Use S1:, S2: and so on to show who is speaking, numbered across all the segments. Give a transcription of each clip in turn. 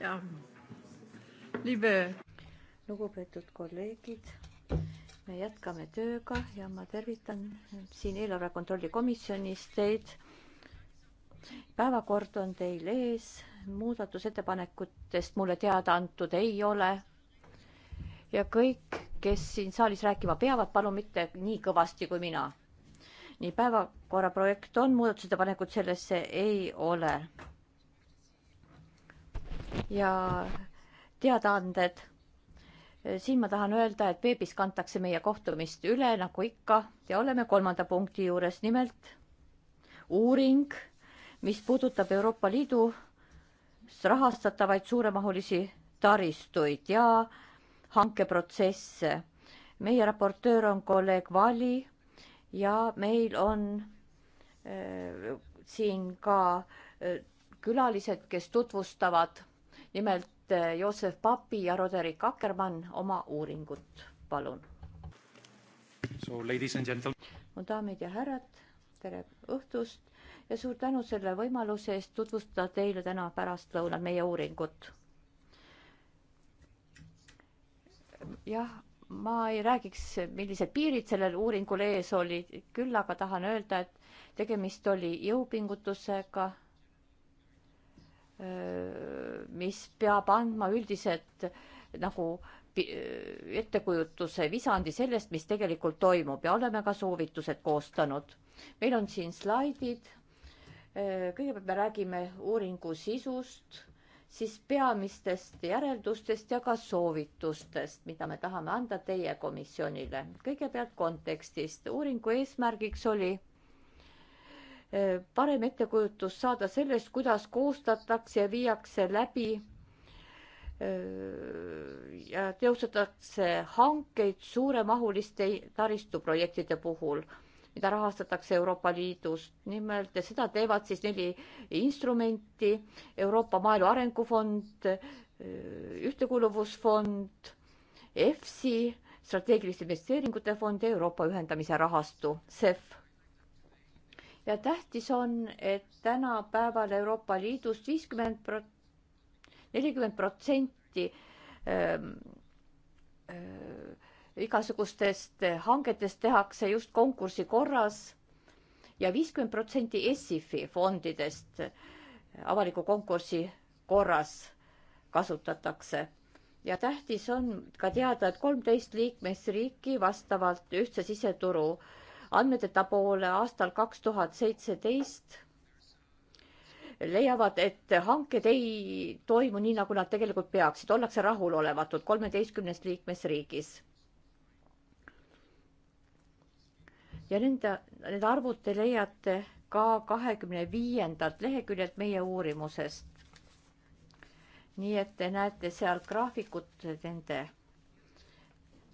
S1: ja libe. lugupeetud kolleegid, me jätkame tööga ja ma tervitan siin eelarve kontrolli komisjonis teid. päevakord on teil ees, muudatusettepanekutest mulle teada antud ei ole. ja kõik, kes siin saalis rääkima peavad, palun mitte nii kõvasti kui mina. nii päevakorra projekt on, muudatusettepanekud sellesse ei ole ja teadaanded. siin ma tahan öelda, et veebis kantakse meie kohtumist üle nagu ikka ja oleme kolmanda punkti juures, nimelt uuring, mis puudutab Euroopa Liidu rahastatavaid suuremahulisi taristuid ja hankeprotsesse. meie raportöör on kolleeg Vali ja meil on äh, siin ka äh, külalised, kes tutvustavad nimelt eh, Joosef Papi ja Roderick Akkermann oma uuringut, palun. mu daamid ja härrad, tere õhtust ja suur tänu selle võimaluse eest tutvustada teile täna pärastlõunal meie uuringut. jah, ma ei räägiks, millised piirid sellel uuringul ees olid, küll aga tahan öelda, et tegemist oli jõupingutusega mis peab andma üldised äh, nagu äh, ettekujutuse visandi sellest, mis tegelikult toimub ja oleme ka soovitused koostanud. meil on siin slaidid. kõigepealt me räägime uuringu sisust, siis peamistest järeldustest ja ka soovitustest, mida me tahame anda teie komisjonile. kõigepealt kontekstist. uuringu eesmärgiks oli parem ettekujutus saada sellest, kuidas koostatakse ja viiakse läbi äh, ja teostatakse hankeid suuremahuliste taristuprojektide puhul, mida rahastatakse Euroopa Liidust. nimelt seda teevad siis neli instrumenti, Euroopa Maaelu Arengufond, äh, Ühtekuuluvusfond, EFSI, strateegiliste investeeringute fond ja Euroopa ühendamise rahastu, CEF ja tähtis on, et tänapäeval Euroopa Liidust viiskümmend prot-, nelikümmend protsenti ähm, äh, igasugustest hangetest tehakse just konkursi korras ja viiskümmend protsenti ESIF-i fondidest äh, avaliku konkursi korras kasutatakse ja tähtis on ka teada, et kolmteist liikmesriiki vastavalt ühtse siseturu äh, andmeteta poole aastal kaks tuhat seitseteist leiavad, et hanked ei toimu nii, nagu nad tegelikult peaksid, ollakse rahulolematud kolmeteistkümnes liikmesriigis. ja nende, need arvud te leiate ka kahekümne viiendalt leheküljelt meie uurimusest. nii et te näete seal graafikut nende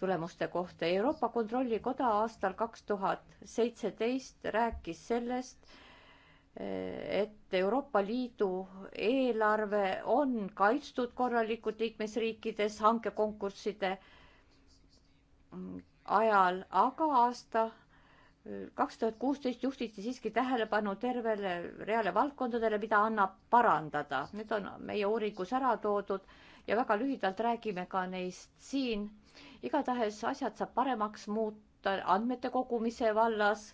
S1: tulemuste kohta. Euroopa Kontrollikoda aastal kaks tuhat seitseteist rääkis sellest, et Euroopa Liidu eelarve on kaitstud korralikult liikmesriikides hankekonkursside ajal, aga aasta kaks tuhat kuusteist juhtiti siiski tähelepanu tervele reale valdkondadele, mida annab parandada. Need on meie uuringus ära toodud ja väga lühidalt räägime ka neist siin igatahes asjad saab paremaks muuta andmete kogumise vallas,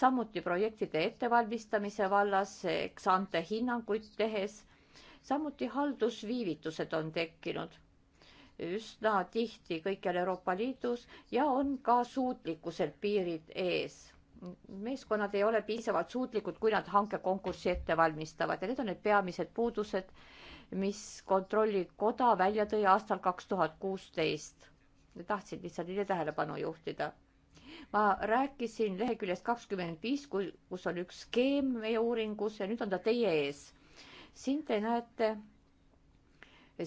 S1: samuti projektide ettevalmistamise vallas, eks ante hinnanguid tehes. samuti haldusviivitused on tekkinud üsna tihti kõikjal Euroopa Liidus ja on ka suutlikkuselt piirid ees. meeskonnad ei ole piisavalt suutlikud, kui nad hankekonkurssi ette valmistavad ja need on need peamised puudused, mis Kontrollikoda välja tõi aastal kaks tuhat kuusteist tahtsin lihtsalt teie tähelepanu juhtida. ma rääkisin leheküljest kakskümmend viis, kus on üks skeem meie uuringus ja nüüd on ta teie ees. siin te näete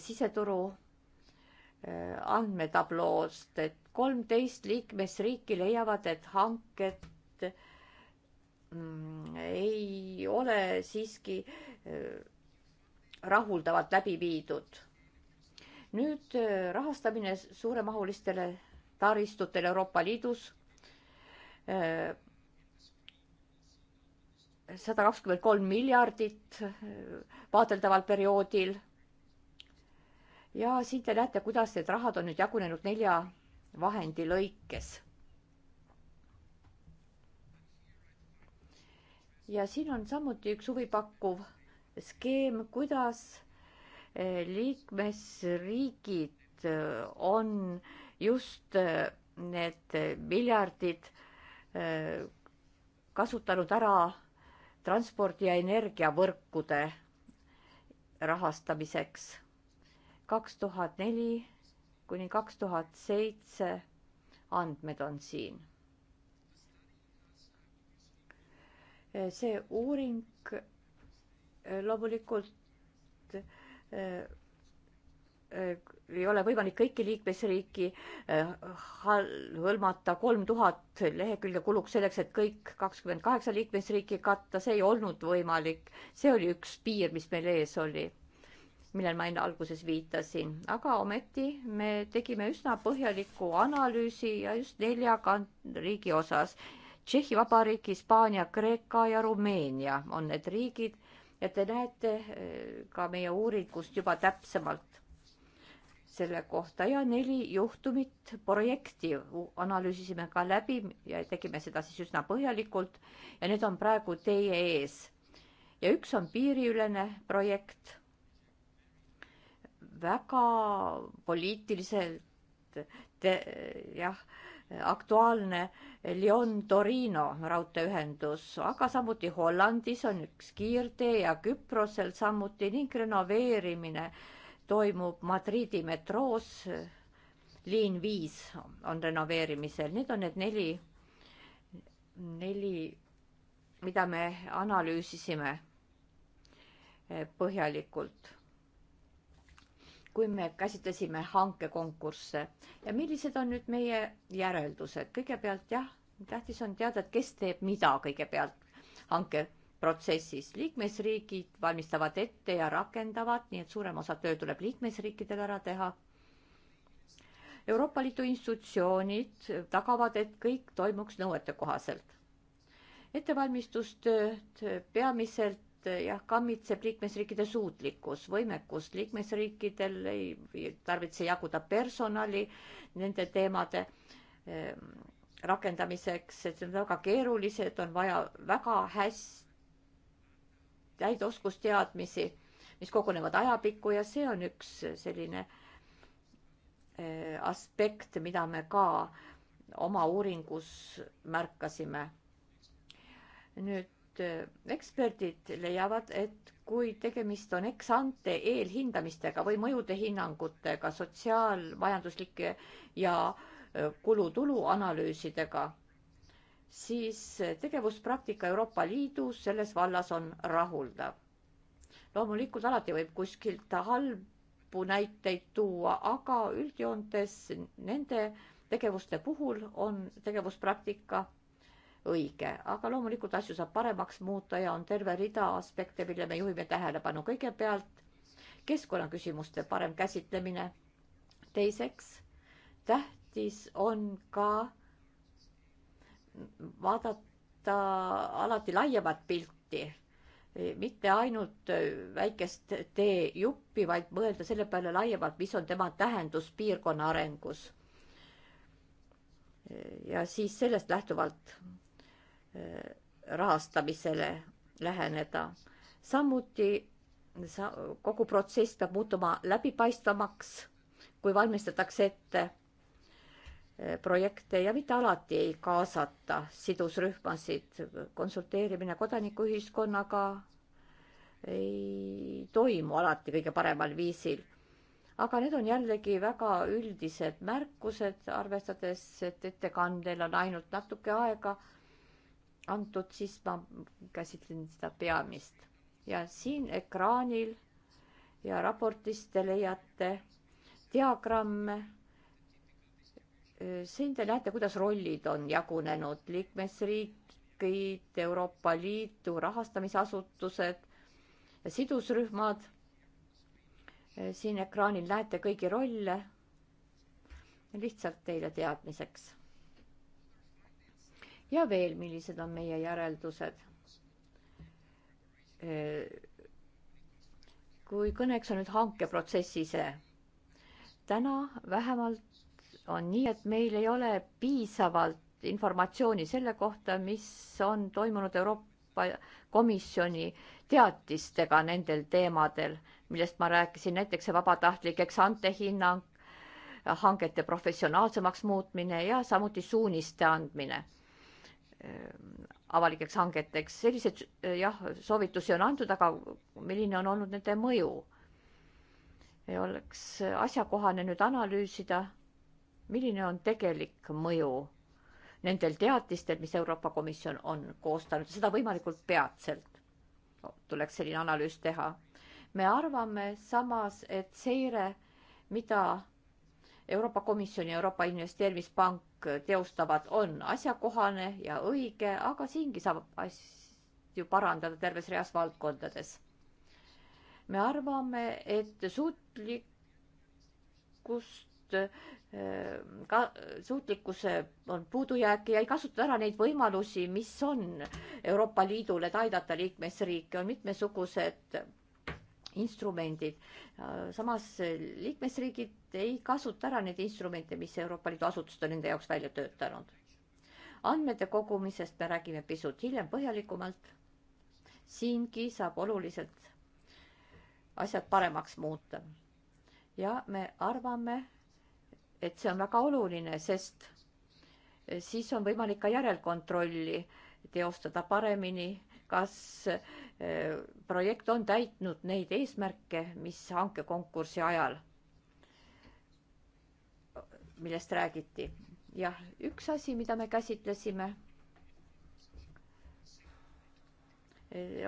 S1: siseturu äh, andmetabloost, et kolmteist liikmesriiki leiavad, et hanked mm, ei ole siiski äh, rahuldavalt läbi viidud nüüd äh, rahastamine suuremahulistele taristutele Euroopa Liidus. Äh, sada kakskümmend kolm miljardit äh, vaadeldaval perioodil. ja siin te näete, kuidas need rahad on nüüd jagunenud nelja vahendi lõikes. ja siin on samuti üks huvipakkuv skeem, kuidas liikmesriigid eh, on just eh, need miljardid eh, kasutanud ära transpordi ja energiavõrkude rahastamiseks. kaks tuhat neli kuni kaks tuhat seitse andmed on siin. see uuring loomulikult Äh, äh, ei ole võimalik kõiki liikmesriiki äh, hõlmata, kolm tuhat lehekülge kuluks selleks, et kõik kakskümmend kaheksa liikmesriiki katta, see ei olnud võimalik. see oli üks piir, mis meil ees oli, millel ma enne alguses viitasin, aga ometi me tegime üsna põhjaliku analüüsi ja just nelja riigi osas. Tšehhi Vabariik, Hispaania, Kreeka ja Rumeenia on need riigid ja te näete eh, ka meie uuringust juba täpsemalt selle kohta ja neli juhtumit projekti analüüsisime ka läbi ja tegime seda siis üsna põhjalikult ja need on praegu teie ees. ja üks on piiriülene projekt. väga poliitiliselt te, jah aktuaalne Lyon-Torino raudteeühendus, aga samuti Hollandis on üks kiirtee ja Küprosel samuti ning renoveerimine toimub Madridi metroos. liin viis on renoveerimisel, need on need neli, neli, mida me analüüsisime põhjalikult kui me käsitlesime hankekonkursse ja millised on nüüd meie järeldused? kõigepealt jah, tähtis on teada, et kes teeb mida kõigepealt hankeprotsessis. liikmesriigid valmistavad ette ja rakendavad, nii et suurem osa töö tuleb liikmesriikidel ära teha. Euroopa Liidu institutsioonid tagavad, et kõik toimuks nõuete kohaselt. ettevalmistustööd peamiselt jah, kammitseb liikmesriikide suutlikkus, võimekus, liikmesriikidel ei tarvitse jaguda personali nende teemade ehm, rakendamiseks, et see on väga keerulised, on vaja väga hästi, häid oskusteadmisi, mis kogunevad ajapikku ja see on üks selline e, aspekt, mida me ka oma uuringus märkasime. nüüd Äh, eksperdid leiavad, et kui tegemist on eksante eelhindamistega või mõjude hinnangutega, sotsiaalmajanduslike ja äh, kulutulu analüüsidega, siis äh, tegevuspraktika Euroopa Liidus selles vallas on rahuldav. loomulikult alati võib kuskilt halbu näiteid tuua, aga üldjoontes nende tegevuste puhul on tegevuspraktika õige, aga loomulikult asju saab paremaks muuta ja on terve rida aspekte, mille me juhime tähelepanu. kõigepealt keskkonnaküsimuste parem käsitlemine. teiseks, tähtis on ka vaadata alati laiemat pilti, mitte ainult väikest teejuppi, vaid mõelda selle peale laiemalt, mis on tema tähendus piirkonna arengus. ja siis sellest lähtuvalt Äh, rahastamisele läheneda. samuti sa, kogu protsess peab muutuma läbipaistvamaks, kui valmistatakse ette äh, projekte ja mitte alati ei kaasata sidusrühmasid. konsulteerimine kodanikuühiskonnaga ei toimu alati kõige paremal viisil. aga need on jällegi väga üldised märkused, arvestades, et ettekandel on ainult natuke aega antud, siis ma käsitlen seda peamist ja siin ekraanil ja raportis te leiate diagramme. siin te näete, kuidas rollid on jagunenud, liikmesriigid, Euroopa Liidu rahastamisasutused, sidusrühmad. siin ekraanil näete kõigi rolle. lihtsalt teile teadmiseks ja veel, millised on meie järeldused. kui kõneks on nüüd hankeprotsess ise, täna vähemalt on nii, et meil ei ole piisavalt informatsiooni selle kohta, mis on toimunud Euroopa Komisjoni teatistega nendel teemadel, millest ma rääkisin, näiteks see vabatahtlik eksante hinnang, hangete professionaalsemaks muutmine ja samuti suuniste andmine avalikeks hangeteks. selliseid eh, jah, soovitusi on antud, aga milline on olnud nende mõju? oleks asjakohane nüüd analüüsida, milline on tegelik mõju nendel teatistel, mis Euroopa Komisjon on koostanud, seda võimalikult peatselt tuleks selline analüüs teha. me arvame samas, et seire, mida Euroopa Komisjon ja Euroopa Investeerimispank teostavad, on asjakohane ja õige, aga siingi saab asju parandada terves reas valdkondades. me arvame, et suutlikkust eh, ka suutlikkuse on puudujääke ja ei kasuta ära neid võimalusi, mis on Euroopa Liidul, et aidata liikmesriike, on mitmesugused instrumendid. samas liikmesriigid ei kasuta ära neid instrumente, mis Euroopa Liidu asutused on nende jaoks välja töötanud. andmete kogumisest me räägime pisut hiljem põhjalikumalt. siingi saab oluliselt asjad paremaks muuta. ja me arvame, et see on väga oluline, sest siis on võimalik ka järelkontrolli teostada paremini, kas äh, projekt on täitnud neid eesmärke, mis hankekonkursi ajal, millest räägiti. jah, üks asi, mida me käsitlesime,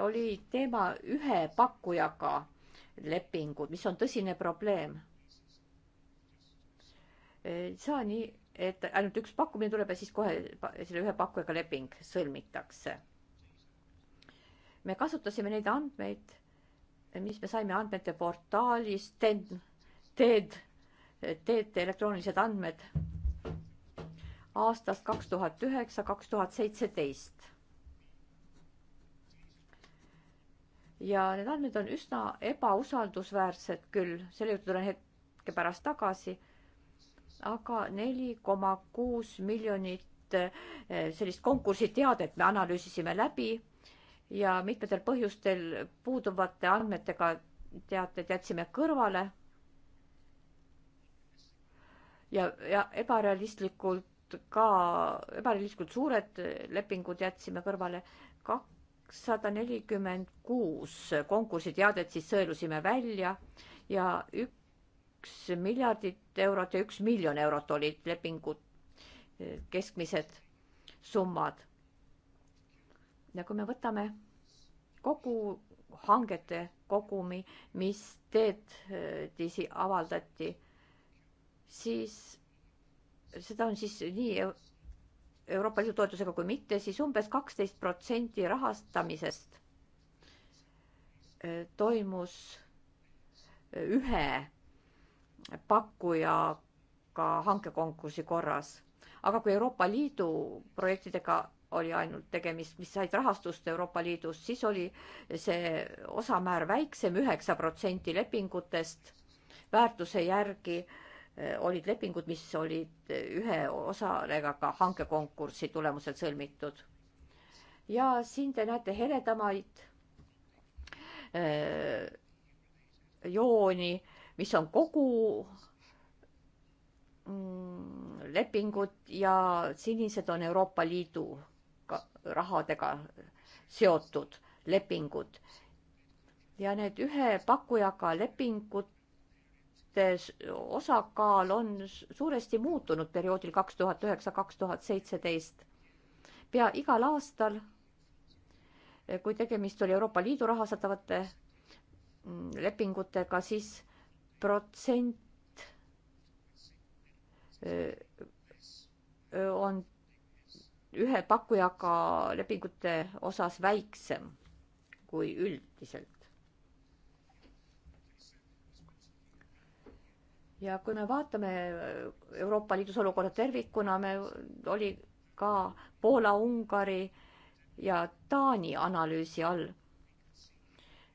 S1: oli teema ühe pakkujaga lepingud, mis on tõsine probleem. ei saa nii, et ainult üks pakkumine tuleb ja siis kohe selle ühe pakkujaga leping sõlmitakse me kasutasime neid andmeid, mis me saime andmete portaalis, TED, TED, TED elektroonilised andmed aastast kaks tuhat üheksa, kaks tuhat seitseteist. ja need andmed on üsna ebausaldusväärsed küll, selle juurde tulen hetke pärast tagasi, aga neli koma kuus miljonit eh, sellist konkursiteadet me analüüsisime läbi ja mitmetel põhjustel puuduvate andmetega teated jätsime kõrvale. ja, ja ebarealistlikult ka, ebarealistlikult suured lepingud jätsime kõrvale. kakssada nelikümmend kuus konkursiteadet siis sõelusime välja ja üks miljardit eurot ja üks miljon eurot olid lepingud keskmised summad ja kui me võtame kogu hangete kogumi, mis teedisi avaldati, siis seda on siis nii Euroopa Liidu toetusega kui mitte, siis umbes kaksteist protsenti rahastamisest eh, toimus eh, ühe pakkujaga hankekonkursi korras. aga kui Euroopa Liidu projektidega oli ainult tegemist, mis said rahastust Euroopa Liidust, siis oli see osamäär väiksem, üheksa protsenti lepingutest väärtuse järgi eh, olid lepingud, mis olid eh, ühe osalejaga hankekonkursi tulemusel sõlmitud. ja siin te näete heledamaid äh, jooni, mis on kogu mm, lepingud ja sinised on Euroopa Liidu rahadega seotud lepingud. ja need ühe pakkujaga lepingute osakaal on suuresti muutunud perioodil kaks tuhat üheksa, kaks tuhat seitseteist. pea igal aastal, kui tegemist oli Euroopa Liidu rahastatavate lepingutega, siis protsent on ühe pakkujaga lepingute osas väiksem kui üldiselt. ja kui me vaatame Euroopa Liidus olukorda tervikuna, me oli ka Poola, Ungari ja Taani analüüsi all.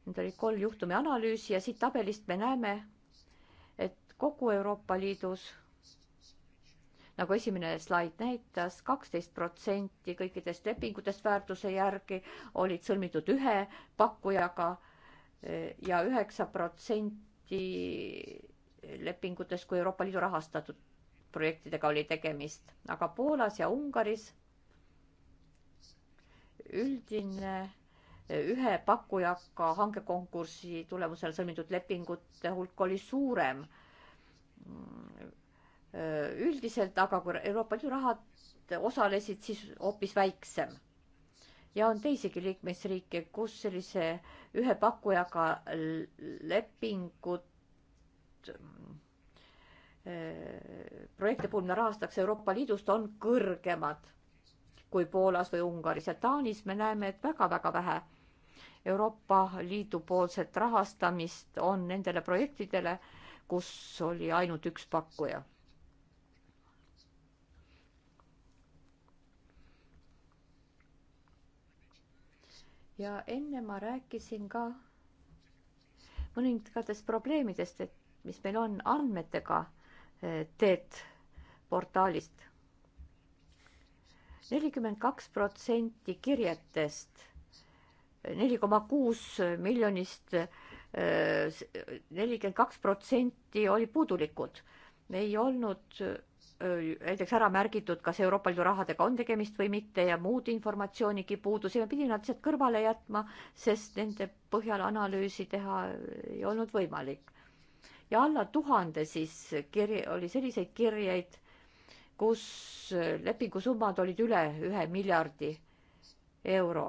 S1: Need olid kolm juhtumi analüüsi ja siit tabelist me näeme, et kogu Euroopa Liidus nagu esimene slaid näitas, kaksteist protsenti kõikidest lepingutest väärtuse järgi olid sõlmitud ühe pakkujaga eh, ja üheksa protsenti lepingutest, kui Euroopa Liidu rahastatud projektidega oli tegemist, aga Poolas ja Ungaris üldine eh, ühe pakkujaga hankekonkursi tulemusel sõlmitud lepingute hulk oli suurem mm, Äh, üldiselt, aga kui Euroopa Liidu rahad osalesid, siis hoopis väiksem. ja on teisigi liikmesriike, kus sellise ühe pakkujaga lepingut äh, projekte puhul, mida rahastatakse Euroopa Liidust, on kõrgemad kui Poolas või Ungaris ja Taanis me näeme, et väga-väga vähe Euroopa Liidu poolset rahastamist on nendele projektidele, kus oli ainult üks pakkuja ja enne ma rääkisin ka mõningatest probleemidest, et mis meil on andmetega eh, teed portaalist. nelikümmend kaks protsenti kirjetest, eh, neli koma kuus miljonist, eh, nelikümmend kaks protsenti oli puudulikud. ei olnud näiteks ära märgitud, kas Euroopa Liidu rahadega on tegemist või mitte ja muud informatsioonigi puudus ja me pidime nad lihtsalt kõrvale jätma, sest nende põhjal analüüsi teha ei olnud võimalik. ja alla tuhande siis kirja, oli selliseid kirjeid, kus lepingusummad olid üle ühe miljardi euro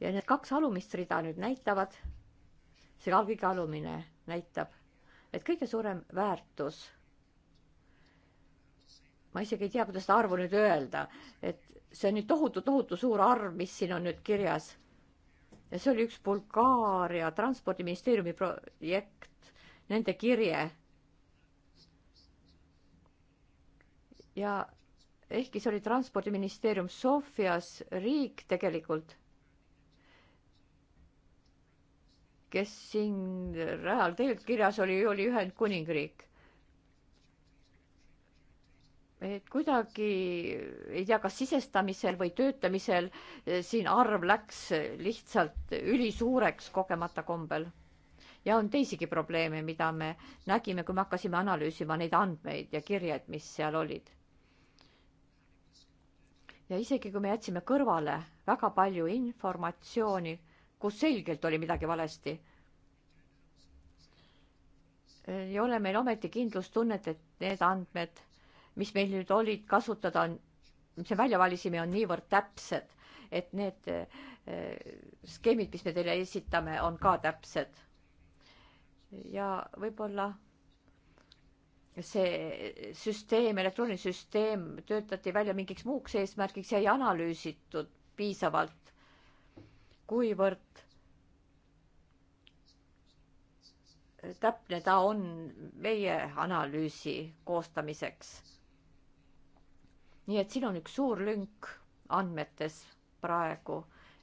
S1: ja need kaks alumist rida nüüd näitavad see kalgide alumine näitab, et kõige suurem väärtus, ma isegi ei tea, kuidas seda arvu nüüd öelda, et see on nüüd tohutu-tohutu suur arv, mis siin on nüüd kirjas. ja see oli üks Bulgaaria transpordiministeeriumi projekt, nende kirje. ja ehkki see oli transpordiministeerium Sofias, riik tegelikult kes siin rajal tegelikult kirjas oli, oli Ühendkuningriik. et kuidagi ei tea, kas sisestamisel või töötamisel eh, siin arv läks lihtsalt ülisuureks kogemata kombel. ja on teisigi probleeme, mida me nägime, kui me hakkasime analüüsima neid andmeid ja kirjeid, mis seal olid. ja isegi kui me jätsime kõrvale väga palju informatsiooni kus selgelt oli midagi valesti. ei ole meil ometi kindlustunnet, et need andmed, mis meil nüüd olid kasutada, on, mis me välja valisime, on niivõrd täpsed, et need eh, skeemid, mis me teile esitame, on ka täpsed. ja võib-olla see süsteem, elektrooniline süsteem töötati välja mingiks muuks eesmärgiks ja ei analüüsitud piisavalt kuivõrd täpne ta on meie analüüsi koostamiseks. nii et siin on üks suur lünk andmetes praegu,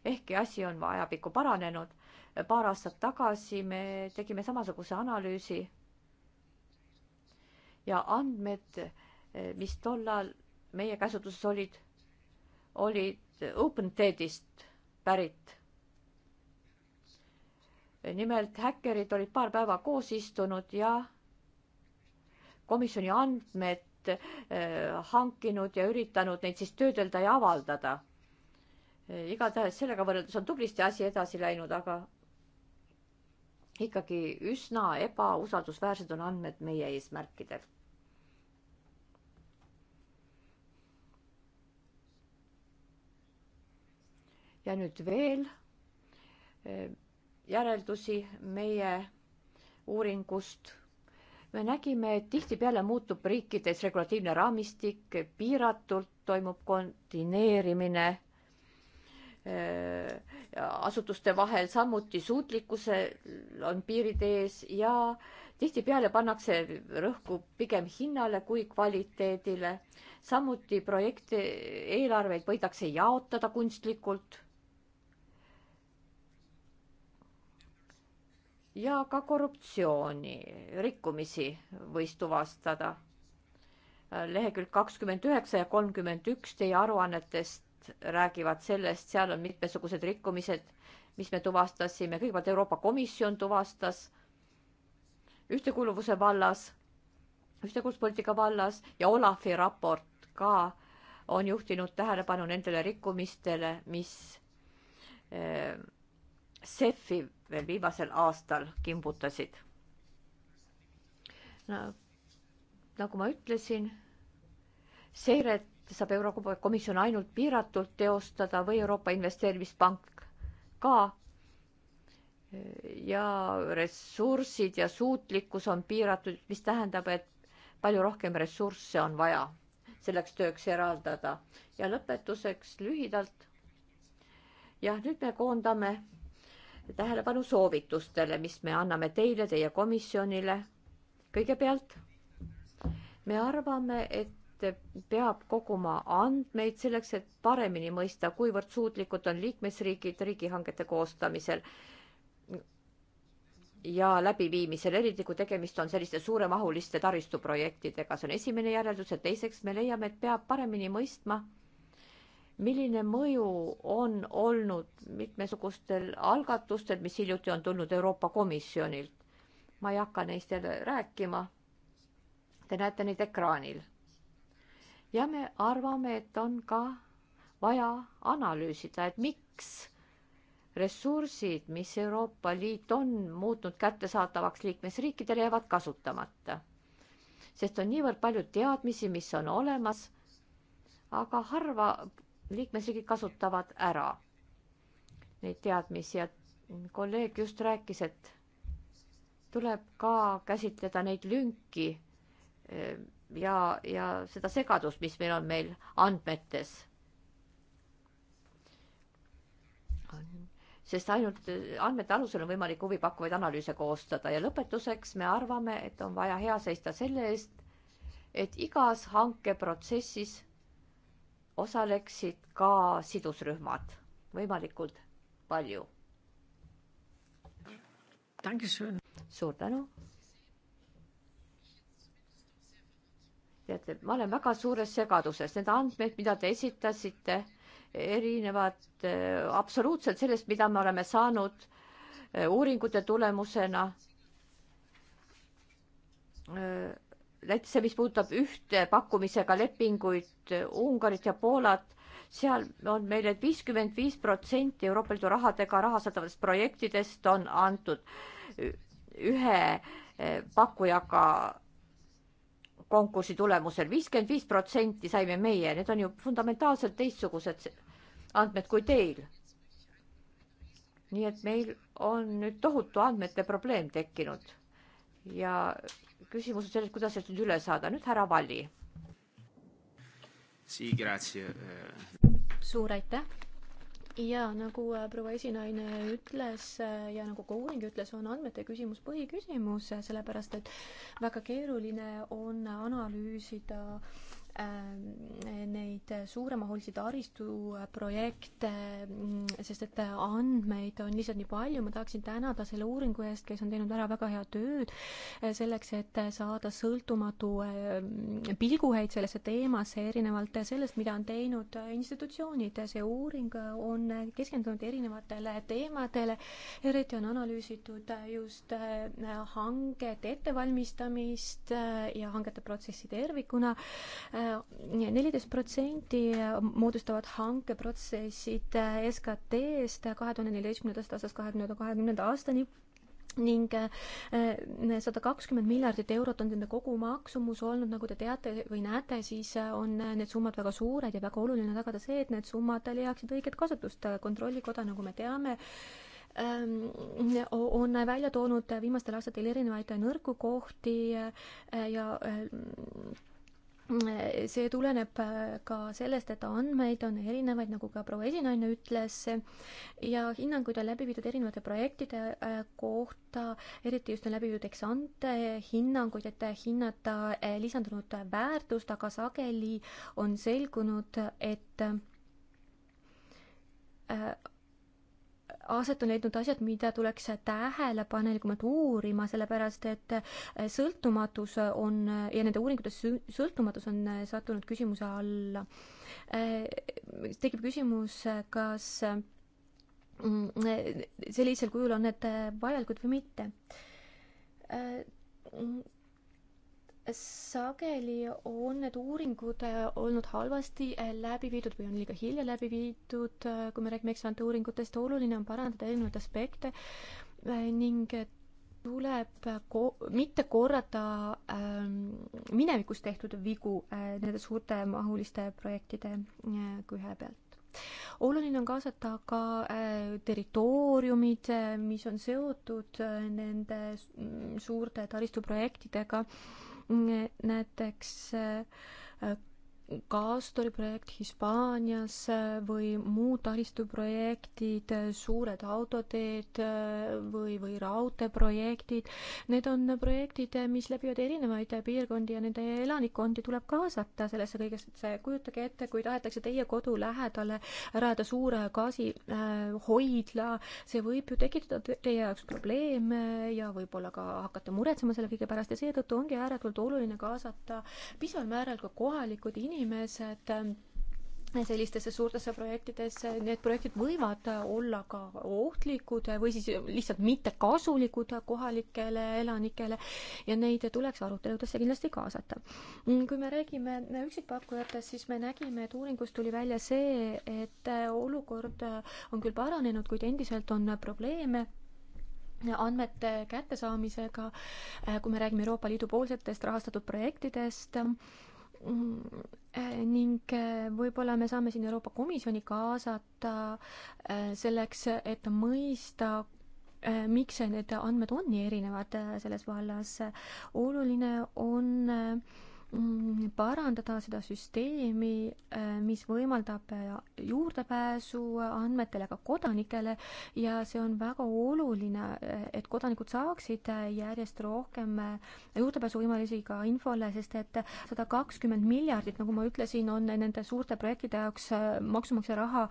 S1: ehkki asi on ajapikku paranenud. paar aastat tagasi me tegime samasuguse analüüsi. ja andmed, mis tollal meie käsutuses olid, olid OpenTedist pärit nimelt häkkerid olid paar päeva koos istunud ja komisjoni andmed äh, hankinud ja üritanud neid siis töödelda ja avaldada. Äh, igatahes sellega võrreldes on tublisti asi edasi läinud, aga ikkagi üsna ebausaldusväärsed on andmed meie eesmärkidel. ja nüüd veel äh, järeldusi meie uuringust. me nägime, et tihtipeale muutub riikides regulatiivne raamistik, piiratult toimub kontineerimine äh, asutuste vahel, samuti suutlikkuse on piirid ees ja tihtipeale pannakse rõhku pigem hinnale kui kvaliteedile. samuti projekti eelarveid võidakse jaotada kunstlikult ja ka korruptsiooni rikkumisi võis tuvastada. lehekülg kakskümmend üheksa ja kolmkümmend üks teie aruannetest räägivad sellest, seal on mitmesugused rikkumised, mis me tuvastasime, kõigepealt Euroopa Komisjon tuvastas ühtekuuluvuse vallas, ühtekuuluvuspoliitika vallas ja Olafi raport ka on juhtinud tähelepanu nendele rikkumistele, mis eh, CEF-i veel viimasel aastal kimbutasid no,. nagu ma ütlesin, seiret saab Euroopa Komisjon ainult piiratult teostada või Euroopa Investeerimispank ka. ja ressursid ja suutlikkus on piiratud, mis tähendab, et palju rohkem ressursse on vaja selleks tööks eraldada. ja lõpetuseks lühidalt. jah, nüüd me koondame tähelepanu soovitustele, mis me anname teile, teie komisjonile. kõigepealt me arvame, et peab koguma andmeid selleks, et paremini mõista, kuivõrd suutlikud on liikmesriigid riigihangete koostamisel ja läbiviimisel, eriti kui tegemist on selliste suuremahuliste taristuprojektidega. see on esimene järeldus ja teiseks me leiame, et peab paremini mõistma milline mõju on olnud mitmesugustel algatustel, mis hiljuti on tulnud Euroopa Komisjonilt. ma ei hakka neist jälle rääkima. Te näete neid ekraanil. ja me arvame, et on ka vaja analüüsida, et miks ressursid, mis Euroopa Liit on muutnud kättesaadavaks liikmesriikidele, jäävad kasutamata. sest on niivõrd palju teadmisi, mis on olemas, aga harva liikmesriigid kasutavad ära neid teadmisi ja kolleeg just rääkis, et tuleb ka käsitleda neid lünki eh, ja, ja seda segadust, mis meil on meil andmetes. sest ainult eh, andmete alusel on võimalik huvipakkuvaid analüüse koostada ja lõpetuseks me arvame, et on vaja hea seista selle eest, et igas hankeprotsessis osaleksid ka sidusrühmad võimalikult palju. suur tänu. teate, ma olen väga suures segaduses, need andmed, mida te esitasite, erinevad äh, absoluutselt sellest, mida me oleme saanud äh, uuringute tulemusena äh, näiteks mis puudutab ühte pakkumisega lepinguid Ungarit ja Poolat, seal on meil need viiskümmend viis protsenti Euroopa Liidu rahadega rahastatavast projektidest on antud ühe eh, pakkujaga konkursi tulemusel. viiskümmend viis protsenti saime meie, need on ju fundamentaalselt teistsugused andmed kui teil. nii et meil on nüüd tohutu andmete probleem tekkinud ja küsimus on selles, kuidas sellest nüüd üle saada. nüüd härra Valli.
S2: suur aitäh ja nagu äh, proua esinaine ütles äh, ja nagu ka uuring ütles, on andmete küsimus põhiküsimus, äh, sellepärast et väga keeruline on analüüsida äh, Ähm, neid suuremahulisi taristuprojekte, mm, sest et andmeid on lihtsalt nii palju, ma tahaksin tänada selle uuringu eest, kes on teinud ära väga head tööd äh, selleks, et saada sõltumatu äh, pilguheit sellesse teemasse, erinevalt sellest, mida on teinud institutsioonid. see uuring on keskendunud erinevatele teemadele, eriti on analüüsitud just äh, hangete ettevalmistamist ja hangete protsessi tervikuna Äh, neliteist protsenti äh, moodustavad hankeprotsessid äh, SKT-st kahe tuhande neljateistkümnendast aastast kahekümnenda, kahekümnenda aastani ning sada kakskümmend miljardit eurot on nende kogumaksumus olnud, nagu te teate või näete, siis on need summad väga suured ja väga oluline on tagada see, et need summad leiaksid õiget kasutust. kontrollikoda, nagu me teame, ähm, on välja toonud viimastel aastatel erinevaid nõrku kohti ja see tuleneb äh, ka sellest, et andmeid on erinevaid, nagu ka proua esinaine ütles, ja hinnanguid on läbi viidud erinevate projektide äh, kohta, eriti just on läbi viidud eksante hinnanguid, et hinnata äh, lisandunud väärtust, aga sageli on selgunud, et aset on leidnud asjad, mida tuleks tähelepanelikumalt uurima, sellepärast et eh, sõltumatus on ja nende uuringute sõltumatus on eh, sattunud küsimuse alla. Eh, tekib küsimus, kas mm, sellisel kujul on need vajalikud või mitte sageli on need uuringud äh, olnud halvasti äh, läbi viidud või on liiga hilja läbi viidud, äh, kui me räägime eksante uuringutest, oluline on parandada erinevaid aspekte ning tuleb ko-, mitte korrata ähm, minevikus tehtud vigu äh, nende suurte mahuliste projektide äh, kühe pealt oluline on kaasata ka territooriumid, mis on seotud nende suurte taristuprojektidega näiteks äh, kaastoriprojekt Hispaanias äh, või muud taristuprojektid, äh, suured autoteed äh, või, või raudteeprojektid. Need on projektid, mis läbivad erinevaid piirkondi ja nende elanikkondi tuleb kaasata sellesse kõigesse. kujutage ette, kui tahetakse teie kodu lähedale rajada suure gaasihoidla äh,, see võib ju tekitada teie jaoks probleeme ja võib-olla ka hakata muretsema selle kõige pärast ja seetõttu ongi ääretult oluline kaasata piisaval määral ka kohalikud inimesed, inimesed äh, sellistesse suurtesse projektidesse, need projektid võivad olla ka ohtlikud või siis lihtsalt mittekasulikud kohalikele elanikele ja neid tuleks aruteludesse kindlasti kaasata. Mm, kui me räägime üksikpakkujatest, siis me nägime, et uuringust tuli välja see, et äh, olukord on küll paranenud, kuid endiselt on probleeme andmete kättesaamisega, äh, kui me räägime Euroopa Liidu poolsetest rahastatud projektidest Mm, äh, ning äh, võib-olla me saame siin Euroopa Komisjoni kaasata äh, selleks, et mõista, miks need andmed on nii erinevad selles vallas. oluline on Mm, parandada seda süsteemi, äh, mis võimaldab äh, juurdepääsu andmetele ka kodanikele ja see on väga oluline, äh, et kodanikud saaksid järjest rohkem juurdepääsuvõimalusi ka infole, sest et sada kakskümmend miljardit, nagu ma ütlesin, on nende suurte projektide jaoks maksumaksja raha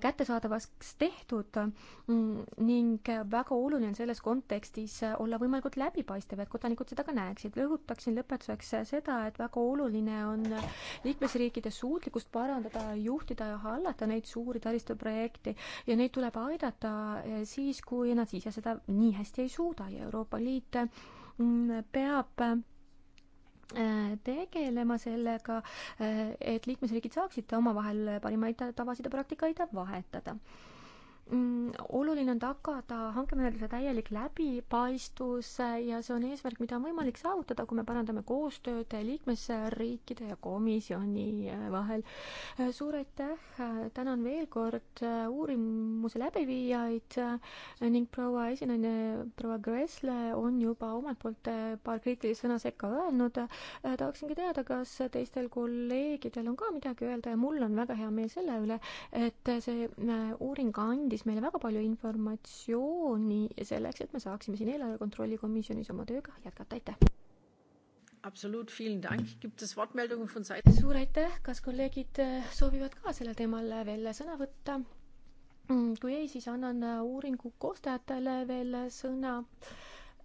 S2: kättesaadavaks tehtud mm, ning väga oluline on selles kontekstis olla võimalikult läbipaistev, et kodanikud seda ka näeksid. rõhutaksin lõpetuseks seda, et väga oluline on liikmesriikide suutlikkust parandada, juhtida ja hallata neid suuri taristuprojekte ja neid tuleb aidata eh, siis, kui nad ise seda nii hästi ei suuda ja Euroopa Liit mm, peab eh, tegelema sellega, eh, et liikmesriigid saaksid omavahel parimaid tavasid ja praktikaid vahetada Mm, oluline on tagada hankemenetluse täielik läbipaistvus ja see on eesmärk, mida on võimalik saavutada, kui me parandame koostööd liikmesriikide ja komisjoni vahel. suur aitäh, tänan veel kord uurimuse läbiviijaid ning proua esinaine, proua Gressle on juba omalt poolt paar kriitilist sõna sekka öelnud. tahaksingi teada, kas teistel kolleegidel on ka midagi öelda ja mul on väga hea meel selle üle, et see uuring andis andis meile väga palju informatsiooni selleks, et me saaksime siin eelarve kontrolli komisjonis oma tööga jätkata, aitäh! absoluut, vielen Dank. Gibt es Wortmeldungen von Seiten? suur aitäh, kas kolleegid äh, soovivad ka sellel teemal veel sõna võtta? Mm, kui ei, siis annan äh, uuringu koostajatele veel sõna.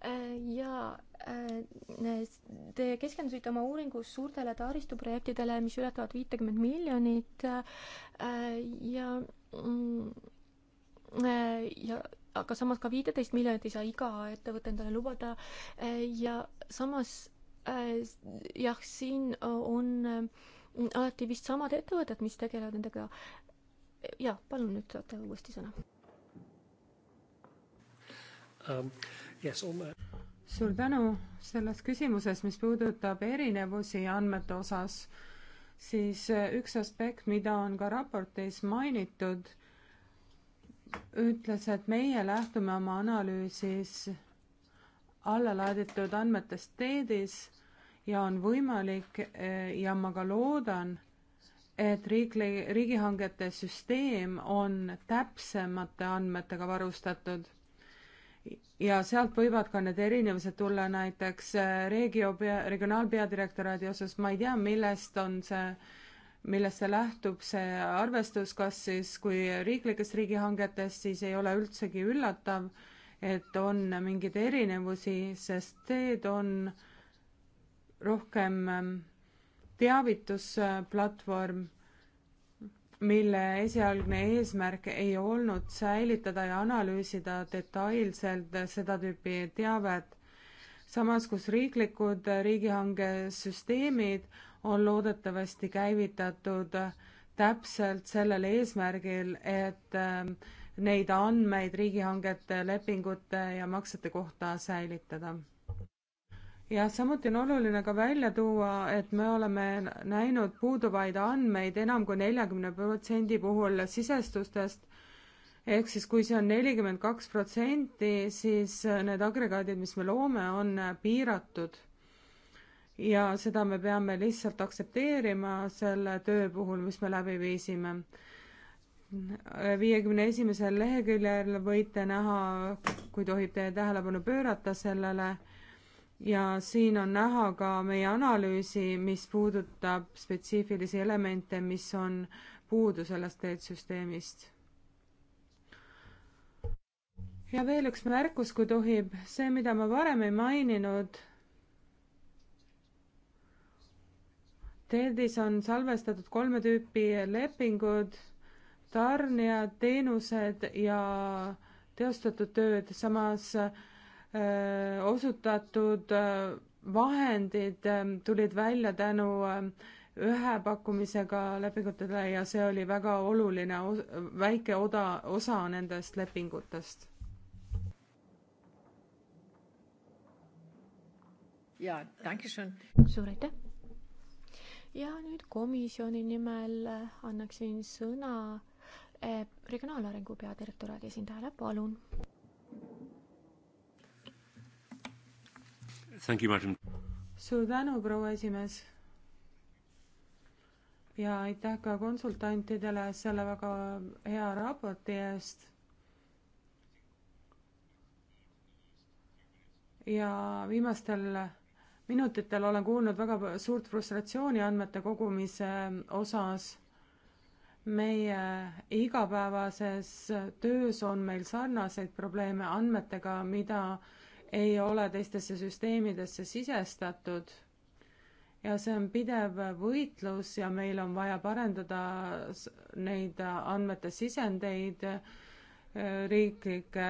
S2: Äh, ja te keskendusite oma uuringus suurtele taristuprojektidele, mis ületavad viitekümmet miljonit ja mm, Äh, ja aga samas ka viiteist miljonit ei saa iga ettevõte endale lubada äh, ja samas äh, jah, siin on alati vist samad ettevõtted, mis tegelevad nendega. ja palun nüüd saate uuesti sõna
S3: um,. Yes, on...
S4: suur tänu selles küsimuses, mis puudutab erinevusi andmete osas, siis üks aspekt, mida on ka raportis mainitud ütles, et meie lähtume oma analüüsis allalaaditud andmetest teedis ja on võimalik eh, ja ma ka loodan, et riikli, riigihangete süsteem on täpsemate andmetega varustatud. ja sealt võivad ka need erinevused tulla näiteks eh, regio pea, regionaalpeadirektoraadi osas, ma ei tea, millest on see millest see lähtub, see arvestus, kas siis kui riiklikest riigihangetest, siis ei ole üldsegi üllatav, et on mingeid erinevusi, sest teed on rohkem ähm, teavitusplatvorm, mille esialgne eesmärk ei olnud säilitada ja analüüsida detailselt seda tüüpi teavet, samas kus riiklikud riigihangesüsteemid on loodetavasti käivitatud täpselt sellel eesmärgil, et ähm, neid andmeid riigihangete, lepingute ja maksete kohta säilitada. ja samuti on oluline ka välja tuua, et me oleme näinud puuduvaid andmeid enam kui neljakümne protsendi puhul sisestustest, ehk siis kui see on nelikümmend kaks protsenti, siis need agregaadid, mis me loome, on piiratud ja seda me peame lihtsalt aktsepteerima selle töö puhul, mis me läbi viisime. viiekümne esimesel leheküljel võite näha, kui tohib teie tähelepanu pöörata sellele, ja siin on näha ka meie analüüsi, mis puudutab spetsiifilisi elemente, mis on puudu sellest teedsüsteemist. ja veel üks märkus, kui tohib, see, mida ma varem ei maininud TED-is on salvestatud kolme tüüpi lepingud, tarnijad, teenused ja teostatud tööd, samas öö, äh, osutatud öö, äh, vahendid öö, ähm, tulid välja tänu öö, äh, ühe pakkumisega lepingutele ja see oli väga oluline väike oda, osa nendest lepingutest.
S3: jaa,
S1: tänkisin. suur aitäh!
S2: ja nüüd komisjoni nimel eh, annaksin sõna eh, regionaalarengu peadirektoraadi esindajale, palun.
S4: suur tänu, proua esimees. ja aitäh ka konsultantidele selle väga hea raporti eest ja viimastel minutitel olen kuulnud väga suurt frustratsiooni andmete kogumise osas. meie igapäevases töös on meil sarnaseid probleeme andmetega, mida ei ole teistesse süsteemidesse sisestatud ja see on pidev võitlus ja meil on vaja parendada neid andmete sisendeid, äh, riiklikke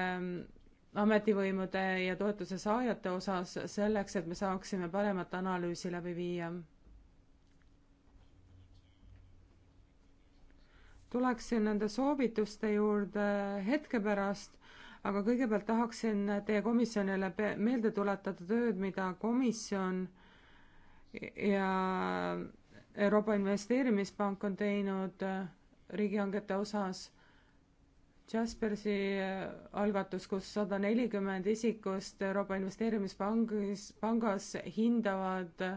S4: ametivõimude ja toetuse saajate osas selleks, et me saaksime paremat analüüsi läbi viia. tuleksin nende soovituste juurde hetke pärast, aga kõigepealt tahaksin teie komisjonile meelde tuletada tööd, mida komisjon ja Euroopa Investeerimispank on teinud riigihangete osas Jaspersi äh, algatus, kus sada nelikümmend isikust Euroopa Investeerimispangis, pangas hindavad äh,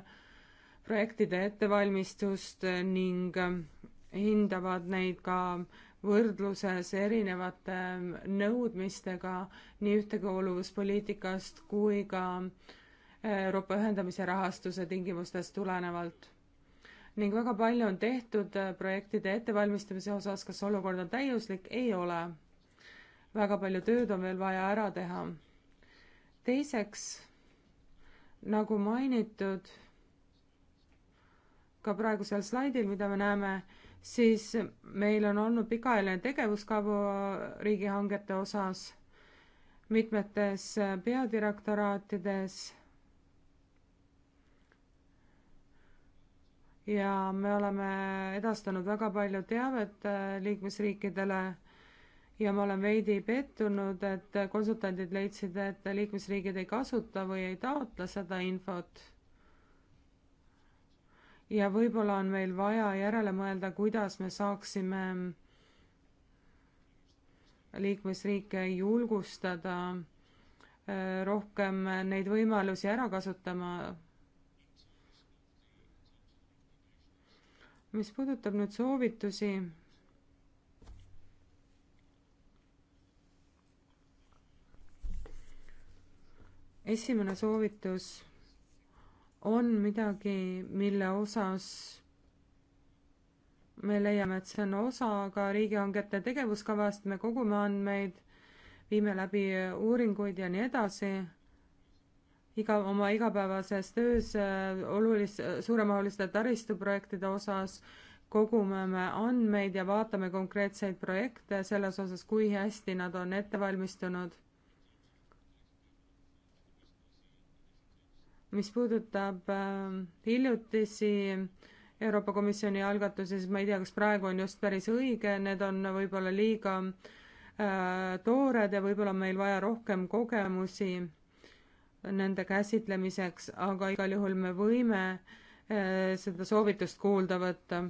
S4: projektide ettevalmistust ning äh, hindavad neid ka võrdluses erinevate nõudmistega nii ühtekuuluvuspoliitikast kui ka Euroopa ühendamise rahastuse tingimustest tulenevalt ning väga palju on tehtud äh, projektide ettevalmistamise osas, kas olukord on täiuslik, ei ole. väga palju tööd on veel vaja ära teha. teiseks, nagu mainitud ka praegusel slaidil, mida me näeme, siis meil on olnud pikaajaline tegevuskava äh, riigihangete osas mitmetes äh, peadirektoraatides ja me oleme edastanud väga palju teavet äh, liikmesriikidele ja ma olen veidi pettunud, et konsultandid leidsid, et liikmesriigid ei kasuta või ei taotle seda infot. ja võib-olla on meil vaja järele mõelda, kuidas me saaksime liikmesriike julgustada äh, rohkem neid võimalusi ära kasutama mis puudutab nüüd soovitusi, esimene soovitus on midagi, mille osas me leiame, et see on osa ka riigihangete tegevuskavast, me kogume andmeid, viime läbi uuringuid ja nii edasi iga, oma igapäevases töös äh, olulis-, suuremahuliste taristuprojektide osas kogume me andmeid ja vaatame konkreetseid projekte selles osas, kui hästi nad on ette valmistunud. mis puudutab äh, hiljutisi Euroopa Komisjoni algatusi, siis ma ei tea, kas praegu on just päris õige, need on võib-olla liiga äh, toored ja võib-olla on meil vaja rohkem kogemusi nende käsitlemiseks, aga igal juhul me võime eh, seda soovitust kuulda võtta.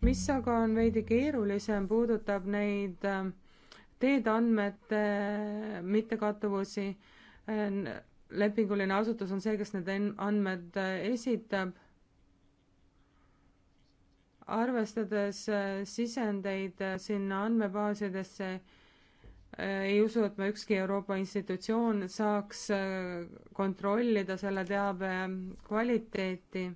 S4: mis aga on veidi keerulisem, puudutab neid eh, teedeandmete eh, mittekattuvusi. lepinguline asutus on see, kes need andmed esitab. arvestades sisendeid sinna andmebaasidesse Äh, ei usu, et me ükski Euroopa institutsioon saaks äh, kontrollida selle teabe kvaliteeti.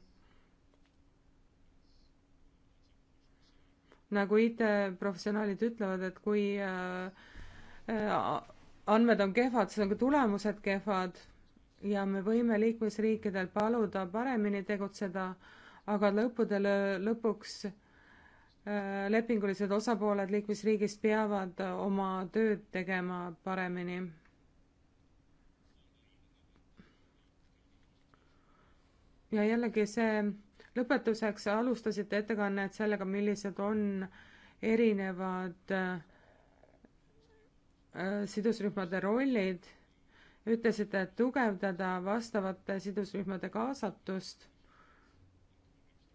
S4: nagu IT-professionaalid ütlevad, et kui äh, andmed on kehvad, siis on ka tulemused kehvad ja me võime liikmesriikidel paluda paremini tegutseda, aga lõppude lõpuks lepingulised osapooled liikmesriigist peavad äh, oma tööd tegema paremini. ja jällegi see, lõpetuseks alustasite ettekannet sellega, millised on erinevad äh, sidusrühmade rollid. ütlesite, et tugevdada vastavate sidusrühmade kaasatust.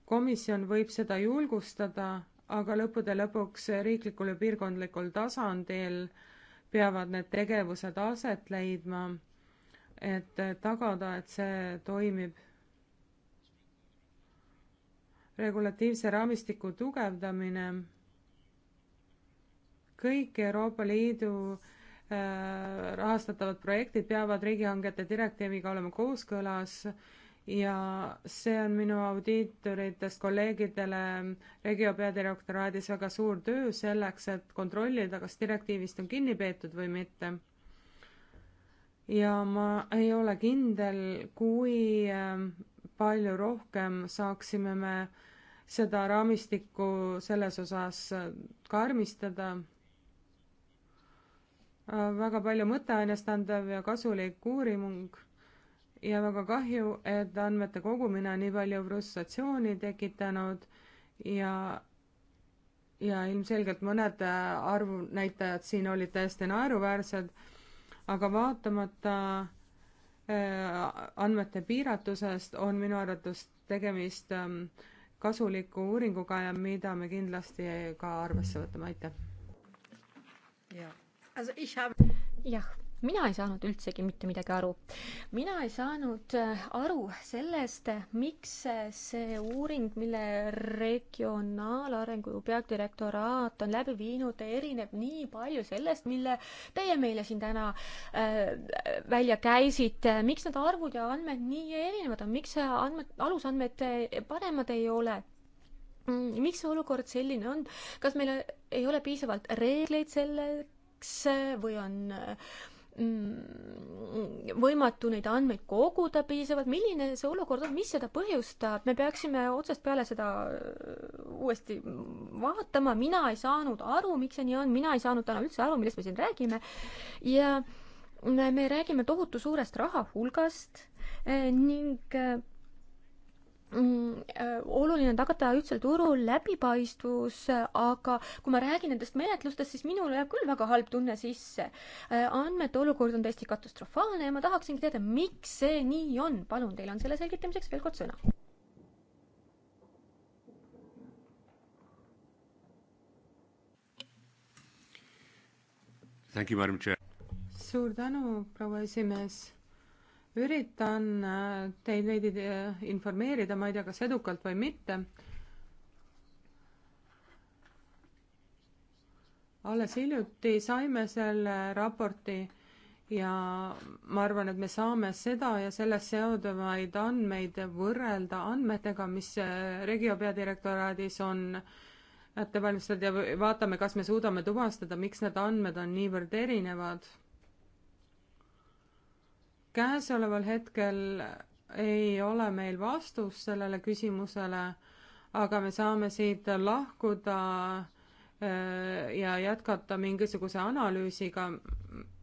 S4: komisjon võib seda julgustada aga lõppude lõpuks riiklikul ja piirkondlikul tasandil peavad need tegevused aset leidma, et tagada, et see toimib. regulatiivse raamistiku tugevdamine. kõik Euroopa Liidu äh, rahastatavad projektid peavad riigihangete direktiiviga olema kooskõlas ja see on minu audiitoritest kolleegidele Regio peadirektoraadis väga suur töö selleks, et kontrollida, kas direktiivist on kinni peetud või mitte. ja ma ei ole kindel, kui ähm, palju rohkem saaksime me seda raamistikku selles osas äh, karmistada ka. Äh, väga palju mõtteainest andev ja kasulik uuring ja väga kahju, et andmete kogumine on nii palju frustratsiooni tekitanud ja ja ilmselgelt mõned arvunäitajad siin olid täiesti naeruväärsed, aga vaatamata äh, andmete piiratusest on minu arvates tegemist ähm, kasuliku uuringuga ja mida me kindlasti ka arvesse võtame, aitäh.
S2: jah, mina ei saanud üldsegi mitte midagi aru. mina ei saanud äh, aru sellest, miks äh, see uuring, mille regionaalarengu peadirektoraat on läbi viinud, erineb nii palju sellest, mille teie meile siin täna äh, välja käisite. miks need arvud ja andmed nii erinevad on, miks andmed, alusandmed äh, paremad ei ole? Mm, miks see olukord selline on, kas meil ei ole piisavalt reegleid selleks või on äh, Mm, võimatu neid andmeid koguda piisavalt, milline see olukord on, mis seda põhjustab, me peaksime otsast peale seda äh, uuesti vaatama, mina ei saanud aru, miks see nii on, mina ei saanud täna üldse aru, millest me siin räägime ja me räägime tohutu suurest rahahulgast äh, ning äh, Mm, äh, oluline on tagada ühtsel turul läbipaistvus, aga kui ma räägin nendest menetlustest, siis minul jääb küll väga halb tunne sisse. Äh, andmete olukord on täiesti katastrofaalne ja ma tahaksingi teada, miks see nii on. palun, teil on selle selgitamiseks veel
S4: kord sõna. suur tänu, proua esimees üritan äh, teid veidi äh, informeerida, ma ei tea, kas edukalt või mitte. alles hiljuti saime selle raporti ja ma arvan, et me saame seda ja sellest seonduvaid andmeid võrrelda andmetega, mis äh, Regio peadirektoraadis on ette valmistatud ja vaatame, kas me suudame tuvastada, miks need andmed on niivõrd erinevad käesoleval hetkel ei ole meil vastust sellele küsimusele, aga me saame siit lahkuda äh, ja jätkata mingisuguse analüüsiga,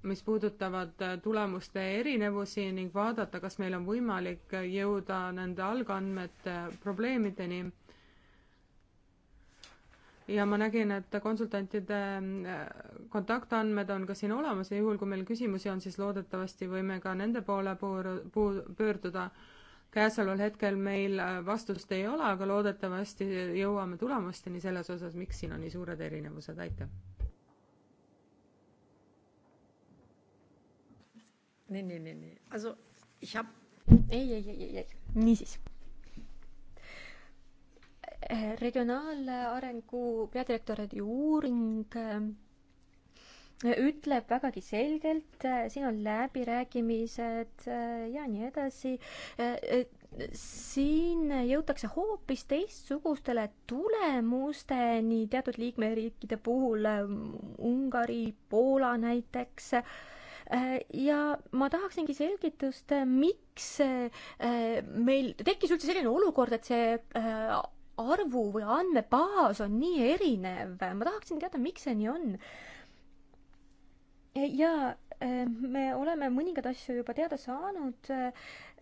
S4: mis puudutavad tulemuste erinevusi ning vaadata, kas meil on võimalik jõuda nende algandmete probleemideni ja ma nägin, et konsultantide äh, kontaktandmed on ka siin olemas ja juhul, kui meil küsimusi on, siis loodetavasti võime ka nende poole puur-, puu-, pöörduda. käesoleval hetkel meil äh, vastust ei ole, aga loodetavasti jõuame tulemusteni selles osas, miks siin on nii suured erinevused, aitäh.
S1: nii, nii, nii, nii, ei, ei, ei, ei, ei,
S4: niisiis
S2: regionaalarengu peadirektoraadi uuring äh, ütleb vägagi selgelt, äh, siin on läbirääkimised äh, ja nii edasi. siin jõutakse hoopis teistsugustele tulemusteni teatud liikmeriikide puhul, Ungari, Poola näiteks ja ma tahaksingi selgitust, miks meil tekkis üldse selline olukord, et see arvu või andmebaas on nii erinev, ma tahaksin teada, miks see nii on. ja eh, me oleme mõningaid asju juba teada saanud eh,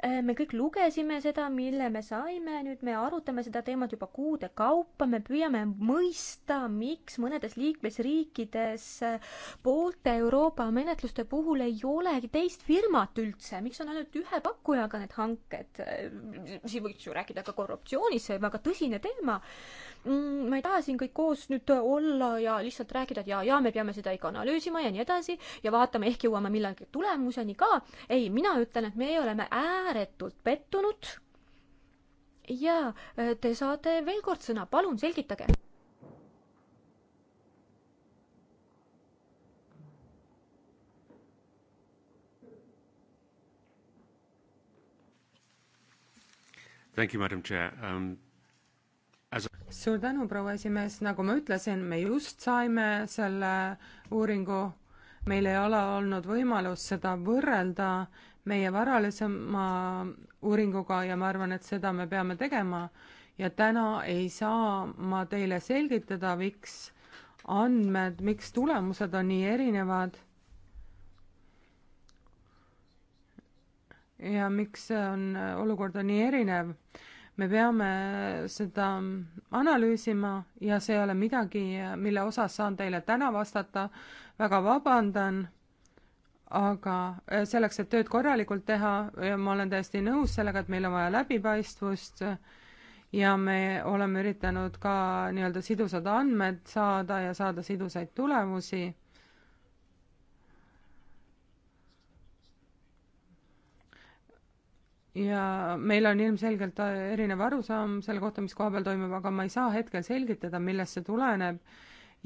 S2: Äh, me kõik lugesime seda, mille me saime, nüüd me arutame seda teemat juba kuude kaupa, me püüame mõista, miks mõnedes liikmesriikides äh, poolte Euroopa menetluste puhul ei olegi teist firmat üldse, miks on ainult ühe pakkujaga need hanked. Äh, siin võiks ju rääkida ka korruptsioonist, see on väga tõsine teema Mm, ma ei taha siin kõik koos nüüd olla ja lihtsalt rääkida, et jaa, jaa, me peame seda ikka analüüsima ja nii edasi ja vaatame, ehk jõuame millalgi tulemuseni ka. ei, mina ütlen, et me oleme ääretult pettunud. jaa, äh, te saate veel kord sõna, palun selgitage
S3: Thank you, Madam Chair. Um,
S4: suur tänu, proua esimees, nagu ma ütlesin, me just saime selle uuringu, meil ei ole olnud võimalust seda võrrelda meie varalisema uuringuga ja ma arvan, et seda me peame tegema. ja täna ei saa ma teile selgitada, miks andmed, miks tulemused on nii erinevad. ja miks on olukord on nii erinev me peame seda analüüsima ja see ei ole midagi, mille osas saan teile täna vastata, väga vabandan, aga eh, selleks, et tööd korralikult teha, eh, ma olen täiesti nõus sellega, et meil on vaja läbipaistvust ja me oleme üritanud ka nii-öelda sidusad andmed saada ja saada sidusaid tulemusi ja meil on ilmselgelt äh, erinev arusaam selle kohta, mis koha peal toimub, aga ma ei saa hetkel selgitada, millest see tuleneb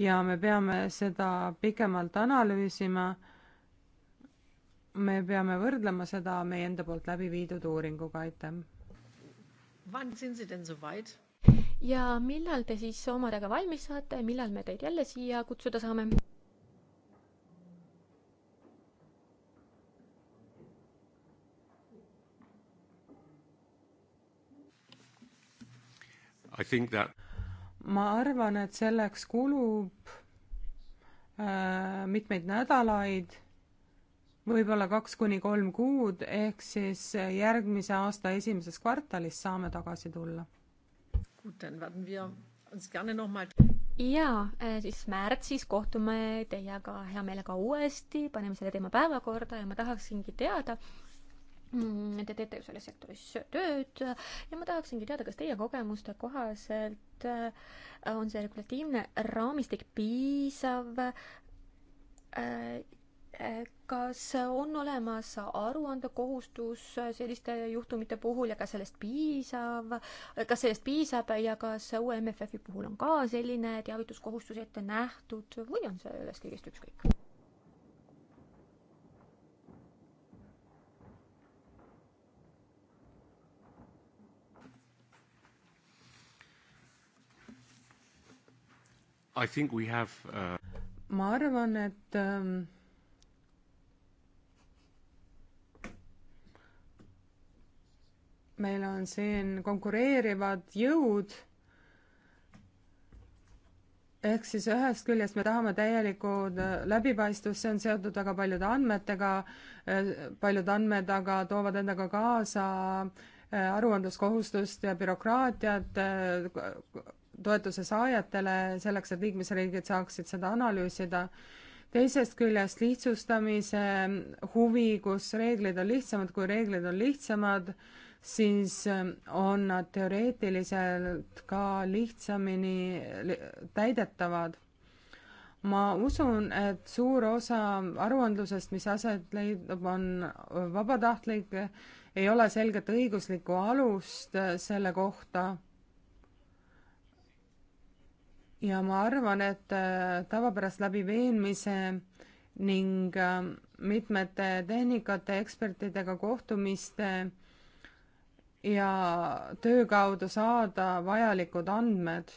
S4: ja me peame seda pikemalt analüüsima. me peame võrdlema seda meie enda poolt läbi viidud uuringuga, aitäh.
S2: ja millal te siis omadega valmis saate, millal me teid jälle siia kutsuda saame?
S3: That...
S4: ma arvan, et selleks kulub äh, mitmeid nädalaid, võib-olla kaks kuni kolm kuud, ehk siis järgmise aasta esimeses kvartalis saame tagasi tulla. ja
S2: äh, siis märtsis kohtume teiega hea meelega uuesti, paneme selle teema päevakorda ja ma tahaksingi teada, Mm, te teete ju selles sektoris tööd ja ma tahaksingi teada, kas teie kogemuste kohaselt äh, on see regulatiivne raamistik piisav äh, äh, kas on olemas aruandekohustus selliste juhtumite puhul ja kas sellest piisab, kas sellest piisab ja kas uue MFF-i puhul on ka selline teavituskohustus ette nähtud või on sellest kõigest ükskõik?
S3: Have, uh...
S4: ma arvan, et ähm, meil on siin konkureerivad jõud. ehk siis ühest küljest me tahame täielikku äh, läbipaistvust, see on seotud väga paljude andmetega, äh, paljud andmed aga toovad endaga kaasa äh, aruandluskohustust ja bürokraatiat toetuse saajatele, selleks et liikmesriigid saaksid seda analüüsida. teisest küljest lihtsustamise huvi, kus reeglid on lihtsamad, kui reeglid on lihtsamad, siis ähm, on nad teoreetiliselt ka lihtsamini täidetavad. ma usun, et suur osa aruandlusest, mis aset leidub, on äh, vabatahtlik, ei ole selget õiguslikku alust äh, selle kohta ja ma arvan, et äh, tavapärast läbiveenmise ning äh, mitmete tehnikate ekspertidega kohtumiste ja töö kaudu saada vajalikud andmed.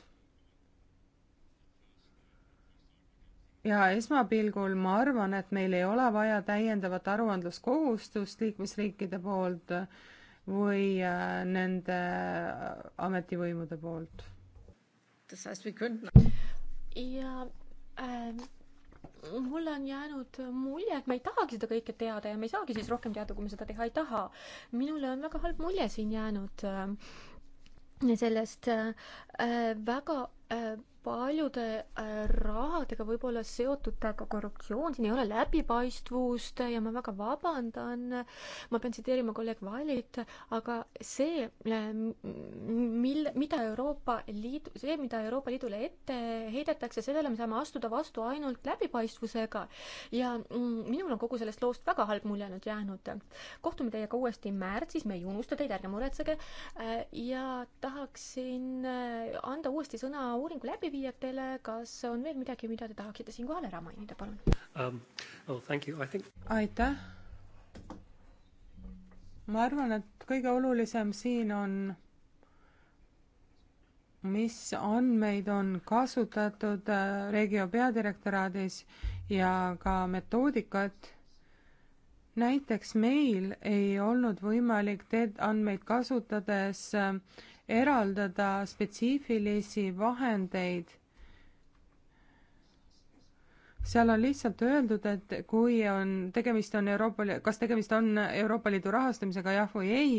S4: ja esmapilgul ma arvan, et meil ei ole vaja täiendavat aruandluskohustust liikmesriikide poolt või äh, nende ametivõimude poolt Das heißt, wir könnten.
S2: ja äh, mulle on jäänud mulje, et me ei tahagi seda kõike teada ja me ei saagi siis rohkem teada, kui me seda teha ei taha. minule on väga halb mulje siin jäänud ähm, äh, sellest äh, väga äh, paljude äh, rahadega võib olla seotud ka korruptsioon, siin ei ole läbipaistvust ja ma väga vabandan, ma pean tsiteerima kolleeg Valit, aga see, äh, mil, mida Euroopa Liidu, see, mida Euroopa Liidule ette heidetakse, sellele me saame astuda vastu ainult läbipaistvusega. ja mm, minul on kogu sellest loost väga halb mulje nüüd jäänud. kohtume teiega uuesti märtsis, me ei unusta teid, ärge muretsege, äh, ja tahaksin anda uuesti sõna uuringu läbi sisseviijatele, kas on veel midagi, mida te tahaksite siinkohal ära mainida, palun
S4: um,? Well, think... aitäh. ma arvan, et kõige olulisem siin on, mis andmeid on kasutatud äh, Regio peadirektoraadis ja ka metoodikat näiteks meil ei olnud võimalik TED andmeid kasutades äh, eraldada spetsiifilisi vahendeid seal on lihtsalt öeldud, et kui on, tegemist on Euroopa, kas tegemist on Euroopa Liidu rahastamisega, jah või ei,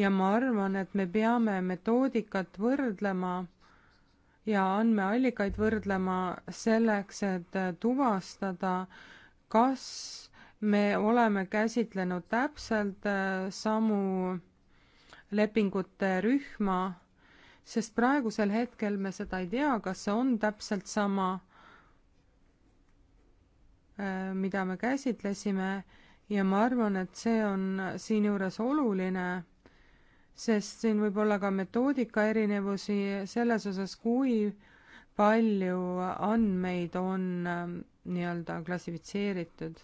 S4: ja ma arvan, et me peame metoodikat võrdlema ja andmeallikaid võrdlema selleks, et tuvastada, kas me oleme käsitlenud täpselt äh, samu lepingute rühma, sest praegusel hetkel me seda ei tea, kas see on täpselt sama, äh, mida me käsitlesime ja ma arvan, et see on siinjuures oluline, sest siin võib olla ka metoodika erinevusi selles osas, kui palju andmeid on äh, nii-öelda klassifitseeritud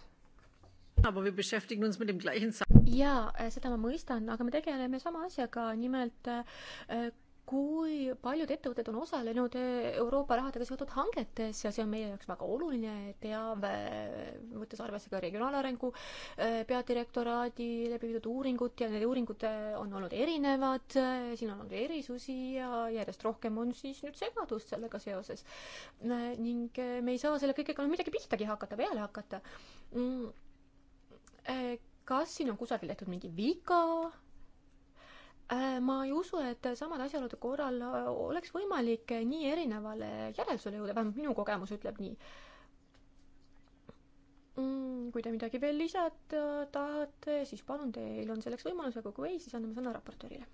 S2: jaa, äh, seda ma mõistan, aga me tegeleme sama asjaga, nimelt äh, kui paljud ettevõtted on osalenud äh, Euroopa rahadega seotud hangetes ja see on meie jaoks väga oluline teave, võttes arvesse ka regionaalarengu peadirektoraadi läbi viidud uuringut ja need uuringud on olnud erinevad, siin on olnud erisusi ja järjest rohkem on siis nüüd segadust sellega seoses. ning me ei saa selle kõigega midagi pihtagi hakata, peale hakata mm, kas siin on kusagil tehtud mingi viga? Äh, ma ei usu, et samade asjaolude korral äh, oleks võimalik nii erinevale järeldusele jõuda, vähemalt minu kogemus ütleb nii. Mm, kui te midagi veel lisada tahate, siis palun, teil on selleks võimalus, aga kui ei, siis anname sõna raportöörile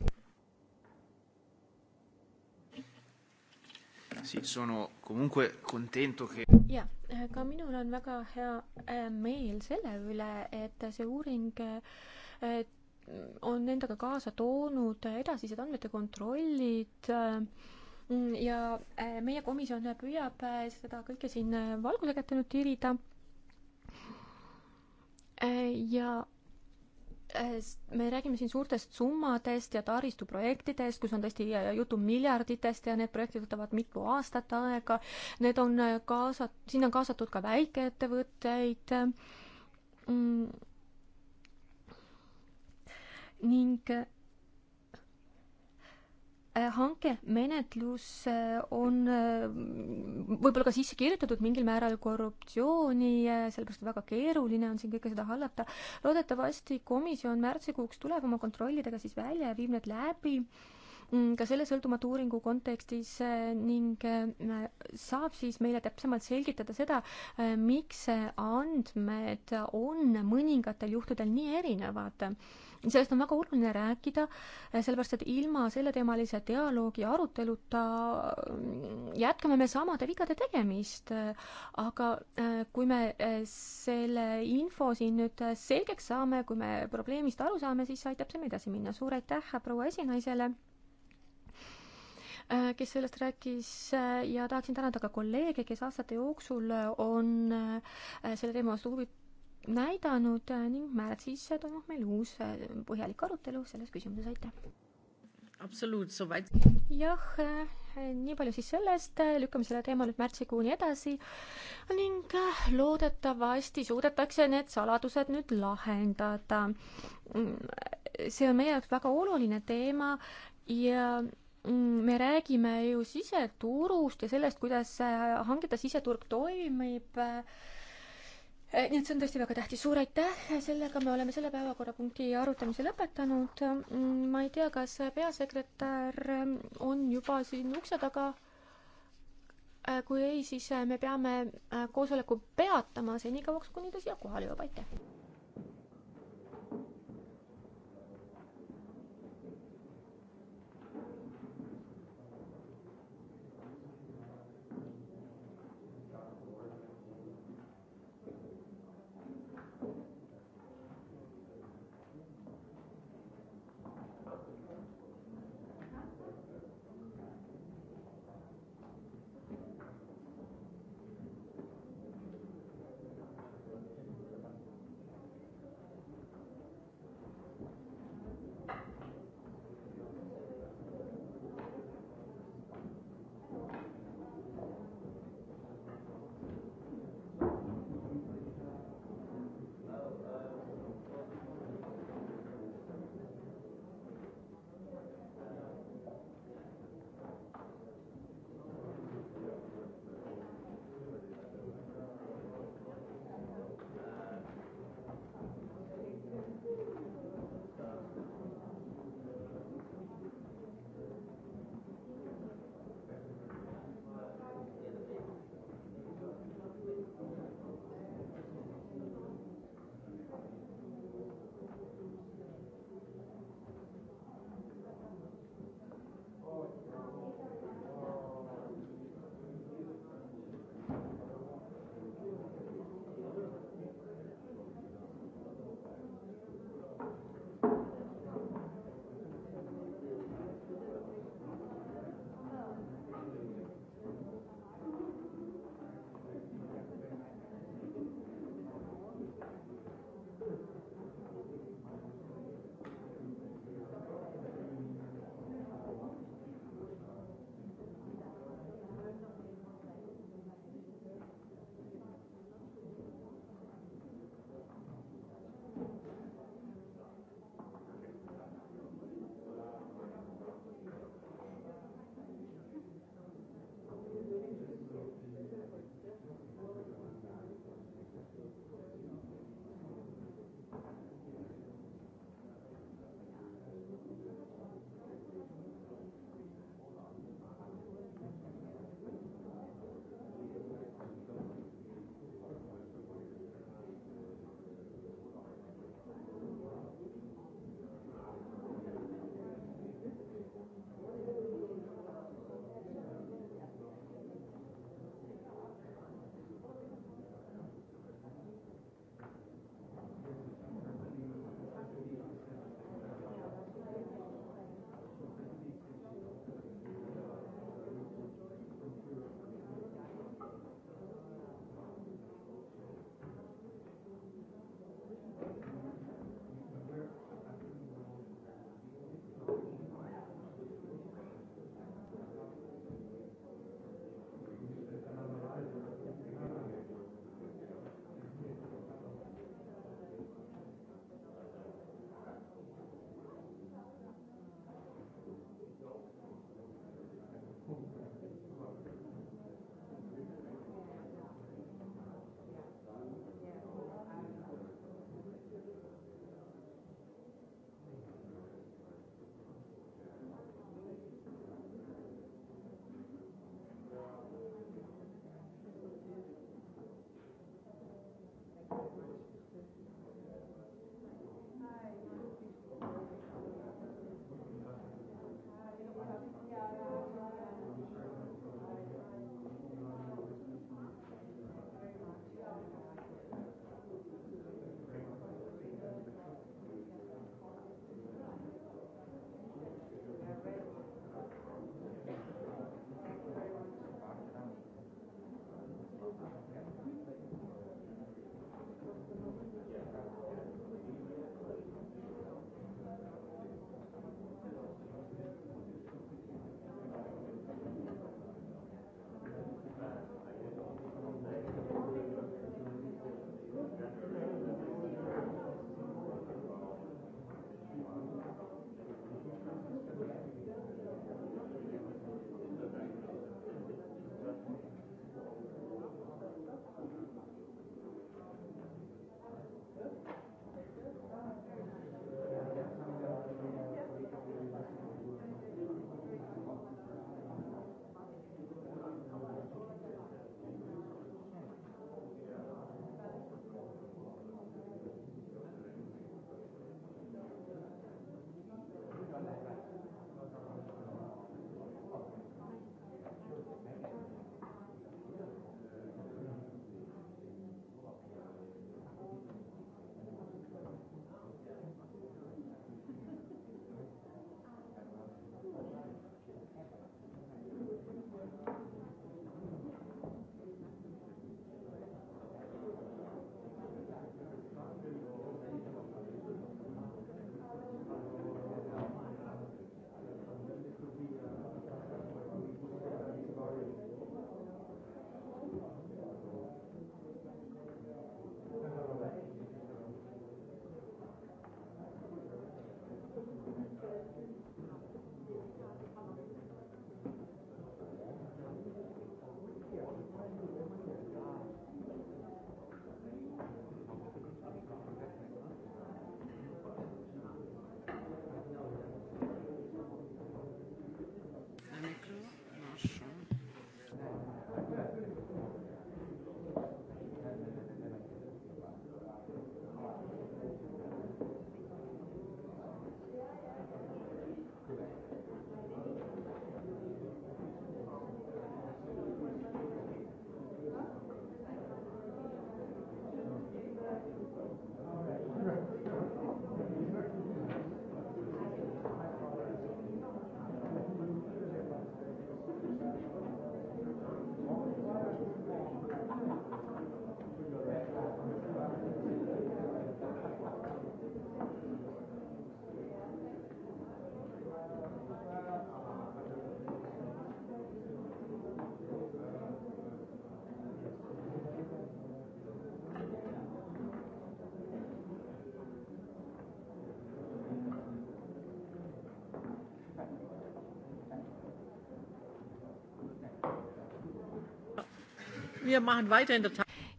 S3: jah,
S2: ka minul on väga hea äh, meel selle üle, et see uuring äh, on endaga kaasa toonud edasised andmete kontrollid äh, ja meie komisjon püüab seda kõike siin valguse kätte nüüd tirida. ja Äh, me räägime siin suurtest summadest ja taristuprojektidest, kus on tõesti äh, jutu miljarditest ja need projektid võtavad mitu aastat aega. Need on äh, kaasat-, sinna on kaasatud ka väikeettevõtteid mm.. ning Äh, hankemenetlus äh, on äh, võib-olla ka sisse kirjutatud mingil määral korruptsiooni, sellepärast et väga keeruline on siin kõike seda hallata. loodetavasti komisjon märtsikuuks tuleb oma kontrollidega siis välja ja viib need läbi mm, ka selle sõltumatu uuringu kontekstis ning saab siis meile täpsemalt selgitada seda, miks andmed on mõningatel juhtudel nii erinevad sellest on väga oluline rääkida, eh, sellepärast et ilma selleteemalise dialoogi ja aruteluta mm, jätkame me samade vigade tegemist. aga eh, kui me eh, selle info siin nüüd selgeks saame, kui me probleemist aru saame, siis aitab see meil edasi minna. suur aitäh proua esinaisele kes sellest rääkis ja tahaksin tänada ka kolleege, kes aastate jooksul on selle teema vastu huvi näidanud äh, ning märtsis toimub meil uus äh, põhjalik arutelu selles küsimuses, aitäh!
S3: absoluutselt vaid.
S2: jah, äh, nii palju siis sellest, lükkame selle teema nüüd märtsikuuni edasi ning loodetavasti suudetakse need saladused nüüd lahendada. Mm, see on meie jaoks väga oluline teema ja mm, me räägime ju siseturust ja sellest, kuidas hangida siseturg toimib Eh, nii et see on tõesti väga tähtis, suur aitäh, sellega me oleme selle päevakorrapunkti arutamise lõpetanud. Mm, ma ei tea, kas peasekretär mm, on juba siin ukse taga. Eh, kui ei, siis eh, me peame koosoleku peatama senikauaks, kuni ta siia kohale jõuab, aitäh.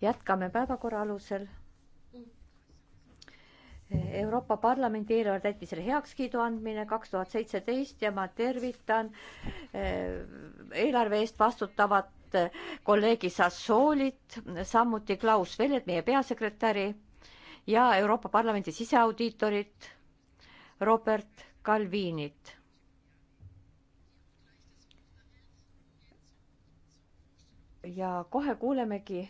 S1: jätkame päevakorra alusel. Euroopa Parlamendi eelarve täitmisele heakskiidu andmine kaks tuhat seitseteist ja ma tervitan eh, eelarve eest vastutavat eh, kolleegi Sassoolit, samuti Klaus Velet, meie peasekretäri ja Euroopa Parlamendi siseaudiitorit Robert Calvinit ja kohe kuulemegi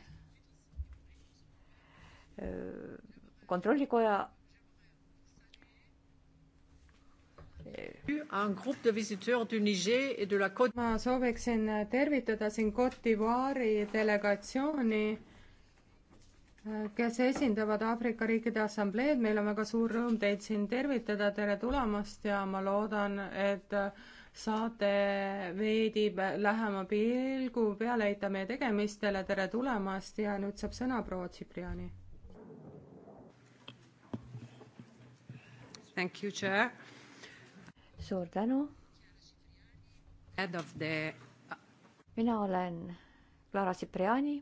S1: kontrollikoja
S4: ma sooviksin tervitada siin Cote d'Ivoire'i delegatsiooni, kes esindavad Aafrika Riikide Assambleed. meil on väga suur rõõm teid siin tervitada, tere tulemast ja ma loodan, et saate veidi lähema pilgu peale heita meie tegemistele, tere tulemast ja nüüd saab sõna proua Tsipriani. Thank you, chair. suur tänu.
S1: Head of the. Uh, mina olen Clara Tsipriani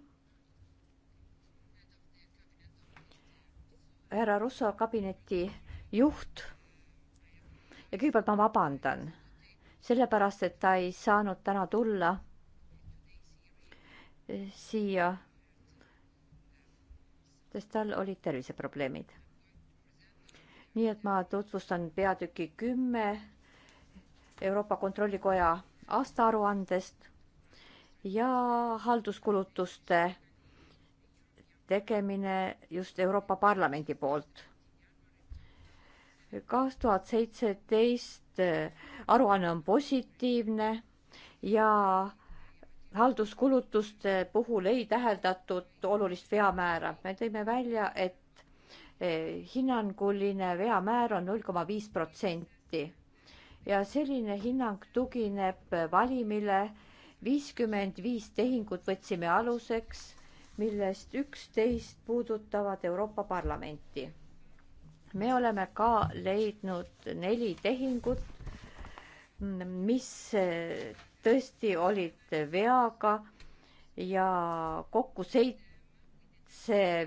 S1: härra Russo kabineti juht. ja kõigepealt ma vabandan sellepärast et ta ei saanud täna tulla siia, sest tal olid terviseprobleemid. nii et ma tutvustan peatüki kümme Euroopa Kontrollikoja aastaaruandest ja halduskulutuste tegemine just Euroopa Parlamendi poolt kaks tuhat seitseteist äh, aruanne on positiivne ja halduskulutuste puhul ei täheldatud olulist veamäära. me tõime välja, et äh, hinnanguline veamäär on null koma viis protsenti ja selline hinnang tugineb valimile viiskümmend viis tehingut võtsime aluseks, millest üksteist puudutavad Euroopa Parlamenti me oleme ka leidnud neli tehingut, mis eh, tõesti olid veaga ja kokku seitse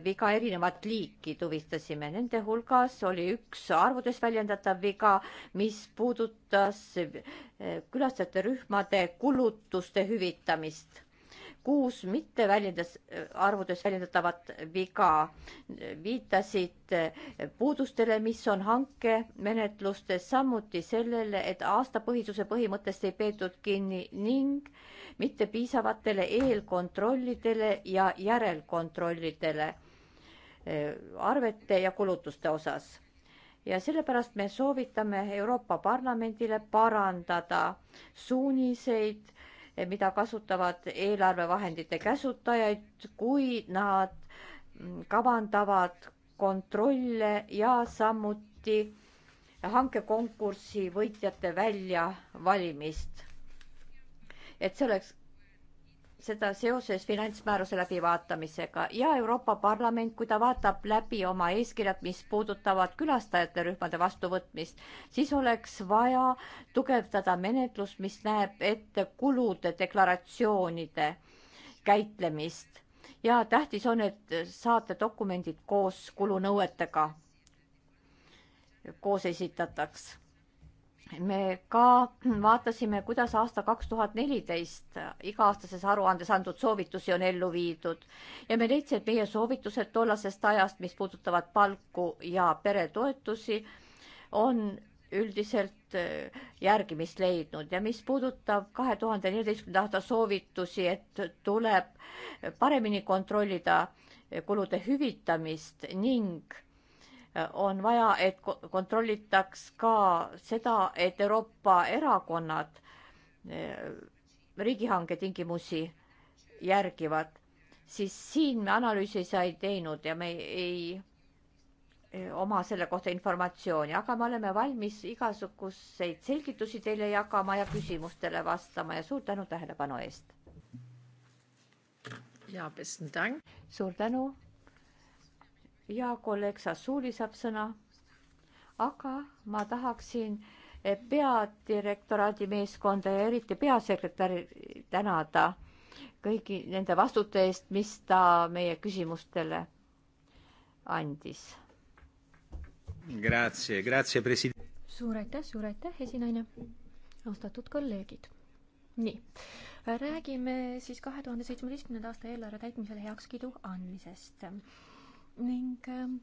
S1: viga erinevat liiki tuvistasime. Nende hulgas oli üks arvudes väljendatav viga, mis puudutas eh, külastajate rühmade kulutuste hüvitamist kuus mitte väljendas, arvudes väljendatavat viga, viitasid eh, puudustele, mis on hankemenetlustes, samuti sellele, et aastapõhisuse põhimõttest ei peetud kinni ning mitte piisavatele eelkontrollidele ja järelkontrollidele eh, arvete ja kulutuste osas. ja sellepärast me soovitame Euroopa Parlamendile parandada suuniseid Eh, mida kasutavad eelarvevahendite käsutajaid, kui nad mm, kavandavad kontrolle ja samuti hankekonkursi võitjate väljavalimist. et see oleks seda seoses finantsmääruse läbivaatamisega ja Euroopa Parlament, kui ta vaatab läbi oma eeskirjad, mis puudutavad külastajate rühmade vastuvõtmist, siis oleks vaja tugevdada menetlust, mis näeb ette kulude deklaratsioonide käitlemist ja tähtis on, et saate dokumendid koos kulunõuetega koos esitataks me ka vaatasime, kuidas aasta kaks tuhat neliteist iga-aastases aruandes antud soovitusi on ellu viidud ja me leidsime, et meie soovitused tollasest ajast, mis puudutavad palku ja peretoetusi, on üldiselt äh, järgimist leidnud ja mis puudutab kahe tuhande neljateistkümnenda aasta soovitusi, et tuleb paremini kontrollida kulude hüvitamist ning on vaja, et kontrollitaks ka seda, et Euroopa erakonnad eh, riigihanke tingimusi järgivad, siis siin me analüüsi ei sai teinud ja me ei, ei eh, oma selle kohta informatsiooni, aga me oleme valmis igasuguseid selgitusi teile jagama ja küsimustele vastama ja suur tänu tähelepanu eest. ja, suur tänu ja kolleeg Sassuuli saab sõna. aga ma tahaksin eh, peadirektoraadi meeskonda ja eriti peasekretäri tänada kõigi nende vastute eest, mis ta meie küsimustele andis.
S2: suur aitäh, suur aitäh, esinaine. austatud kolleegid. nii, räägime siis kahe tuhande seitsmeteistkümnenda aasta eelarve täitmisele heakskiidu andmisest ning ähm,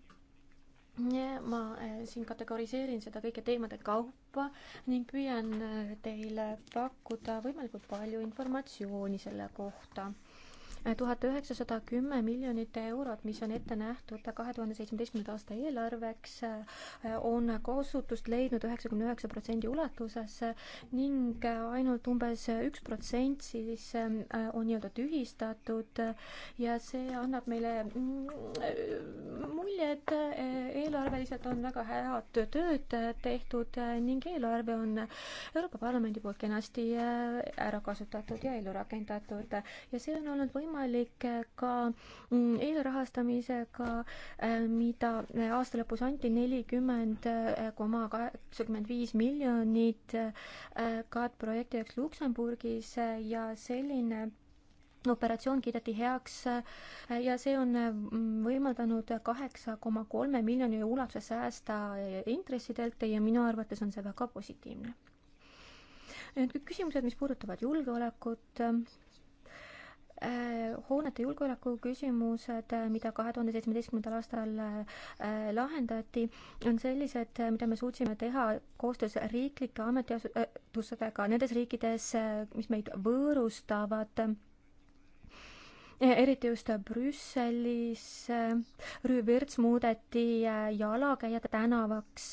S2: ma äh, siin kategoriseerin seda kõike teemade kaupa ning püüan äh, teile pakkuda võimalikult palju informatsiooni selle kohta tuhat üheksasada kümme miljonit eurot, mis on ette nähtud kahe tuhande seitsmeteistkümnenda aasta eelarveks, on kasutust leidnud üheksakümne üheksa protsendi ulatuses ning ainult umbes üks protsent siis äh, on nii-öelda tühistatud ja see annab meile mm, mulje, et äh, eelarveliselt on väga head tööd tehtud ning eelarve on Euroopa Parlamendi poolt kenasti äh, ära kasutatud ja ellu rakendatud ja see on olnud võimalik võimalik ka mm, eelrahastamisega, äh, mida äh, aasta lõpus anti nelikümmend äh, koma kaheksakümmend viis miljonit kaartprojekti jaoks Luksemburgis ja selline operatsioon kiideti heaks ja see on võimaldanud kaheksa koma kolme miljoni ulatuses säästa intressidelt ja minu arvates on see väga positiivne. nüüd küsimused, mis puudutavad julgeolekut Äh, hoonete julgeoleku küsimused, äh, mida kahe tuhande seitsmeteistkümnendal aastal äh, lahendati, on sellised, mida me suutsime teha koostöös riiklike ametiasutustega nendes riikides, mis meid võõrustavad eriti just Brüsselis, Rüü Virts muudeti jalakäijate tänavaks,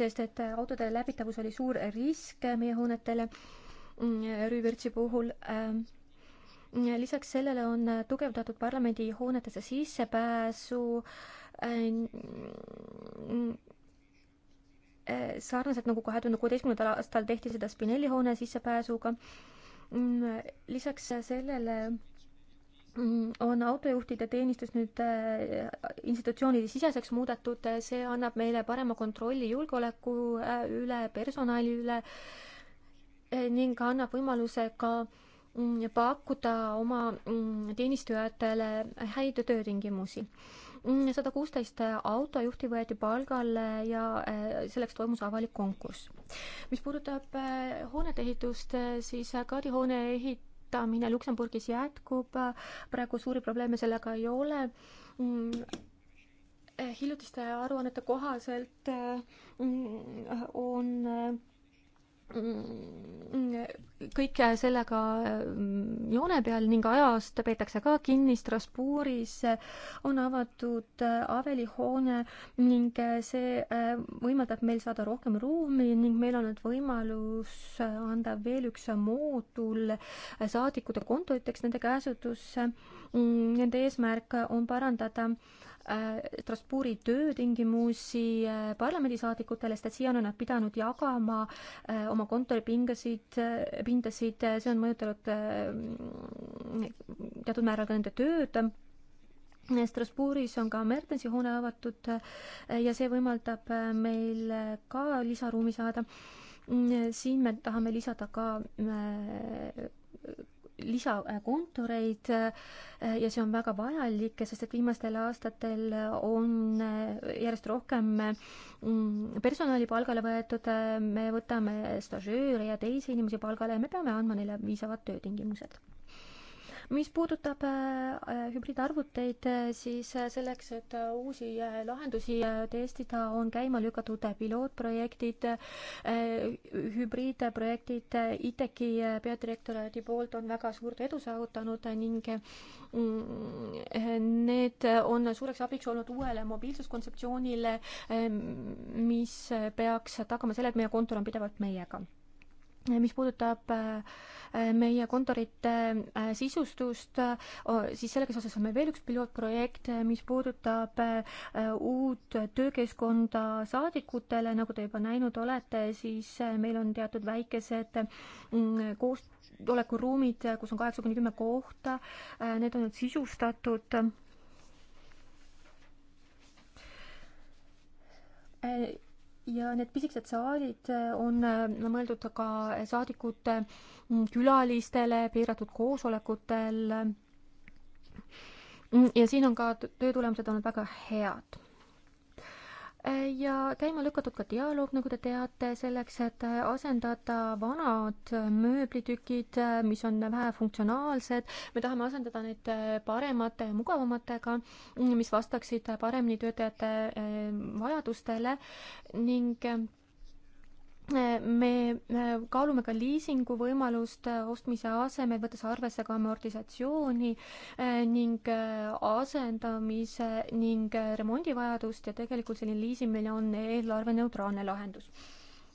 S2: sest et autode läbitavus oli suur risk meie hoonetele mm, Rüü Virtsi puhul lisaks sellele on tugevdatud parlamendihoonetesse sissepääsu äh, äh, sarnaselt nagu kahe tuhande kuueteistkümnendal aastal tehti seda Spinelli hoone sissepääsuga. Mm, lisaks sellele mm, on autojuhtide teenistus nüüd äh, institutsioonide siseseks muudetud, see annab meile parema kontrolli julgeoleku üle, personali üle ning annab võimaluse ka äh, Mm, pakkuda oma mm, teenistujatele häid töötingimusi mm, sada kuusteist autojuhti võeti palgale ja äh, selleks toimus avalik konkurss. mis puudutab äh, hoonete ehitust, siis Kadi hoone ehitamine Luksemburgis jätkub, praegu suuri probleeme sellega ei ole. hiljutiste aruannete kohaselt äh, on Mm, kõik sellega mm, joone peal ning ajast peetakse ka kinni. Strasbourgis on avatud äh, avelihoone ning äh, see äh, võimaldab meil saada rohkem ruumi ning meil on nüüd võimalus anda veel üks moodul saadikute kontoriteks nende käsutusse. Mm, nende eesmärk on parandada äh, Äh, Strasbourgi töötingimusi äh, parlamendisaadikutele, sest et siiani on nad pidanud jagama äh, oma kontoripingasid, pindasid, see on mõjutanud teatud määral ka nende tööd Strasbourgis on ka Mertensi hoone avatud ja see võimaldab meil ka lisaruumi saada. siin me tahame lisada ka lisakontoreid äh, ja see on väga vajalik, sest et viimastel aastatel on äh, järjest rohkem mm, personali palgale võetud, äh, me võtame stažööre ja teisi inimesi palgale ja me peame andma neile viisavad töötingimused mis puudutab äh, äh, hübriidarvuteid, äh, siis selleks, et uusi lahendusi testida, on käima lükatud pilootprojektid, hübriidprojektid, ITEK-i e peadirektoraadi poolt on väga suurt edu saavutanud ning need on suureks abiks olnud uuele mobiilsuskontseptsioonile, mis peaks tagama selle, et meie kontor on pidevalt meiega mis puudutab äh, meie kontorite äh, sisustust, siis sellega seoses on meil veel üks pilootprojekt, mis puudutab äh, uut töökeskkonda saadikutele, nagu te juba näinud olete, siis meil on teatud väikesed mm, koosolekuruumid, kus on kaheksa kuni kümme kohta, need on nüüd sisustatud ja need pisikesed saalid äh, on äh, mõeldud ka saadikute mm, külalistele piiratud koosolekutel. Mm, ja siin on ka töötulemused olnud väga head ja käima lükatud ka dialoog, nagu te teate, selleks, et asendada vanad mööblitükid, mis on vähefunktsionaalsed, me tahame asendada need paremate ja mugavamatega, mis vastaksid paremini töötajate eh, vajadustele ning me äh, kaalume ka liisingu võimalust äh, ostmise asemel, võttes arvesse ka amortisatsiooni äh, ning asendamise ning remondivajadust ja tegelikult selline liisimine on eelarveneutraalne lahendus.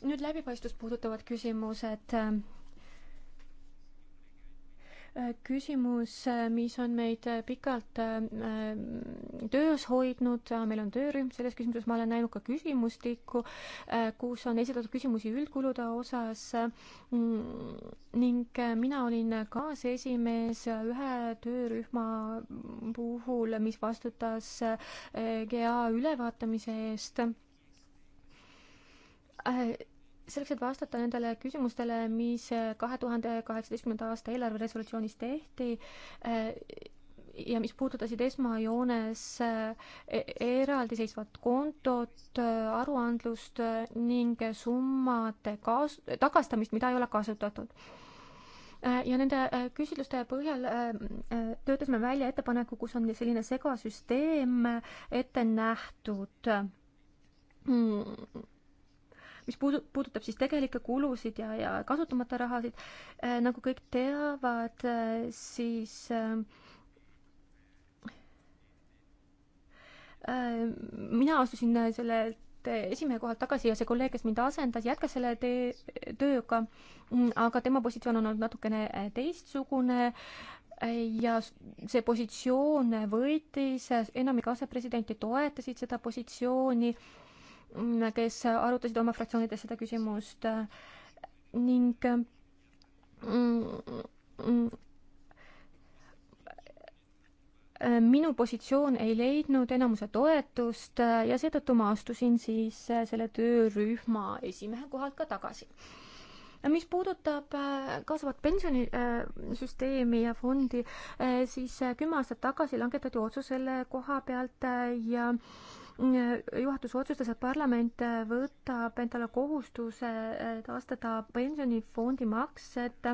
S2: nüüd läbipaistvust puudutavad küsimused Äh, küsimus, äh, mis on meid äh, pikalt töös hoidnud, meil on töörühm selles küsimuses, ma olen näinud ka küsimustikku, kus on esitatud küsimusi üldkulude osas ning mina olin kaasesimees ühe töörühma puhul, mis vastutas GA ülevaatamise eest selleks, et vastata nendele küsimustele, mis kahe tuhande kaheksateistkümnenda aasta eelarveresolutsioonis tehti eh, ja mis puudutasid esmajoones eh, e-, eraldiseisvat kontot, eh, aruandlust ning summade kaas-, tagastamist, mida ei ole kasutatud ja nende küsitluste põhjal töötasime välja ettepaneku, kus on selline segasüsteem ette nähtud hmm mis puudu-, puudutab siis tegelikke kulusid ja, ja kasutamata rahasid, äh, nagu kõik teavad, äh, siis äh, mina astusin sellelt esimehe kohalt tagasi ja see kolleeg, kes mind asendas, jätkas selle tee, tööga, mm, aga tema positsioon on olnud natukene teistsugune ja see positsioon võitis, enamik asepresidente toetasid seda positsiooni Mm, kes arutasid oma fraktsioonides seda küsimust äh, ning äh, mm, mm, äh, minu positsioon ei leidnud enamuse toetust ja seetõttu ma astusin siis selle töörühma esimehe kohalt ka tagasi. mis puudutab kaasavat pensionisüsteemi ja fondi, siis kümme aastat tagasi langetati otsus selle koha pealt ja juhatus otsustas, et parlament võtab endale kohustuse taastada pensionifondi maksed.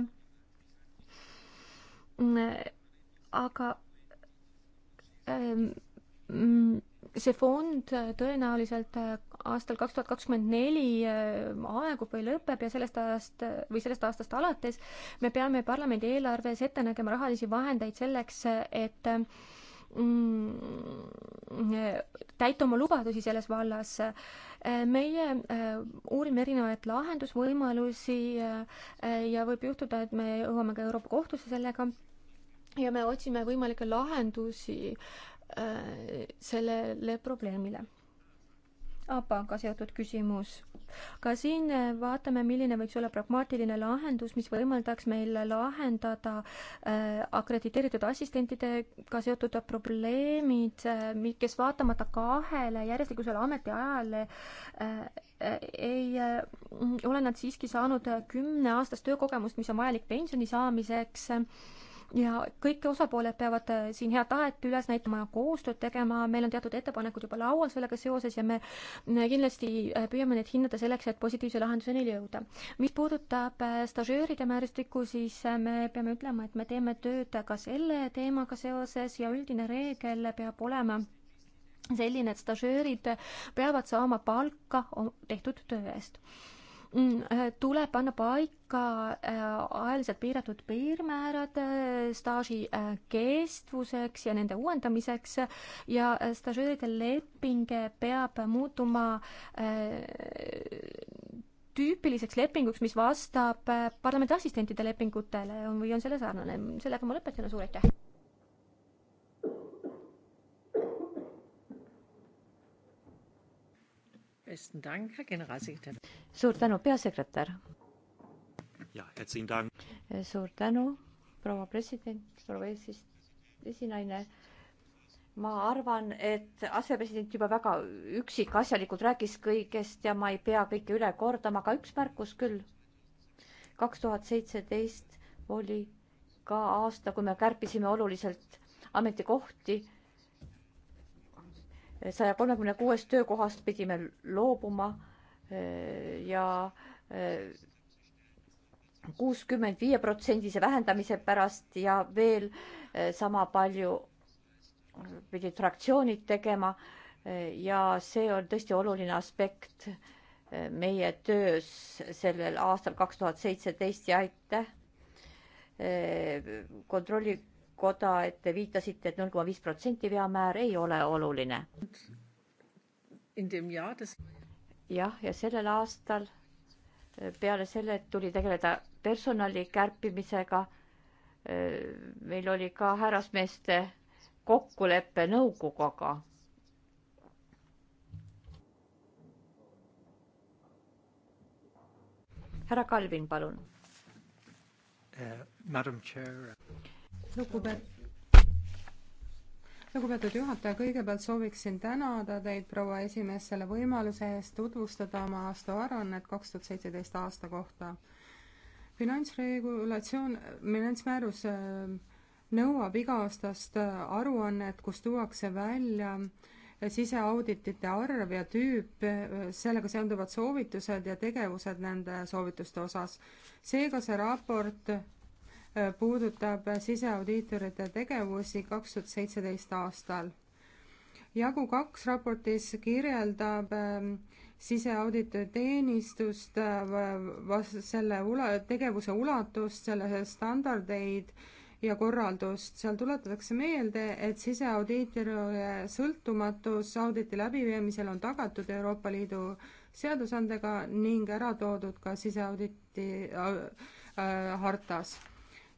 S2: aga ehm, see fond tõenäoliselt aastal kaks tuhat kakskümmend neli ehm, aegub või lõpeb ja sellest ajast või sellest aastast alates me peame parlamendi eelarves ette nägema rahalisi vahendeid selleks, et Mm, eh, täita oma lubadusi selles vallas. Eh, meie eh, uurime erinevaid lahendusvõimalusi ja võib juhtuda, et me jõuame ka Euroopa Kohtusse sellega ja me otsime võimalikke lahendusi sellele probleemile ABBA-ga seotud küsimus. ka siin eh, vaatame, milline võiks olla pragmaatiline lahendus, mis võimaldaks meil lahendada äh, akrediteeritud assistentidega seotud probleemid äh,, kes vaatamata kahele järjestikusele ametiajale äh, ei äh, ole nad siiski saanud kümneaastast töökogemust, mis on vajalik pensioni saamiseks äh, ja kõik osapooled peavad äh, siin head tahet üles näitama ja koostööd tegema, meil on teatud ettepanekud juba laual sellega seoses ja me kindlasti äh, püüame neid hinnata selleks, et positiivse lahenduseni jõuda. mis puudutab äh, stažööride määrustikku, siis me peame ütlema, et me teeme tööd ka selle teemaga seoses ja üldine reegel peab olema selline, et stažöörid peavad saama palka tehtud töö eest Mm, äh, tuleb panna paika äh, ajaliselt piiratud piirmäärad äh, staaži kestvuseks ja nende uuendamiseks ja stažööride leping peab muutuma tüüpiliseks lepinguks, mis vastab parlamendi assistentide lepingutele või on selle sarnane. sellega ma lõpetan ja suur aitäh!
S1: suur tänu, peasekretär. suur tänu, proua president, proua eesist-, esinaine ma arvan, et asepresident juba väga üksikasjalikult rääkis kõigest ja ma ei pea kõike üle kordama, aga üks märkus küll. kaks tuhat seitseteist oli ka aasta, kui me kärpisime oluliselt ametikohti saja kolmekümne kuuest töökohast pidime loobuma eh, ja eh, kuuskümmend viie protsendise vähendamise pärast ja veel eh, sama palju pidid fraktsioonid tegema. ja see on tõesti oluline aspekt meie töös sellel aastal kaks tuhat seitseteist ja aitäh kontrolli koda, et te viitasite et, et null koma viis protsenti veamäär ei ole oluline. jah, ja sellel aastal eh, peale selle tuli tegeleda personali kärpimisega. Eh, meil oli ka härrasmeeste kokkulepe nõukoguga. härra Kalvin, palun.
S3: Eh, Madam Chair
S4: lugupeetud lugupeetud juhataja, kõigepealt sooviksin tänada teid, proua esimees, selle võimaluse eest tutvustada oma aastaaruannet kaks tuhat seitseteist aasta kohta. finantsregulatsioon, finantsmäärus äh, nõuab iga-aastast äh, aruannet, kus tuuakse välja äh, siseauditite arv ja tüüp, sellega seonduvad soovitused ja tegevused nende soovituste osas. seega see raport puudutab siseaudiitorite tegevusi kaks tuhat seitseteist aastal. jagu kaks raportis kirjeldab ähm, siseauditorteenistust, äh, selle ula-, tegevuse ulatust, selle standardeid ja korraldust. seal tuletatakse meelde, et siseaudiitorile sõltumatus auditi läbiviimisel on tagatud Euroopa Liidu seadusandega ning ära toodud ka siseauditi äh, äh, hartas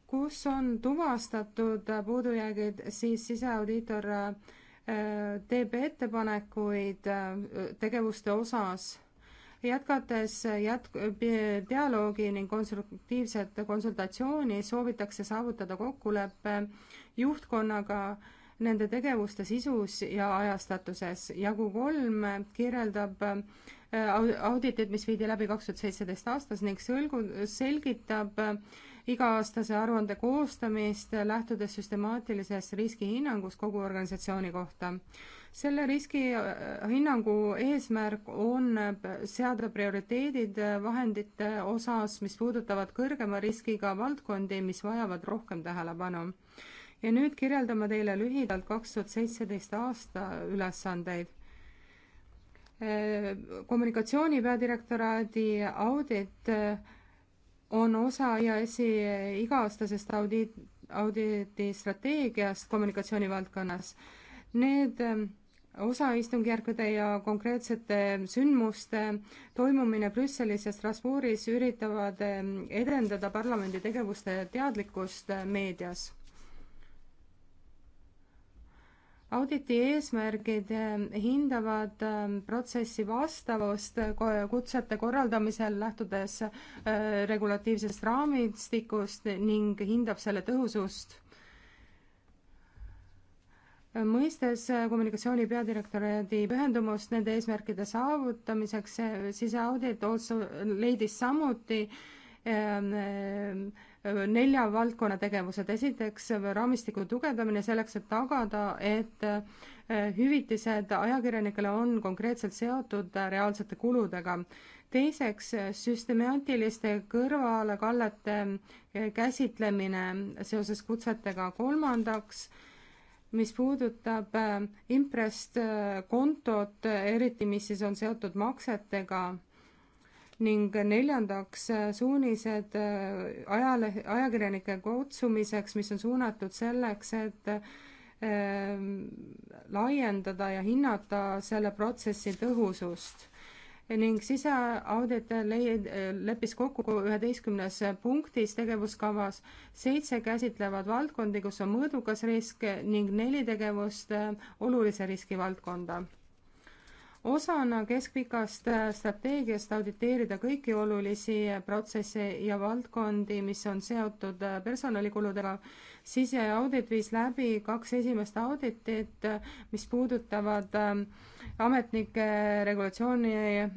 S4: kus on tuvastatud puudujäägid, siis siseaudiitor äh, teeb ettepanekuid äh, tegevuste osas jätkates jätk-, dialoogi ning konstruktiivset konsultatsiooni soovitakse saavutada kokkulepe juhtkonnaga nende tegevuste sisus ja ajastatuses. jagu kolm kirjeldab äh, auditit, mis viidi läbi kaks tuhat seitseteist aastas ning sõlgu-, selgitab iga-aastase aruande koostamist, lähtudes süstemaatilises riskihinnangus kogu organisatsiooni kohta. selle riskihinnangu eesmärk on seada prioriteedid vahendite osas, mis puudutavad kõrgema riskiga valdkondi, mis vajavad rohkem tähelepanu ja nüüd kirjeldan ma teile lühidalt kaks tuhat seitseteist aasta ülesandeid. kommunikatsiooni peadirektoraadi audit on osa EAS-i eh, iga-aastasest audiit, audiitistrateegiast kommunikatsioonivaldkonnas. Need ehm, osa istungjärkude ja konkreetsete sündmuste toimumine Brüsselis ja Strasbourgis üritavad ehm, edendada parlamendi tegevuste teadlikkust eh, meedias auditi eesmärgid eh, hindavad eh, protsessi vastavust eh, kutsete korraldamisel, lähtudes regulatiivsest raamistikust ning hindab selle tõhusust. mõistes kommunikatsiooni peadirektoraadi pühendumust nende eesmärkide saavutamiseks, siseaudit leidis samuti äh, nelja valdkonna tegevused, esiteks raamistiku tugevdamine selleks, et tagada, et eh, hüvitised ajakirjanikele on konkreetselt seotud reaalsete kuludega. teiseks, süstemaatiliste kõrvalekallete eh, käsitlemine seoses kutsetega, kolmandaks, mis puudutab eh, Imprest kontot, eriti mis siis on seotud maksetega ning neljandaks äh, suunised äh, ajale, ajakirjanike kutsumiseks, mis on suunatud selleks, et äh, laiendada ja hinnata selle protsessi tõhusust ning siseaudit leppis kokku üheteistkümnes punktis tegevuskavas. seitse käsitlevad valdkondi, kus on mõõdukas risk ning neli tegevust äh, olulise riski valdkonda osana keskpikast strateegiast auditeerida kõiki olulisi protsesse ja valdkondi, mis on seotud personalikuludega, siis audit viis läbi kaks esimest auditit, mis puudutavad ähm, ametnike regulatsiooni äh,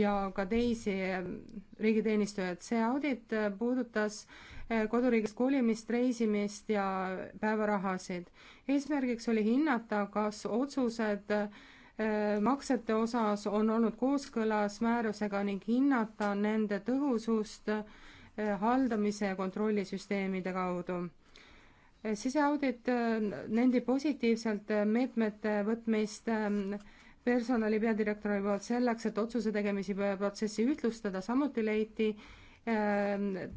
S4: ja ka teisi ähm, riigiteenistujaid. see audit äh, puudutas äh, koduriigist kolimist, reisimist ja päevarahasid. eesmärgiks oli hinnata, kas otsused maksete osas on olnud kooskõlas määrusega ning hinnata nende tõhusust haldamise ja kontrollisüsteemide kaudu. siseaudit nendib positiivselt meetmete võtmist personali peadirektori poolt selleks, et otsuse tegemisi protsessi ühtlustada, samuti leiti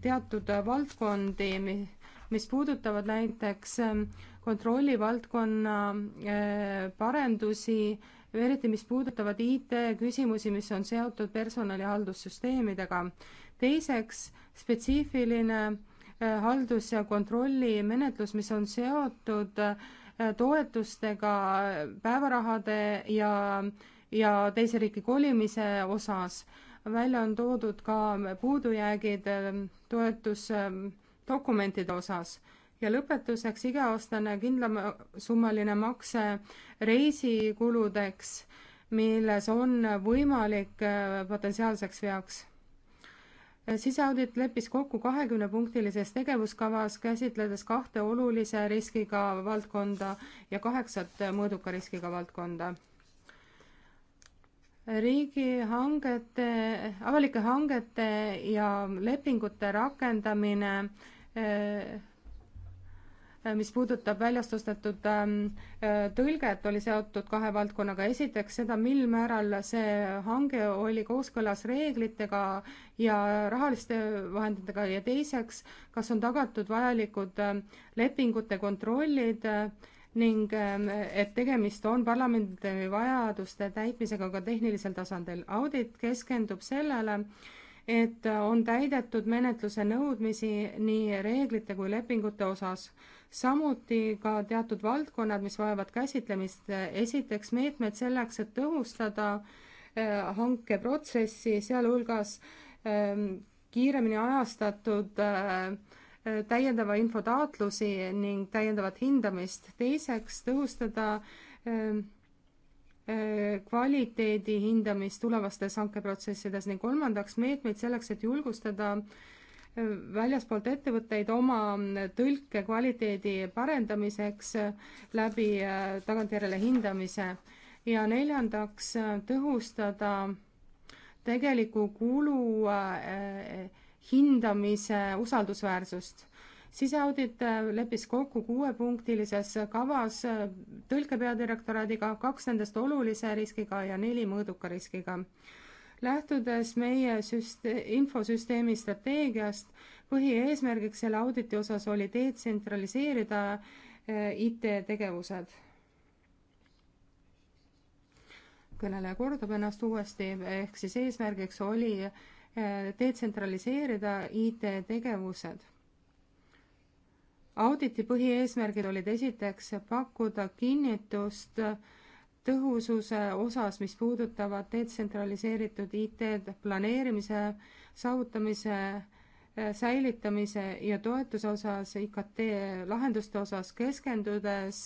S4: teatud valdkondi, mis puudutavad näiteks kontrollivaldkonna parendusi eriti mis puudutavad IT-küsimusi, mis on seotud personalihaldussüsteemidega. teiseks, spetsiifiline äh, haldus- ja kontrollimenetlus, mis on seotud äh, toetustega äh, päevarahade ja, ja teise riiki kolimise osas. välja on toodud ka puudujäägid toetusdokumentide osas ja lõpetuseks iga-aastane kindlasummaline makse reisikuludeks, milles on võimalik äh, potentsiaalseks veaks. siseaudit leppis kokku kahekümnepunktilises tegevuskavas, käsitledes kahte olulise riskiga valdkonda ja kaheksat mõõduka riskiga valdkonda riigihangete, avalike hangete ja lepingute rakendamine äh, Äh, mis puudutab väljastustatud ähm, äh, tõlget, oli seotud kahe valdkonnaga. esiteks seda, mil määral see hange oli kooskõlas reeglitega ja rahaliste vahenditega ja teiseks, kas on tagatud vajalikud ähm, lepingute kontrollid äh, ning ähm, et tegemist on parlamendi vajaduste täitmisega ka tehnilisel tasandil. audit keskendub sellele, et on täidetud menetluse nõudmisi nii reeglite kui lepingute osas samuti ka teatud valdkonnad, mis vajavad käsitlemist. esiteks meetmed selleks, et tõhustada äh, hankeprotsessi, sealhulgas ähm, kiiremini ajastatud äh, äh, täiendava info taotlusi ning täiendavat hindamist. teiseks tõhustada ähm, kvaliteedi hindamist tulevastes hankeprotsessides ning kolmandaks meetmeid selleks, et julgustada äh, väljaspoolt ettevõtteid oma tõlke kvaliteedi parendamiseks läbi äh, tagantjärele hindamise ja neljandaks äh, tõhustada tegeliku kulu äh, hindamise usaldusväärsust. siseaudit leppis kokku kuuepunktilises kavas tõlke peadirektoraadiga, kaks nendest olulise riskiga ja neli mõõduka riskiga lähtudes meie süste-, infosüsteemi strateegiast, põhieesmärgiks selle auditi osas oli detsentraliseerida eh, IT-tegevused. kõneleja kordab ennast uuesti, ehk siis eesmärgiks oli eh, detsentraliseerida IT-tegevused auditi põhieesmärgid olid esiteks pakkuda kinnitust äh, tõhususe osas, mis puudutavad detsentraliseeritud IT-d, planeerimise, saavutamise, eh, säilitamise ja toetuse osas, IKT lahenduste osas, keskendudes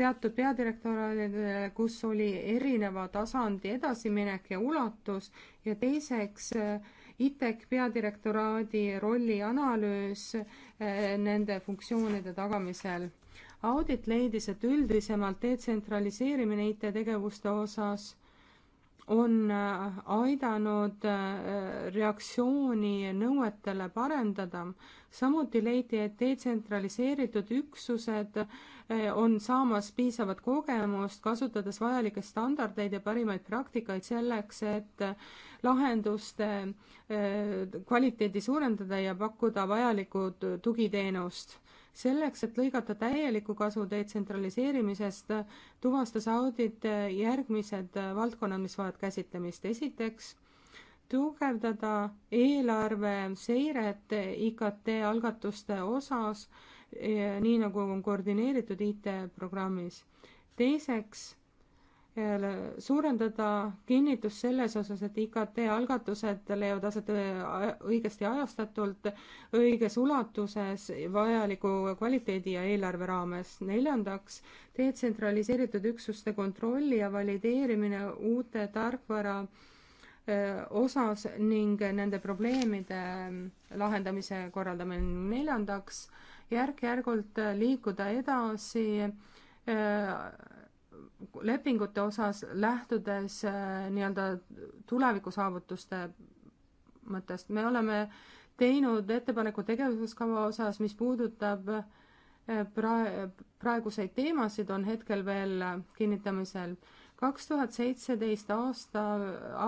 S4: teatud peadirektoraadidele, kus oli erineva tasandi edasiminek ja ulatus ja teiseks eh, ITEK peadirektoraadi rolli analüüs eh, nende funktsioonide tagamisel audit leidis, et üldisemalt detsentraliseerimine IT-tegevuste osas on äh, aidanud äh, reaktsiooni nõuetele parendada. samuti leiti, et detsentraliseeritud üksused äh, on saamas piisavat kogemust, kasutades vajalikke standardeid ja parimaid praktikaid selleks, et lahenduste kvaliteedi suurendada ja pakkuda vajalikku tugiteenust selleks, et lõigata täielikku kasu detsentraliseerimisest, tuvastas audit järgmised valdkonnad, mis vajavad käsitlemist. esiteks, tugevdada eelarve seiret IKT algatuste osas, eh, nii nagu on koordineeritud IT-programmis. teiseks suurendada kinnitust selles osas, et IKT algatused leiavad aset äh, õigesti ajastatult, õiges ulatuses, vajaliku kvaliteedi ja eelarve raames. neljandaks, detsentraliseeritud üksuste kontrolli ja valideerimine uute tarkvara äh, osas ning nende probleemide äh, lahendamise korraldamine. neljandaks, järk-järgult liikuda edasi lepingute osas, lähtudes äh, nii-öelda tulevikusaavutuste mõttest, me oleme teinud ettepaneku tegevuskava osas, mis puudutab äh, pra-, praeguseid teemasid, on hetkel veel kinnitamisel. kaks tuhat seitseteist aasta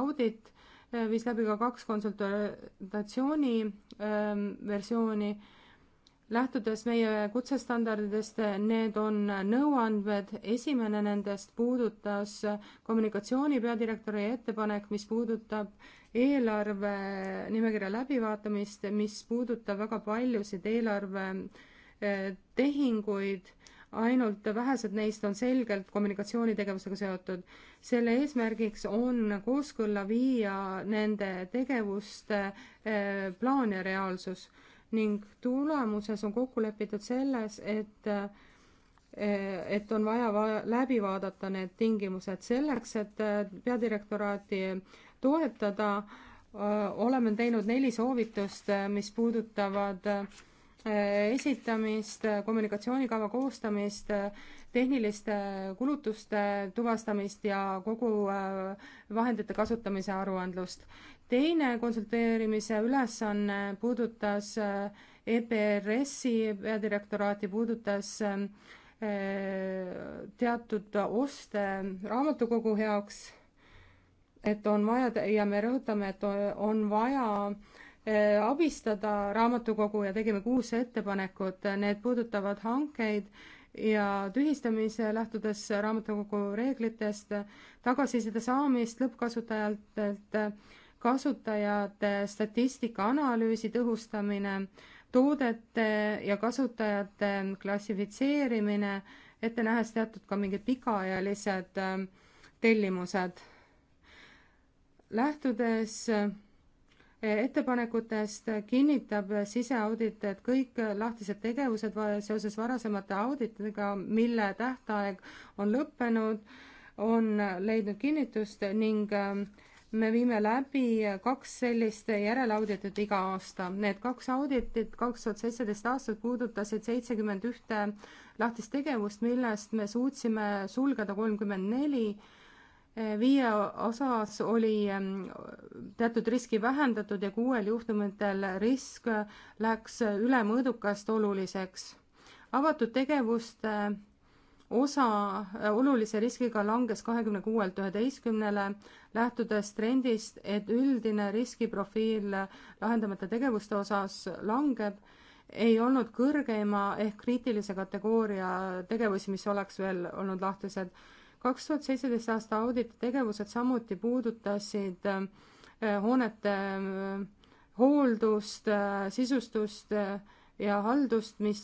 S4: audit äh, viis läbi ka kaks konsultatsiooni versiooni lähtudes meie kutsestandarditest, need on nõuandmed, esimene nendest puudutas kommunikatsiooni peadirektori ettepanek, mis puudutab eelarve nimekirja läbivaatamist, mis puudutab väga paljusid eelarve eh, tehinguid, ainult vähesed neist on selgelt kommunikatsioonitegevusega seotud. selle eesmärgiks on kooskõlla viia nende tegevuste eh, plaan ja reaalsus ning tulemuses on kokku lepitud selles, et eh, et on vaja va läbi vaadata need tingimused selleks, et eh, peadirektoraati toetada. Eh, oleme teinud neli soovitust, mis puudutavad esitamist, kommunikatsioonikava koostamist, tehniliste kulutuste tuvastamist ja kogu vahendite kasutamise aruandlust teine konsulteerimise ülesanne puudutas äh, EPRS-i peadirektoraati, puudutas äh, teatud oste raamatukogu heaks, et on vaja ja me rõhutame, et on vaja äh, abistada raamatukogu ja tegime kuus ettepanekut, need puudutavad hankeid ja tühistamise, lähtudes raamatukogu reeglitest, tagasiside saamist lõppkasutajatelt, kasutajate statistika analüüsi tõhustamine, toodete ja kasutajate klassifitseerimine, ette nähes teatud ka mingid pikaajalised ähm, tellimused. lähtudes äh, ettepanekutest kinnitab siseaudit, et kõik lahtised tegevused seoses varasemate auditidega, mille tähtaeg on lõppenud, on leidnud kinnitust ning äh, me viime läbi kaks sellist järelauditit iga aasta. Need kaks auditit kaks tuhat seitseteist aastat puudutasid seitsekümmend ühte lahtist tegevust, millest me suutsime sulgeda kolmkümmend neli. viie osas oli ähm, teatud riski vähendatud ja kuuel juhtumitel risk läks üle mõõdukast oluliseks. avatud tegevuste osa äh, olulise riskiga langes kahekümne kuuelt üheteistkümnele, lähtudes trendist, et üldine riskiprofiil lahendamata tegevuste osas langeb, ei olnud kõrgeima ehk kriitilise kategooria tegevusi, mis oleks veel olnud lahtised. kaks tuhat seitseteist aasta auditi tegevused samuti puudutasid äh, hoonete äh, hooldust, sisustust ja haldust, mis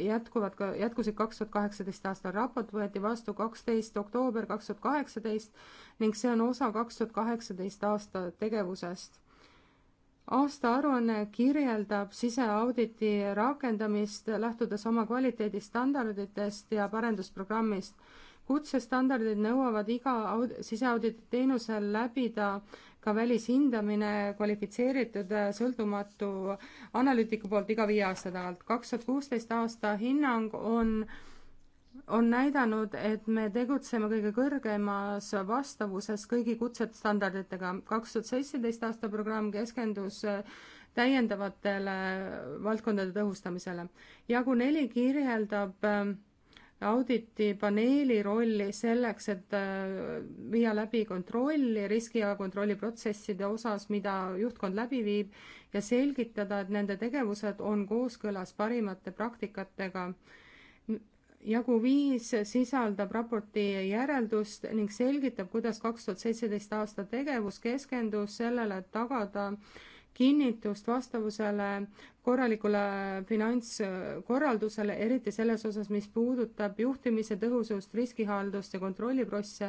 S4: jätkuvad ka, jätkusid kaks tuhat kaheksateist aastal. raport võeti vastu kaksteist oktoober kaks tuhat kaheksateist ning see on osa kaks tuhat kaheksateist aasta tegevusest. aastaaruanne kirjeldab siseauditi rakendamist, lähtudes oma kvaliteedistandarditest ja parendusprogrammist kutsestandardid nõuavad iga siseauditi teenusel läbida ka välishindamine kvalifitseeritud äh, sõltumatu analüütiku poolt iga viie aasta tagant. kaks tuhat kuusteist aasta hinnang on on näidanud, et me tegutseme kõige kõrgemas vastavuses kõigi kutsestandarditega. kaks tuhat seitseteist aasta programm keskendus äh, täiendavatele valdkondade tõhustamisele. jagu neli kirjeldab äh, auditipaneeli rolli selleks, et äh, viia läbi kontrolli riski ja kontrolliprotsesside osas, mida juhtkond läbi viib ja selgitada, et nende tegevused on kooskõlas parimate praktikatega. jagu viis sisaldab raporti järeldust ning selgitab, kuidas kaks tuhat seitseteist aasta tegevus keskendus sellele, et tagada kinnitust vastavusele korralikule finantskorraldusele, eriti selles osas, mis puudutab juhtimise tõhusust, riskihaldust ja kontrolliprosse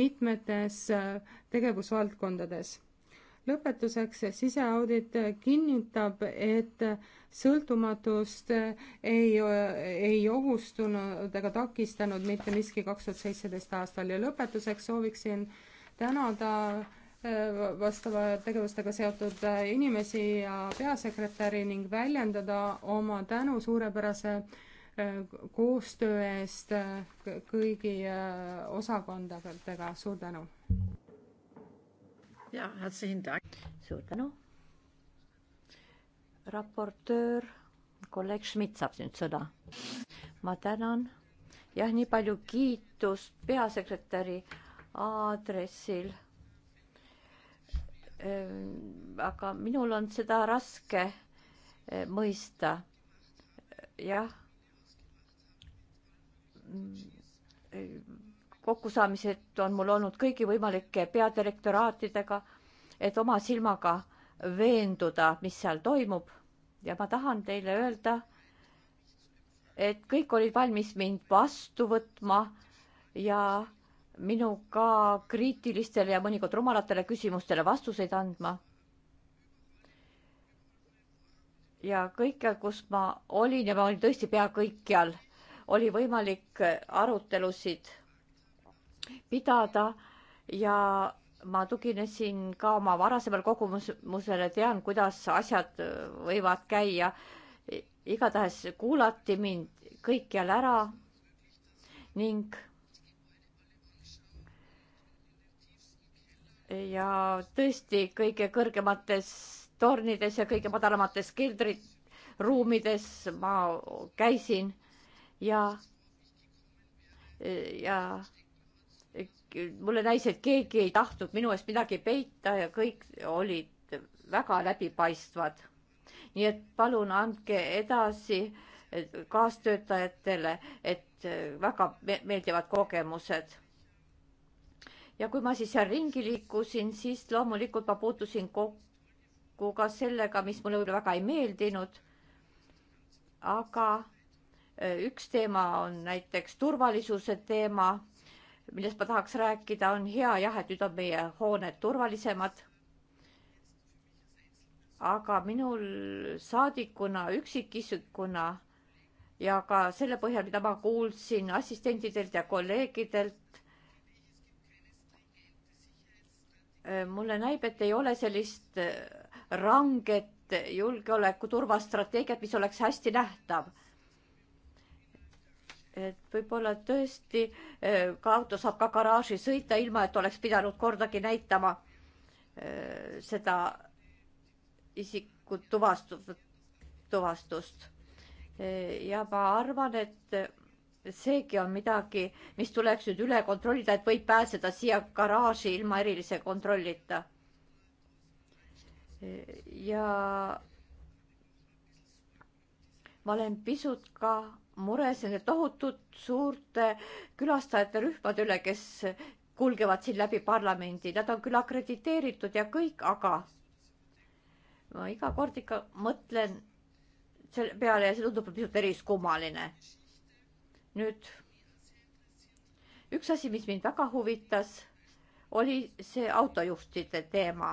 S4: mitmetes äh, tegevusvaldkondades lõpetuseks siseaudit kinnitab, et sõltumatust äh, ei, äh, ei ohustunud ega takistanud mitte miski kaks tuhat seitseteist aastal ja lõpetuseks sooviksin tänada vastava tegevustega seotud äh, inimesi ja peasekretäri ning väljendada oma tänu suurepärase äh, koostöö eest äh, kõigi osakondadega, suur tänu!
S1: ja, suur tänu! raportöör, kolleeg Schmidt saab nüüd sõna. ma tänan, jah, nii palju kiitust peasekretäri aadressil Ehm, aga minul on seda raske eh, mõista. jah.
S3: Mm, eh,
S1: kokkusaamised on mul olnud kõigi võimalike peadirektoraatidega, et oma silmaga veenduda, mis seal toimub ja ma tahan teile öelda, et kõik olid valmis mind vastu võtma ja äh, minuga kriitilistele ja mõnikord rumalatele küsimustele vastuseid andma. ja kõikjal, kus ma olin ja ma olin tõesti pea kõikjal, oli võimalik arutelusid pidada ja ma tuginesin ka oma varasemale kogemusele, tean, kuidas asjad võivad käia. igatahes kuulati mind kõikjal ära ning ja tõesti kõige kõrgemates tornides ja kõige madalamates keldriruumides ma käisin ja, ja mulle näis, et keegi ei tahtnud minu eest midagi peita ja kõik olid väga läbipaistvad. nii et palun andke edasi kaastöötajatele, et väga meeldivad kogemused ja kui ma siis seal ringi liikusin, siis loomulikult ma puutusin kokku ka sellega, mis mulle võib-olla väga ei meeldinud. aga e, üks teema on näiteks turvalisuse teema, millest ma tahaks rääkida, on hea jah, et nüüd on meie hooned turvalisemad. aga minul saadikuna, üksikisikuna ja ka selle põhjal, mida ma kuulsin assistentidelt ja kolleegidelt Äh, mulle näib, et ei ole sellist äh, ranget julgeoleku turvastrateegiat, mis oleks hästi nähtav. et võib-olla tõesti ka äh, auto saab ka garaaži sõita, ilma et oleks pidanud kordagi näitama seda isikut tuvastust, tuvastust. ja ma arvan, et seegi on midagi, mis tuleks nüüd üle kontrollida, et võib pääseda siia garaaži ilma erilise kontrollita. ja ma olen pisut ka mures nende tohutult suurte külastajate rühmade üle, kes kulgevad siin läbi parlamendi, nad on küll akrediteeritud ja kõik, aga ma iga kord ikka mõtlen selle peale ja see tundub pisut eriskummaline nüüd üks asi, mis mind väga huvitas, oli see autojuhtide teema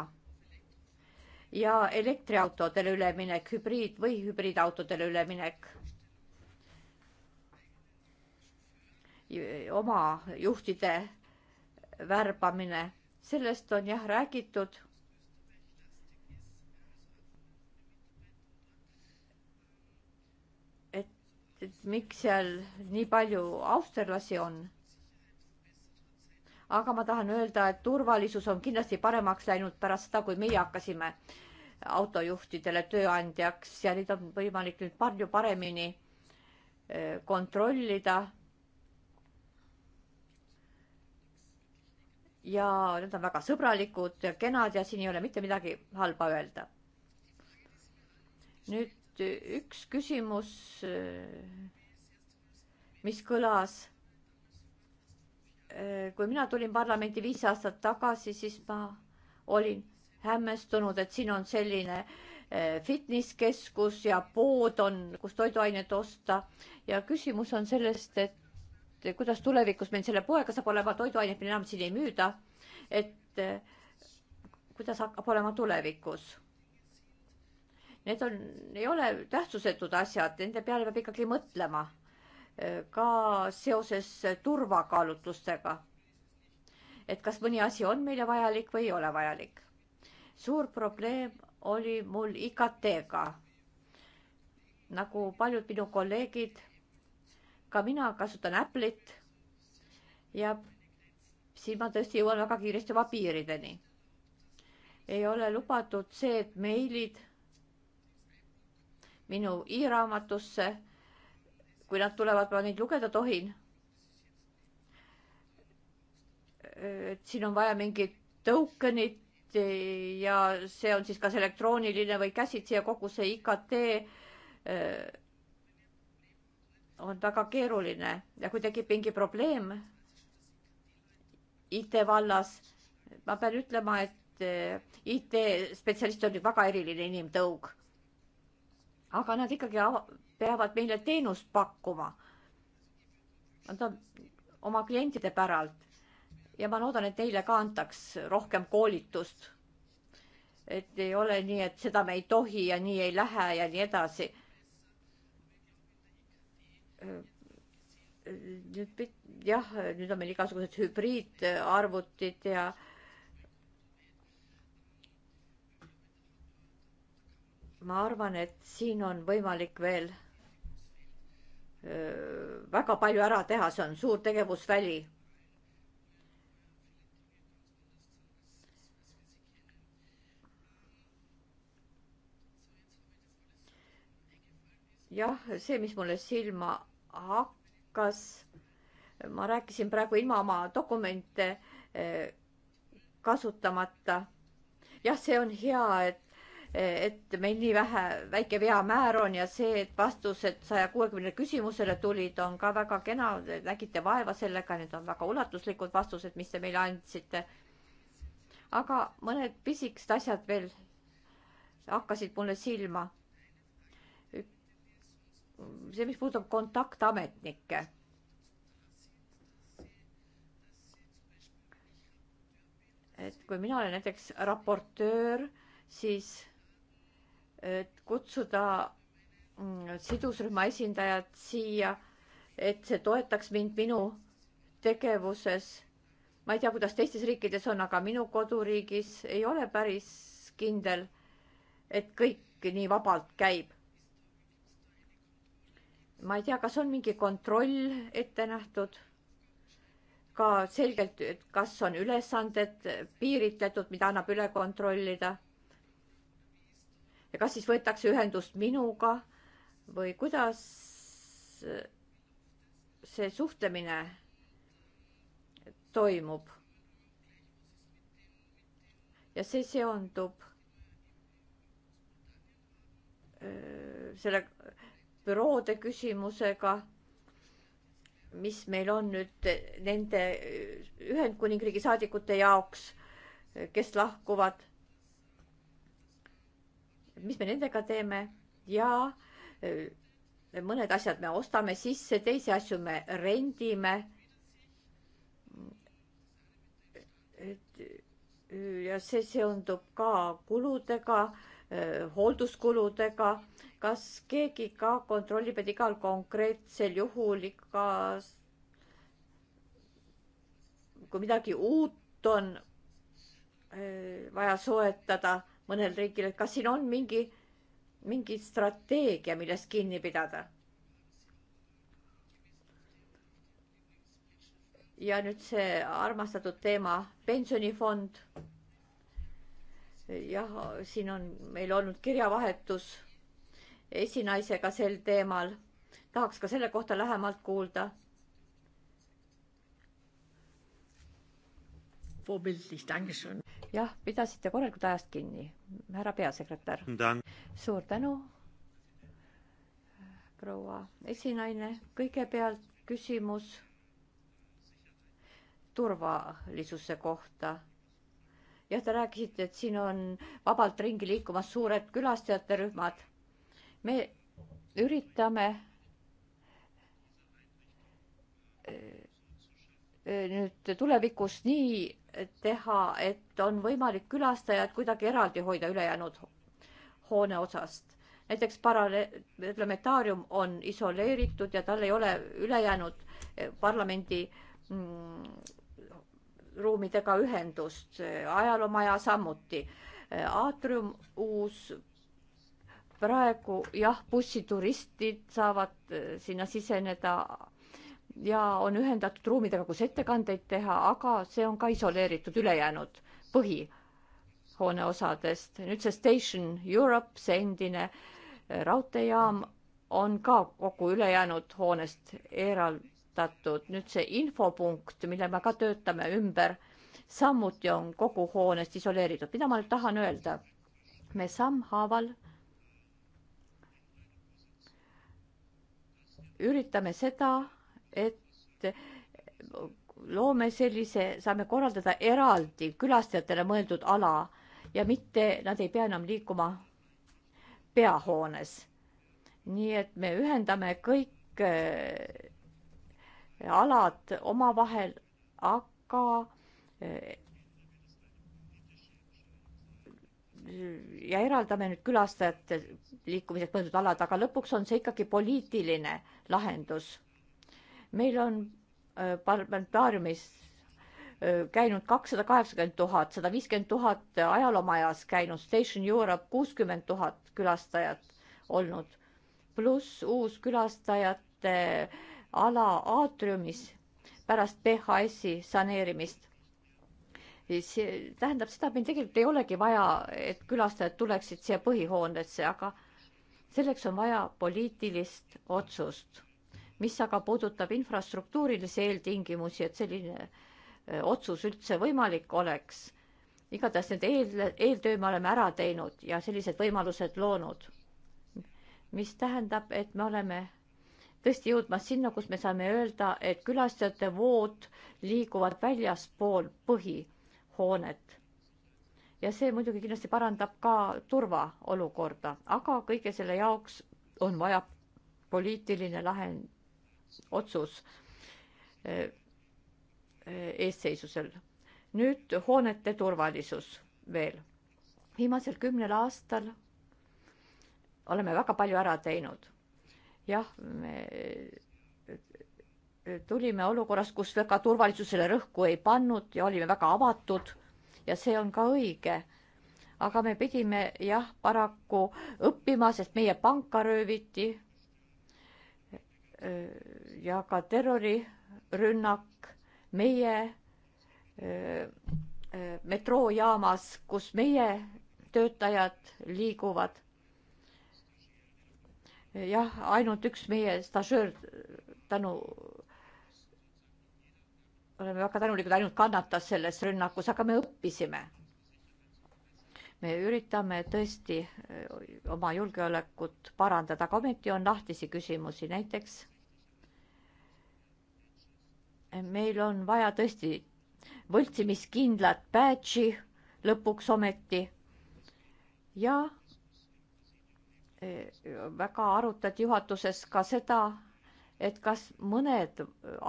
S1: ja elektriautodele üleminek, hübriid või hübriidautodele üleminek. oma juhtide värbamine, sellest on jah räägitud et miks seal nii palju austerlasi on. aga ma tahan öelda, et turvalisus on kindlasti paremaks läinud pärast seda, kui meie hakkasime autojuhtidele tööandjaks ja neid on võimalik nüüd palju paremini eh, kontrollida. ja need on väga sõbralikud ja kenad ja siin ei ole mitte midagi halba öelda. nüüd nüüd üks küsimus, äh, mis kõlas. Äh, kui mina tulin parlamenti viis aastat tagasi, siis ma olin hämmestunud, et siin on selline äh, fitnesskeskus ja pood on, kus toiduained osta ja küsimus on sellest, et kuidas tulevikus meil selle poega saab olema, toiduaineid meil enam siin ei müüda. et kuidas hakkab olema tulevikus Need on, ei ole tähtsusetud asjad, nende peale peab ikkagi mõtlema eh, ka seoses turvakaalutlustega. et kas mõni asi on meile vajalik või ei ole vajalik. suur probleem oli mul IKT-ga. nagu paljud minu kolleegid, ka mina kasutan Apple'it ja siin ma tõesti jõuan väga kiiresti oma piirideni. ei ole lubatud see, et meilid minu i-raamatusse. kui nad tulevad, ma neid lugeda tohin. et siin on vaja mingit tõukenit ja see on siis kas elektrooniline või käsitsi ja kogu see IKT eh, on väga keeruline ja kui tekib mingi probleem IT vallas, ma pean ütlema, et eh, IT-spetsialist on väga eriline inimtõug aga nad ikkagi peavad meile teenust pakkuma. Nad on oma klientide päralt ja ma loodan, et neile ka antaks rohkem koolitust. et ei ole nii, et seda me ei tohi ja nii ei lähe ja nii edasi. nüüd jah, nüüd on meil igasugused hübriidarvutid ja äh, ma arvan, et siin on võimalik veel öö, väga palju ära teha, see on suur tegevusväli. jah, see, mis mulle silma hakkas, ma rääkisin praegu ilma oma dokumente öö, kasutamata. jah, see on hea, et et meil nii vähe, väike veamäär on ja see, et vastused saja kuuekümnele küsimusele tulid, on ka väga kena, nägite vaeva sellega, need on väga ulatuslikud vastused, mis te meile andsite. aga mõned pisikesed asjad veel hakkasid mulle silma. see, mis puudutab kontaktametnikke. et kui mina olen näiteks raportöör, siis et kutsuda mm, sidusrühma esindajad siia, et see toetaks mind minu tegevuses. ma ei tea, kuidas teistes riikides on, aga minu koduriigis ei ole päris kindel, et kõik nii vabalt käib. ma ei tea, kas on mingi kontroll ette nähtud ka selgelt, et kas on ülesanded piiritletud, mida annab üle kontrollida ja kas siis võetakse ühendust minuga või kuidas see suhtlemine toimub? ja see seondub selle büroode küsimusega, mis meil on nüüd nende Ühendkuningriigi saadikute jaoks, kes lahkuvad mis me nendega teeme ja äh, mõned asjad me ostame sisse, teisi asju me rendime. Äh, ja see seondub ka kuludega, äh, hoolduskuludega. kas keegi ka kontrollib, et igal konkreetsel juhul ikka, kui midagi uut on vaja soetada mõnel riigil, et kas siin on mingi, mingi strateegia, millest kinni pidada? ja nüüd see armastatud teema, pensionifond. jah, siin on meil olnud kirjavahetus esinaisega sel teemal. tahaks ka selle kohta lähemalt kuulda jah, pidasite korralikult ajast kinni, härra peasekretär. suur tänu, proua esinaine. kõigepealt küsimus turvalisuse kohta. jah, te rääkisite, et siin on vabalt ringi liikumas suured külastajate rühmad. me üritame eh, eh, nüüd tulevikus nii teha, et on võimalik külastajad kuidagi eraldi hoida ülejäänud hoone osast. näiteks paralleel, planetaarium on isoleeritud ja tal ei ole ülejäänud eh, parlamendi mm, ruumidega ühendust, eh, ajaloomaja samuti. Eh, aatrium uus, praegu jah, bussituristid saavad sinna siseneda, ja on ühendatud ruumidega, kus ettekandeid teha, aga see on ka isoleeritud ülejäänud põhihoone osadest. nüüd see Station Europe, see endine äh, raudteejaam on ka kogu ülejäänud hoonest eraldatud. nüüd see infopunkt, mille me ka töötame ümber, samuti on kogu hoonest isoleeritud. mida ma nüüd tahan öelda? me sammhaaval üritame seda et loome sellise, saame korraldada eraldi külastajatele mõeldud ala ja mitte nad ei pea enam liikuma peahoones. nii et me ühendame kõik äh, alad omavahel, aga äh, ja eraldame nüüd külastajate liikumiseks mõeldud alad, aga lõpuks on see ikkagi poliitiline lahendus meil on äh, parlamentaariumis äh, käinud kakssada kaheksakümmend tuhat, sada viiskümmend tuhat ajaloomajas käinud, Station Europe kuuskümmend tuhat külastajat olnud, pluss uus külastajate ala aatriumis pärast PHS-i saneerimist. see äh, tähendab seda, et meil tegelikult ei olegi vaja, et külastajad tuleksid siia põhihoonesse, aga selleks on vaja poliitilist otsust mis aga puudutab infrastruktuurilisi eeltingimusi, et selline äh, otsus üldse võimalik oleks, igatahes need eel, eeltöö me oleme ära teinud ja sellised võimalused loonud. mis tähendab, et me oleme tõesti jõudmas sinna, kus me saame öelda, et külastajate vood liiguvad väljaspool põhihoonet. ja see muidugi kindlasti parandab ka turvaolukorda, aga kõige selle jaoks on vaja poliitiline lahend otsus eh, eh, eesseisusel. nüüd hoonete turvalisus veel. viimasel kümnel aastal oleme väga palju ära teinud. jah, me eh, tulime olukorras, kus väga turvalisusele rõhku ei pannud ja olime väga avatud ja see on ka õige. aga me pidime jah, paraku õppima, sest meie panka rööviti ja ka terrorirünnak meie metroojaamas, kus meie töötajad liiguvad. jah, ainult üks meie stažöör tänu, oleme väga tänulikud, ainult kannatas selles rünnakus, aga me õppisime. me üritame tõesti oma julgeolekut parandada, aga ometi on lahtisi küsimusi, näiteks meil on vaja tõesti võltsimiskindlat badge'i lõpuks ometi ja eh, väga arutati juhatuses ka seda, et kas mõned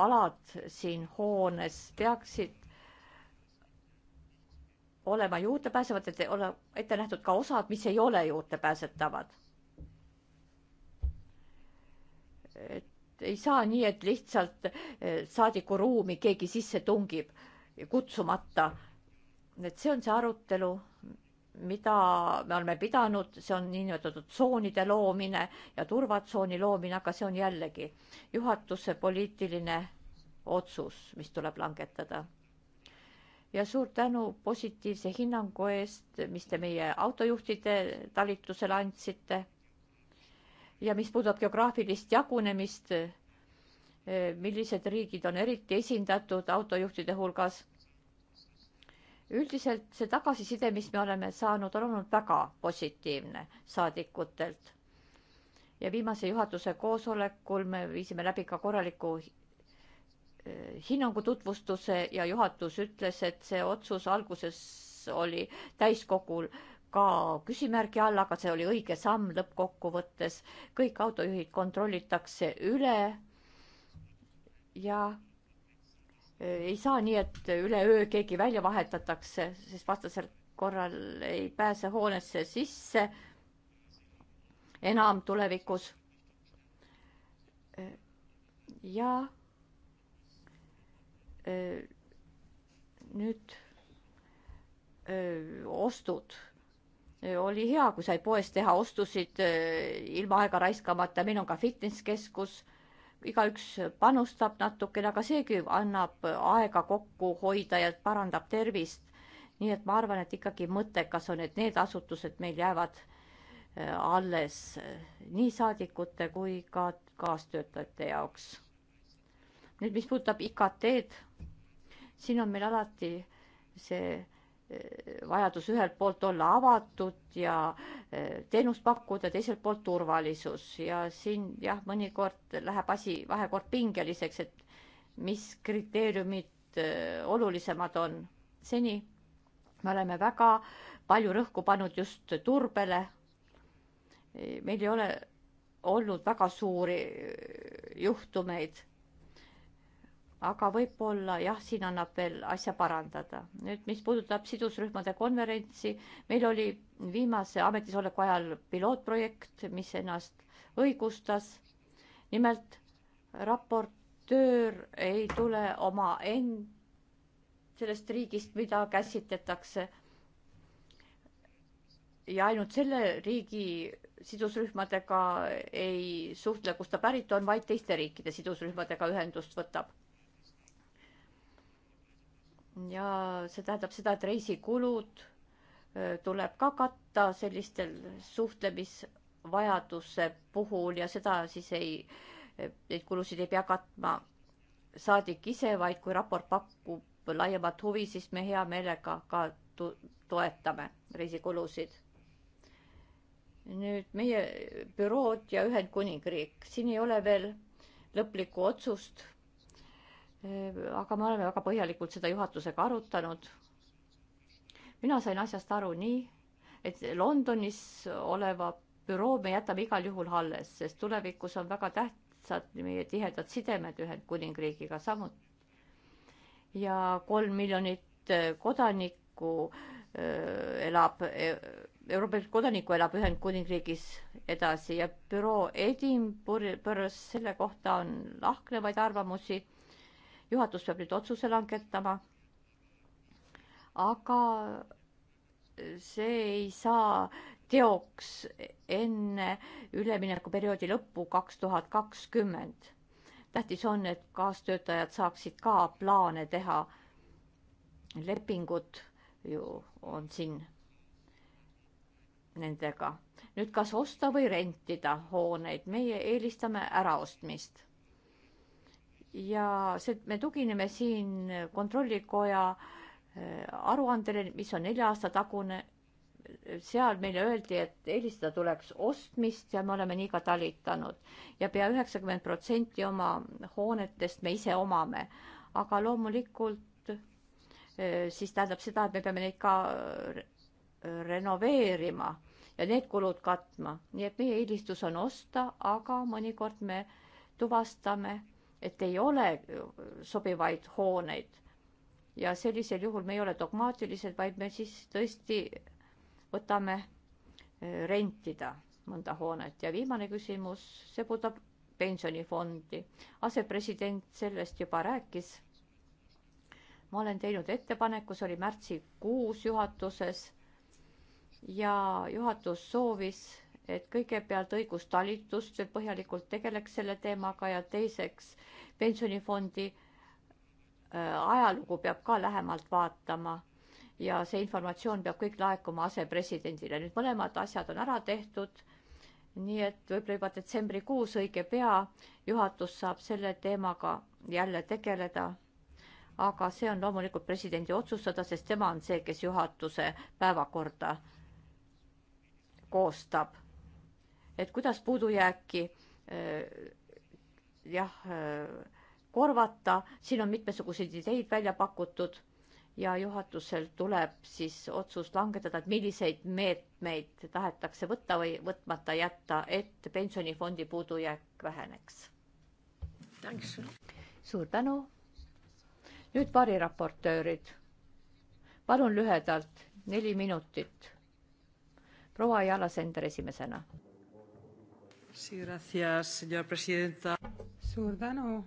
S1: alad siin hoones peaksid olema juurdepääsevad, et ole ette nähtud ka osad, mis ei ole juurdepääsetavad. et ei saa nii, et lihtsalt eh, saadikuruumi keegi sisse tungib kutsumata. et see on see arutelu, mida me oleme pidanud, see on niinimetatud tsoonide loomine ja turvatsooni loomine, aga see on jällegi juhatuse poliitiline otsus, mis tuleb langetada. ja suur tänu positiivse hinnangu eest, mis te meie autojuhtide talitlusele andsite ja mis puudutab geograafilist jagunemist, eh, millised riigid on eriti esindatud autojuhtide hulgas. üldiselt see tagasiside, mis me oleme saanud, on olnud väga positiivne saadikutelt. ja viimase juhatuse koosolekul me viisime läbi ka korraliku eh, hinnangu tutvustuse ja juhatus ütles, et see otsus alguses oli täiskogul ka küsimärgi all, aga see oli õige samm lõppkokkuvõttes. kõik autojuhid kontrollitakse üle ja äh, ei saa nii, et üleöö keegi välja vahetatakse, sest vastasel korral ei pääse hoonesse sisse enam tulevikus. Äh, ja äh, nüüd ostud oli hea, kui sai poes teha ostusid eh, ilma aega raiskamata, meil on ka fitness-keskus, igaüks panustab natukene, aga seegi annab aega kokku hoida ja parandab tervist. nii et ma arvan, et ikkagi mõttekas on, et need asutused meil jäävad eh, alles eh, nii saadikute kui ka kaastöötajate jaoks. nüüd, mis puudutab IKT-d, siin on meil alati see vajadus ühelt poolt olla avatud ja eh, teenust pakkuda, teiselt poolt turvalisus ja siin jah, mõnikord läheb asi vahekord pingeliseks, et mis kriteeriumid eh, olulisemad on. seni me oleme väga palju rõhku pannud just turbele. meil ei ole olnud väga suuri eh, juhtumeid aga võib-olla jah, siin annab veel asja parandada. nüüd, mis puudutab sidusrühmade konverentsi, meil oli viimase ametisoleku ajal pilootprojekt, mis ennast õigustas. nimelt raportöör ei tule oma end-, sellest riigist, mida käsitletakse. ja ainult selle riigi sidusrühmadega ei suhtle, kust ta pärit on, vaid teiste riikide sidusrühmadega ühendust võtab ja see tähendab seda, et reisikulud äh, tuleb ka katta sellistel suhtlemisvajaduse puhul ja seda siis ei, neid kulusid ei pea katma saadik ise, vaid kui raport pakub laiemat huvi, siis me hea meelega ka to toetame reisikulusid. nüüd meie bürood ja Ühendkuningriik, siin ei ole veel lõplikku otsust Ehm, aga me oleme väga põhjalikult seda juhatusega arutanud. mina sain asjast aru nii, et Londonis oleva büroo me jätame igal juhul alles, sest tulevikus on väga tähtsad meie tihedad sidemed Ühendkuningriigiga samuti. ja kolm miljonit eh, kodanikku äh, elab äh,, Euroopa Liidu kodanikku elab Ühendkuningriigis edasi ja büroo Edinburgh's selle kohta on lahknevaid arvamusi juhatus peab nüüd otsuse langetama. aga see ei saa teoks enne üleminekuperioodi lõppu kaks tuhat kakskümmend. tähtis on, et kaastöötajad saaksid ka plaane teha. lepingud ju on siin nendega. nüüd kas osta või rentida hooneid, meie eelistame äraostmist ja see, me tugineme siin kontrollikoja äh, aruandele, mis on nelja aasta tagune. seal meile öeldi, et eelistada tuleks ostmist ja me oleme nii ka talitanud ja pea üheksakümmend protsenti oma hoonetest me ise omame, aga loomulikult äh, siis tähendab seda, et me peame neid ka renoveerima ja need kulud katma, nii et meie eelistus on osta, aga mõnikord me tuvastame et ei ole sobivaid hooneid. ja sellisel juhul me ei ole dogmaatilised, vaid me siis tõesti võtame eh, rentida mõnda hoonet ja viimane küsimus, see puudutab pensionifondi. asepresident sellest juba rääkis. ma olen teinud ettepaneku, see oli märtsikuus juhatuses ja juhatus soovis et kõigepealt õigustalitus põhjalikult tegeleks selle teemaga ja teiseks pensionifondi äh, ajalugu peab ka lähemalt vaatama ja see informatsioon peab kõik laekuma asepresidendile. nüüd mõlemad asjad on ära tehtud. nii et võib-olla juba detsembrikuus õige pea juhatus saab selle teemaga jälle tegeleda. aga see on loomulikult presidendi otsustada, sest tema on see, kes juhatuse päevakorda koostab et kuidas puudujääki äh, jah, äh, korvata, siin on mitmesuguseid ideid välja pakutud ja juhatusel tuleb siis otsus langetada, et milliseid meetmeid tahetakse võtta või võtmata jätta, et pensionifondi puudujääk väheneks. suur tänu. nüüd variraportöörid. palun lühedalt neli minutit. proua Jala Sender esimesena
S4: suur tänu,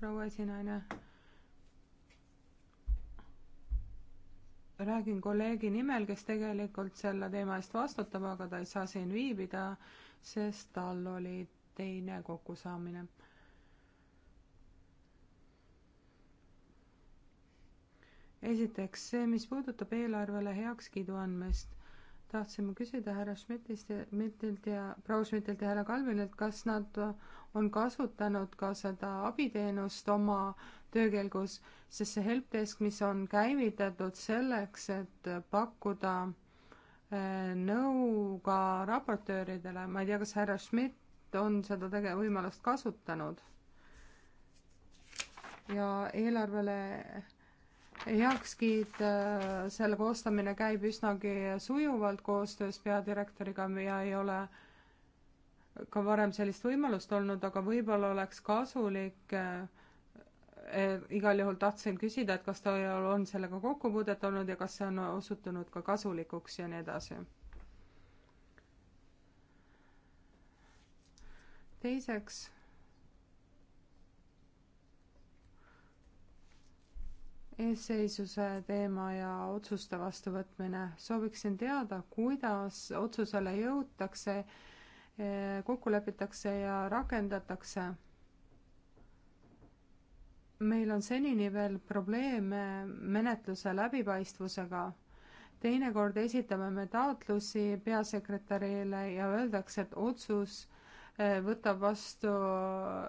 S4: proua esinaine. räägin kolleegi nimel, kes tegelikult selle teema eest vastutab, aga ta ei saa siin viibida, sest tal oli teine kokkusaamine esiteks see, mis puudutab eelarvele heakskiidu andmist tahtsime küsida härra Schmidtist ja Schmidtilt ja proua Schmidtilt ja härra Kalvinilt, kas nad on kasutanud ka seda abiteenust oma töö käigus, sest see helpdesk, mis on käivitatud selleks, et pakkuda äh, nõu ka raportööridele, ma ei tea, kas härra Schmidt on seda tege-, võimalust kasutanud. ja eelarvele heakskiit, äh, selle koostamine käib üsnagi sujuvalt koostöös peadirektoriga ja ei ole ka varem sellist võimalust olnud, aga võib-olla oleks kasulik äh, äh, igal juhul tahtsin küsida, et kas tal on sellega kokkupuudet olnud ja kas see on osutunud ka kasulikuks ja nii edasi. teiseks eesseisuse teema ja otsuste vastuvõtmine. sooviksin teada, kuidas otsusele jõutakse, kokku lepitakse ja rakendatakse. meil on senini veel probleeme menetluse läbipaistvusega. teinekord esitame me taotlusi peasekretärile ja öeldakse, et otsus eh, võtab vastu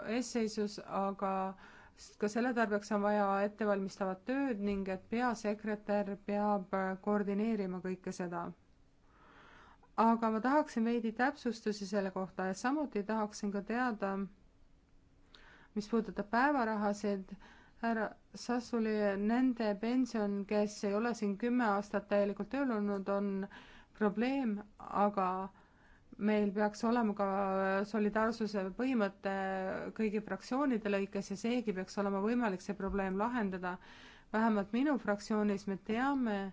S4: eesseisus, aga äh, sest ka selle tarbeks on vaja ettevalmistavat tööd ning et peasekretär peab koordineerima kõike seda. aga ma tahaksin veidi täpsustusi selle kohta ja samuti tahaksin ka teada, mis puudutab päevarahasid, härra Sassuli, nende pension, kes ei ole siin kümme aastat täielikult tööl olnud, on probleem, aga meil peaks olema ka solidaarsuse põhimõte kõigi fraktsioonide lõikes ja seegi peaks olema võimalik see probleem lahendada. vähemalt minu fraktsioonis me teame,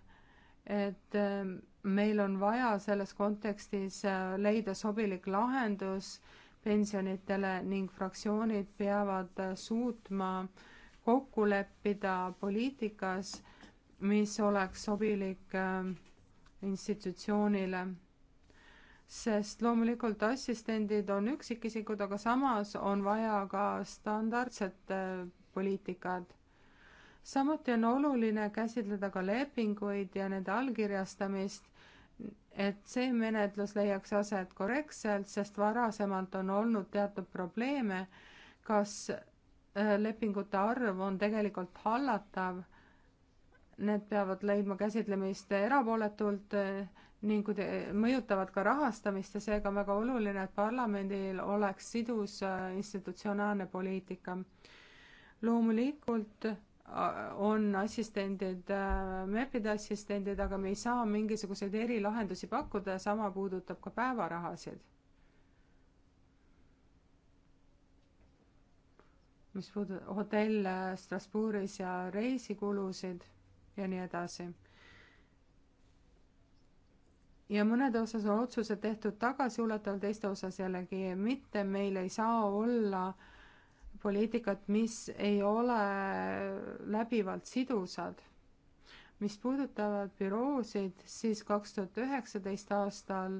S4: et äh, meil on vaja selles kontekstis äh, leida sobilik lahendus pensionitele ning fraktsioonid peavad äh, suutma kokku leppida poliitikas, mis oleks sobilik institutsioonile sest loomulikult assistendid on üksikisikud, aga samas on vaja ka standardset äh, poliitikat. samuti on oluline käsitleda ka lepinguid ja nende allkirjastamist, et see menetlus leiaks aset korrektselt, sest varasemalt on olnud teatud probleeme, kas äh, lepingute arv on tegelikult hallatav, need peavad leidma käsitlemist erapooletult äh, ning mõjutavad ka rahastamist ja seega on väga oluline, et parlamendil oleks sidus äh, institutsionaalne poliitika. loomulikult äh, on assistendid, äh, MEP-ide assistendid, aga me ei saa mingisuguseid erilahendusi pakkuda ja sama puudutab ka päevarahasid. mis puudutab hotelle Strasbourgis ja reisikulusid ja nii edasi ja mõnede osas on otsused tehtud tagasiulatuvalt, teiste osas jällegi mitte, meil ei saa olla poliitikat, mis ei ole läbivalt sidusad. mis puudutavad büroosid, siis kaks tuhat üheksateist aastal,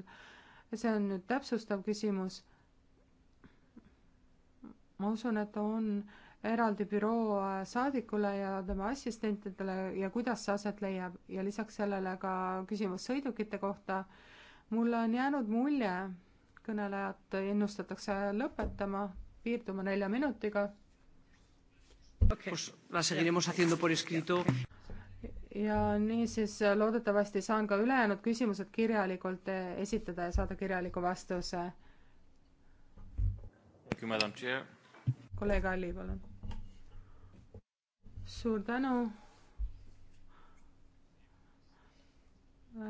S4: see on nüüd täpsustav küsimus, ma usun, et on äh, eraldi büroo äh, saadikule ja tema assistentidele ja kuidas see aset leiab ja lisaks sellele ka küsimus sõidukite kohta. mulle on jäänud mulje, kõnelejat ennustatakse lõpetama, piirduma nelja minutiga okay.. ja niisiis loodetavasti saan ka ülejäänud küsimused kirjalikult eh, esitada ja saada kirjaliku vastuse. kolleeg Alli, palun suur tänu.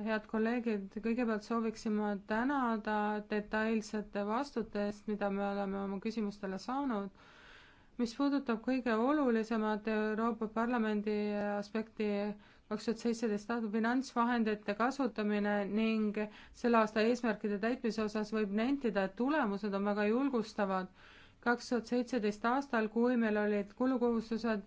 S4: head kolleegid, kõigepealt sooviksin ma tänada detailsete vastute eest, mida me oleme oma küsimustele saanud. mis puudutab kõige olulisemat Euroopa Parlamendi aspekti kaks tuhat seitseteist aastal finantsvahendite kasutamine ning selle aasta eesmärkide täitmise osas võib nentida, et tulemused on väga julgustavad. kaks tuhat seitseteist aastal, kui meil olid kulukohustused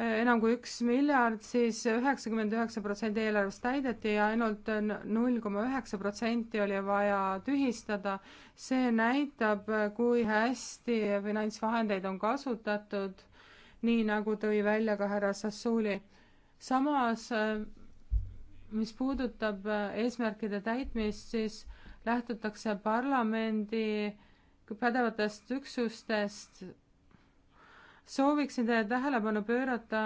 S4: enam kui üks miljard siis, siis üheksakümmend üheksa protsenti eelarvest täideti ja ainult null koma üheksa protsenti oli vaja tühistada. see näitab, kui hästi finantsvahendeid on kasutatud, nii nagu tõi välja ka härra Sassouli. samas, mis puudutab eesmärkide täitmist, siis lähtutakse parlamendi pädevatest üksustest sooviksin teie tähelepanu pöörata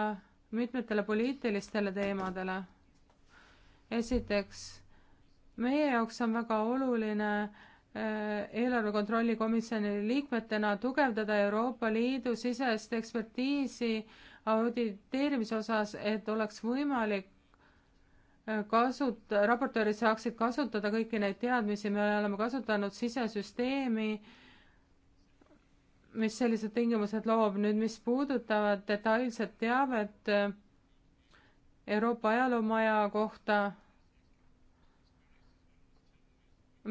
S4: mitmetele poliitilistele teemadele. esiteks, meie jaoks on väga oluline äh, eelarve kontrolli komisjoni liikmetena tugevdada Euroopa Liidu sisest ekspertiisi auditeerimise osas, et oleks võimalik äh, kasut-, raportöörid saaksid kasutada kõiki neid teadmisi, me oleme kasutanud sisesüsteemi äh, mis sellised tingimused loob. nüüd, mis puudutavad detailset teavet äh, Euroopa ajaloomaja kohta,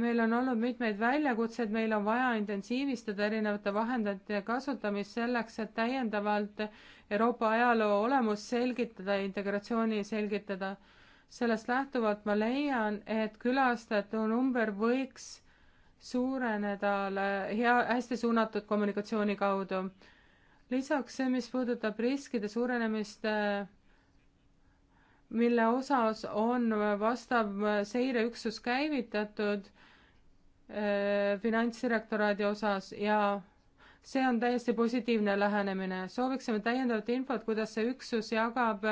S4: meil on olnud mitmeid väljakutseid, meil on vaja intensiivistada erinevate vahendite kasutamist selleks, et täiendavalt Euroopa ajaloo olemust selgitada, integratsiooni selgitada. sellest lähtuvalt ma leian, et külastajate number võiks suureneda hea, hästi suunatud kommunikatsiooni kaudu. lisaks see, mis puudutab riskide suurenemist, mille osas on vastav seireüksus käivitatud eh, finantsdirektoraadi osas ja see on täiesti positiivne lähenemine. sooviksime täiendavat infot, kuidas see üksus jagab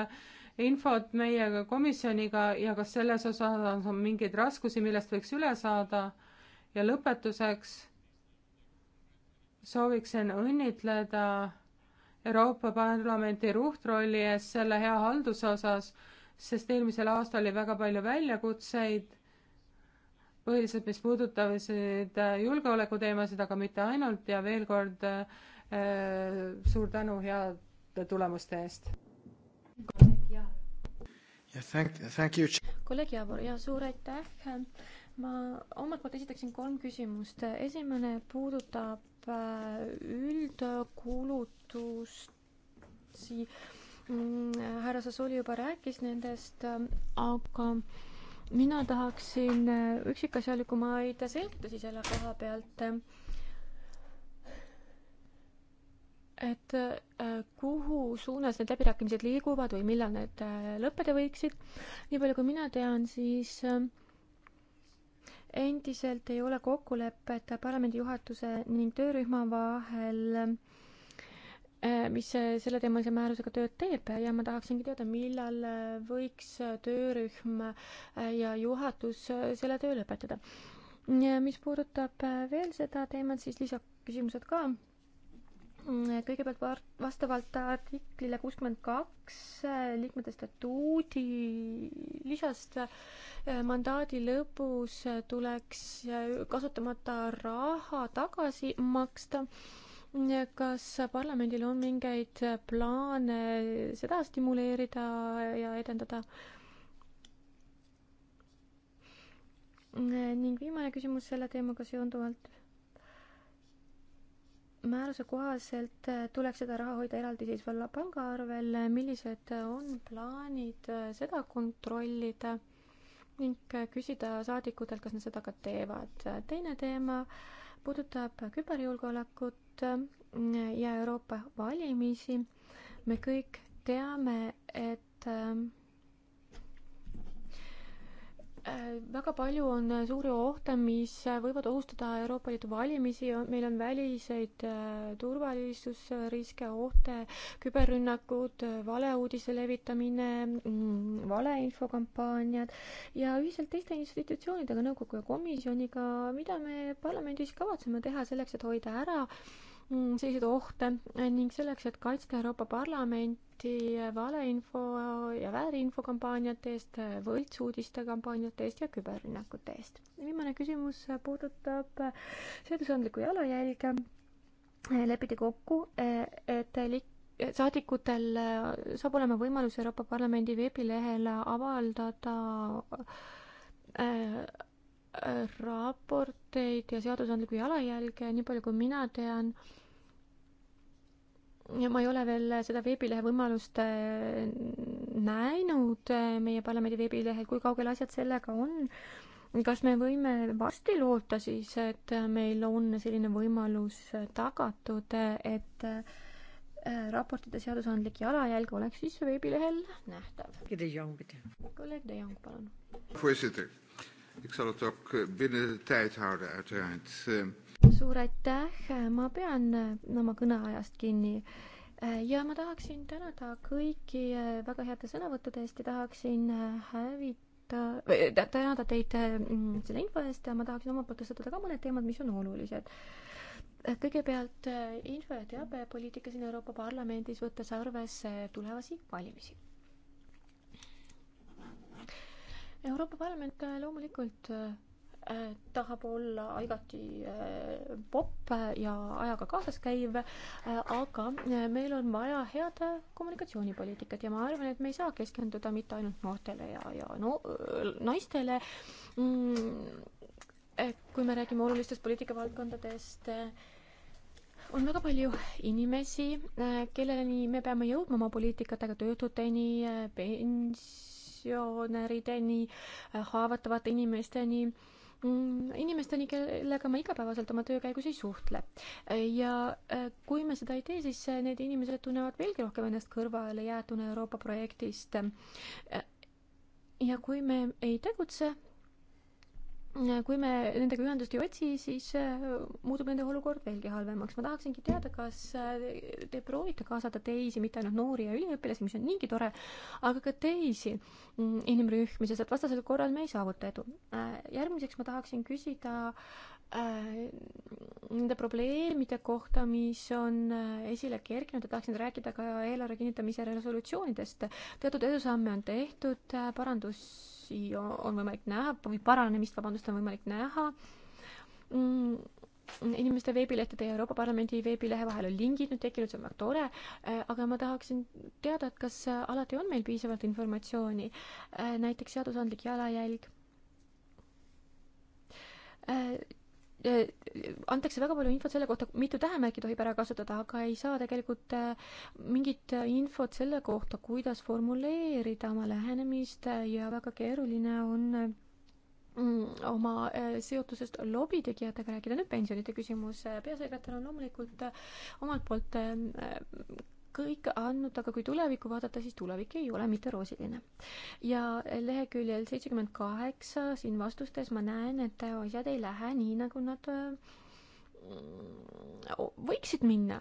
S4: infot meie komisjoniga ja kas selles osas on mingeid raskusi, millest võiks üle saada ja lõpetuseks sooviksin õnnitleda Euroopa Parlamenti ruhtrolli eest selle hea halduse osas, sest eelmisel aastal oli väga palju väljakutseid, põhiliselt mis puudutasid äh, julgeolekuteemasid, aga mitte ainult ja veel kord äh, suur tänu heade tulemuste eest.
S2: kolleeg Jaavur ja suur aitäh ma omalt poolt esitaksin kolm küsimust. esimene puudutab äh, üldkulutusi. Mm, härra Sassoli juba rääkis nendest, äh, aga mina tahaksin äh, üksikasjalikumaid selgitusi selle koha pealt et kuhu suunas need läbirääkimised liiguvad või millal need lõppeda võiksid. nii palju, kui mina tean, siis endiselt ei ole kokkulepet parlamendi juhatuse ning töörühma vahel, eh, mis eh, selleteemalise määrusega tööd teeb ja ma tahaksingi teada, millal eh, võiks töörühm ja juhatus selle töö lõpetada. mis puudutab veel seda teemat, siis lisaküsimused ka kõigepealt vastavalt artiklile kuuskümmend kaks äh, liikmete statuudi lisast äh, mandaadi lõpus äh, tuleks kasutamata raha tagasi maksta. kas parlamendil on mingeid plaane seda stimuleerida ja edendada? ning viimane küsimus selle teemaga seonduvalt määruse kohaselt äh, tuleks seda raha hoida eraldiseisval pangaarvel, millised on plaanid äh, seda kontrollida ning äh, küsida saadikutelt, kas nad seda ka teevad. teine teema puudutab küberjulgeolekut ja Euroopa valimisi. me kõik teame, et Äh, väga palju on äh, suuri ohte, mis äh, võivad ohustada Euroopa Liidu valimisi, meil on väliseid turvalisusriske, ohte, küberrünnakud, valeuudise levitamine, mm, valeinfokampaaniad ja ühiselt teiste institutsioonidega, nõukogu ja komisjoniga, mida me parlamendis kavatseme teha selleks, et hoida ära äh, Mm, selliseid ohte ning selleks, et kaitsta Euroopa Parlamenti valeinfo ja väärinfo kampaaniate eest, võltsuudiste kampaaniate eest ja küberrünnakute eest. viimane küsimus puudutab seadusandlikku jalajälge. lepiti kokku, et lik-, saadikutel saab olema võimalus Euroopa Parlamendi veebilehel avaldada äh, raporteid ja seadusandlikku jalajälge, nii palju kui mina tean. ja ma ei ole veel seda veebilehe võimalust äh, näinud äh, meie parlamendi veebilehel, kui kaugel asjad sellega on. kas me võime varsti loota siis, et meil on selline võimalus tagatud, et äh, raportide seadusandlik jalajälg oleks siis veebilehel nähtav. kolleeg De Jong, palun.
S4: Ik zal het ook eh, binnen de tijd houden, uiteraard.
S2: Eh, suur aitäh, ma pean eh, oma kõneajast kinni. ja ma tahaksin tänada kõiki väga heade sõnavõttude eest ja tahaksin hävita äh,, tänada teid mm, selle info eest ja ma tahaksin omalt poolt tõstatada ka mõned teemad, mis on olulised kõigepealt info- ja teabepoliitika siin Euroopa Parlamendis, võttes arvesse tulevasi valimisi Euroopa Parlament äh, loomulikult äh, äh, tahab olla igati äh, popp äh, ja ajaga kaasas käiv äh,, aga meil on vaja head kommunikatsioonipoliitikat ja ma arvan, et me ei saa keskenduda mitte ainult noortele ja, ja no naistele mm,. kui me räägime olulistest poliitikavaldkondadest on väga palju inimesi, kelleni me peame jõudma oma poliitikatega, töötuteni, pens-, pensionärideni, äh, haavatavate inimesteni mm, inimesteni, kellega ma igapäevaselt oma töö käigus ei suhtle. ja äh, kui me seda ei tee, siis äh, need inimesed tunnevad veelgi rohkem ennast kõrvale jäetuna Euroopa projektist. ja kui me ei tegutse, kui me nendega ühendust ei otsi, siis äh, muutub nende olukord veelgi halvemaks. ma tahaksingi teada, kas äh, te proovite kaasata teisi, mitte ainult noori ja üliõpilasi, mis on niigi tore, aga ka teisi mm, inimrühmi, sest et vastasel korral me ei saavuta edu. Äh, järgmiseks ma tahaksin küsida nende probleemide kohta, mis on esile kerkinud ja tahaksin rääkida ka eelarve kinnitamise resolutsioonidest. teatud edusamme on tehtud, parandus muutusi on võimalik näha või paranemist, vabandust, on võimalik näha mm, inimeste veebilehtede ja Euroopa Parlamendi veebilehe vahel on lingid nüüd tekkinud, see on väga tore, äh, aga ma tahaksin teada, et kas äh, alati on meil piisavalt informatsiooni, äh, näiteks seadusandlik jalajälg Äh, antakse väga palju infot selle kohta, mitu tähemärki tohib ära kasutada, aga ei saa tegelikult äh, mingit äh, infot selle kohta, kuidas formuleerida oma lähenemist ja väga keeruline on mm, oma seotusest lobitegijatega rääkida, nüüd pensionite küsimus. peasekretär on loomulikult omalt poolt kõike andnud, aga kui tulevikku vaadata, siis tulevik ei ole mitte roosiline. ja leheküljel seitsekümmend kaheksa siin vastustes ma näen, et asjad ei lähe nii, nagu nad mm, võiksid minna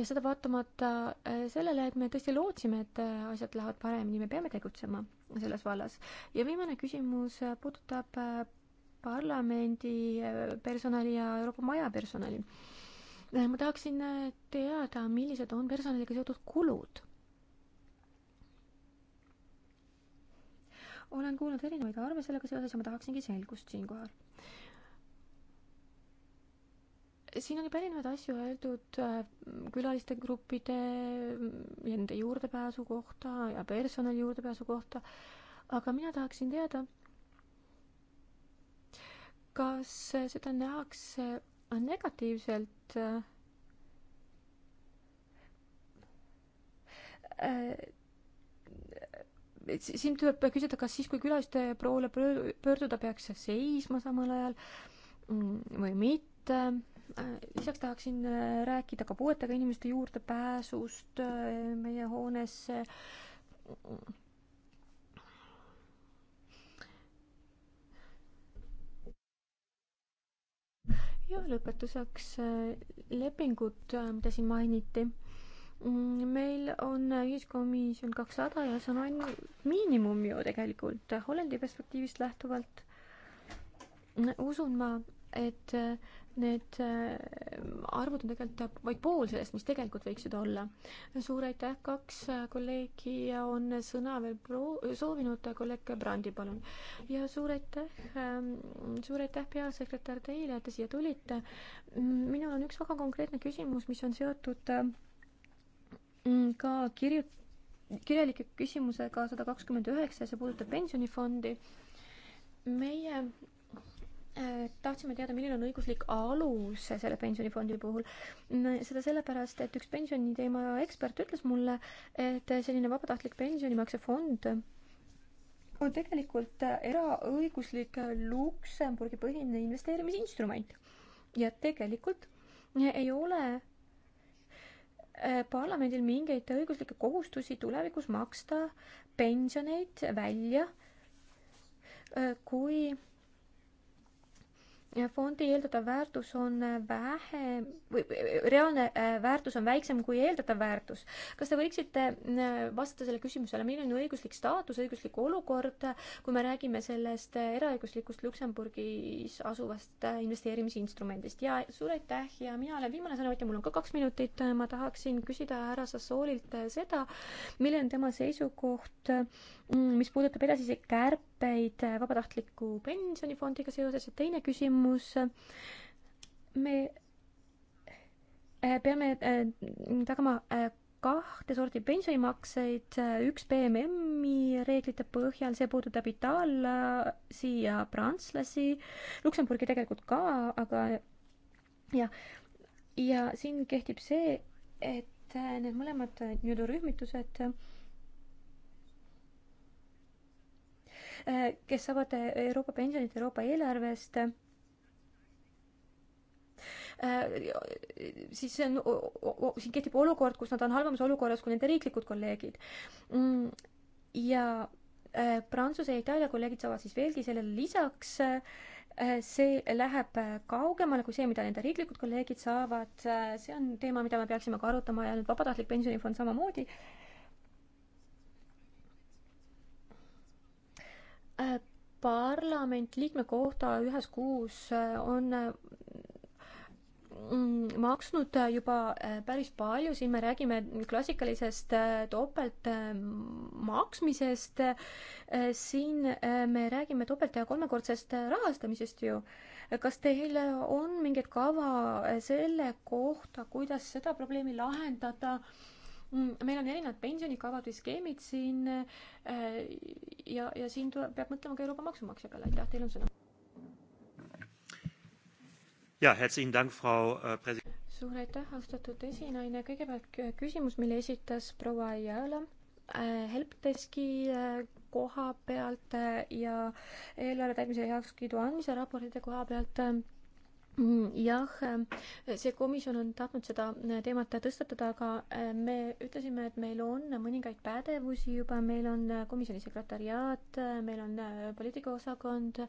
S2: ja seda vaatamata äh, sellele, et me tõesti lootsime, et äh, asjad lähevad paremini, me peame tegutsema selles vallas. ja viimane küsimus puudutab äh, parlamendi personali ja Euroopa Maja personali. Äh, ma tahaksin äh, teada, millised on personaliga seotud kulud. olen kuulnud erinevaid arve sellega seoses ja ma tahaksingi selgust siinkohal. siin on juba erinevaid asju öeldud äh, külaliste gruppide mm, ja nende juurdepääsu kohta ja personali juurdepääsu kohta, aga mina tahaksin teada, kas seda nähakse Ah, negatiivselt äh, äh, siin tuleb küsida, kas siis, kui külaliste poole pöörduda, peaks seisma samal ajal mm, või mitte. Äh, lisaks tahaksin rääkida ka puuetega inimeste juurdepääsust meie hoonesse ja lõpetuseks äh, lepingud, äh, mida siin mainiti. Mm, meil on äh, ühiskomisjon kakssada ja see on ainult miinimum ju tegelikult Hollandi perspektiivist lähtuvalt. usun ma, et äh, need äh, arvud on tegelikult vaid pool sellest, mis tegelikult võiksid olla. suur aitäh, kaks äh, kolleegi on sõna veel pro-, soovinud, äh, kolleeg Brandi, palun. ja suur aitäh, ähm, suur aitäh, peasekretär, teile, et te siia tulite. minul on üks väga konkreetne küsimus, mis on seotud ka kirju-, kirjalike küsimusega sada kakskümmend üheksa ja see puudutab pensionifondi. meie Äh, tahtsime teada, milline on õiguslik alus selle pensionifondi puhul. Mm, seda sellepärast, et üks pensioniteema ekspert ütles mulle, et selline vabatahtlik pensionimaksefond on tegelikult eraõiguslik Luksemburgi põhine investeerimisinstrument. ja tegelikult ei ole äh, parlamendil mingeid õiguslikke kohustusi tulevikus maksta pensioneid välja, äh, kui fondi eeldatav väärtus on äh, vähe või reaalne äh, väärtus on väiksem kui eeldatav väärtus. kas te võiksite äh, vastata sellele küsimusele, milline on õiguslik staatus, õiguslik olukord, kui me räägime sellest eraõiguslikust Luksemburgis asuvast investeerimisinstrumendist ja suur aitäh ja mina olen viimane sõnavõtja, mul on ka kaks minutit, ma tahaksin küsida härra Sassoolilt seda, milline on tema seisukoht, mm, mis puudutab edasisi kärpe, kokkuleppeid äh, vabatahtliku pensionifondiga seoses ja teine küsimus, me äh, peame äh, tagama kahte sorti pensionimakseid, üks BMM-i reeglite põhjal, see puudutab itaallasi ja prantslasi, Luksemburgi tegelikult ka, aga jah, ja siin kehtib see, et need mõlemad nii-öelda rühmitused äh, Äh, kes saavad äh, Euroopa pensionit Euroopa eelarvest äh, siis see on, siin kehtib olukord, kus nad on halvemas olukorras kui nende riiklikud kolleegid. Mm, ja Prantsuse ja Itaalia kolleegid saavad siis veelgi sellele lisaks, see läheb kaugemale kui see, mida nende riiklikud kolleegid saavad, see on teema, mida me peaksime ka arutama ja nüüd vabatahtlik pensionifond samamoodi Äh, parlament liikme kohta ühes kuus äh, on äh, mm, maksnud juba päris palju, siin me räägime klassikalisest topeltmaksmisest, siin me räägime topelt- ja kolmekordsest rahastamisest ju. kas teil on mingit kava selle kohta, kuidas seda probleemi lahendada äh,? Mm, meil on erinevad pensionikavad või skeemid siin äh, ja, ja siin tuleb, peab mõtlema ka Euroopa maksumaksja peale, aitäh, teil on sõna.
S3: ja, herzlichen Dank, Frau äh, Präsident.
S2: suur aitäh, austatud esinaine, kõigepealt küsimus, mille esitas proua Jõela äh, helpdeski koha pealt ja eelarve täitmise heakskiidu andmise raportide koha pealt Mm, jah, äh, see komisjon on tahtnud seda äh, teemat tõstatada, aga äh, me ütlesime, et meil on mõningaid pädevusi juba, meil on komisjoni sekretariaat, meil on poliitikaosakond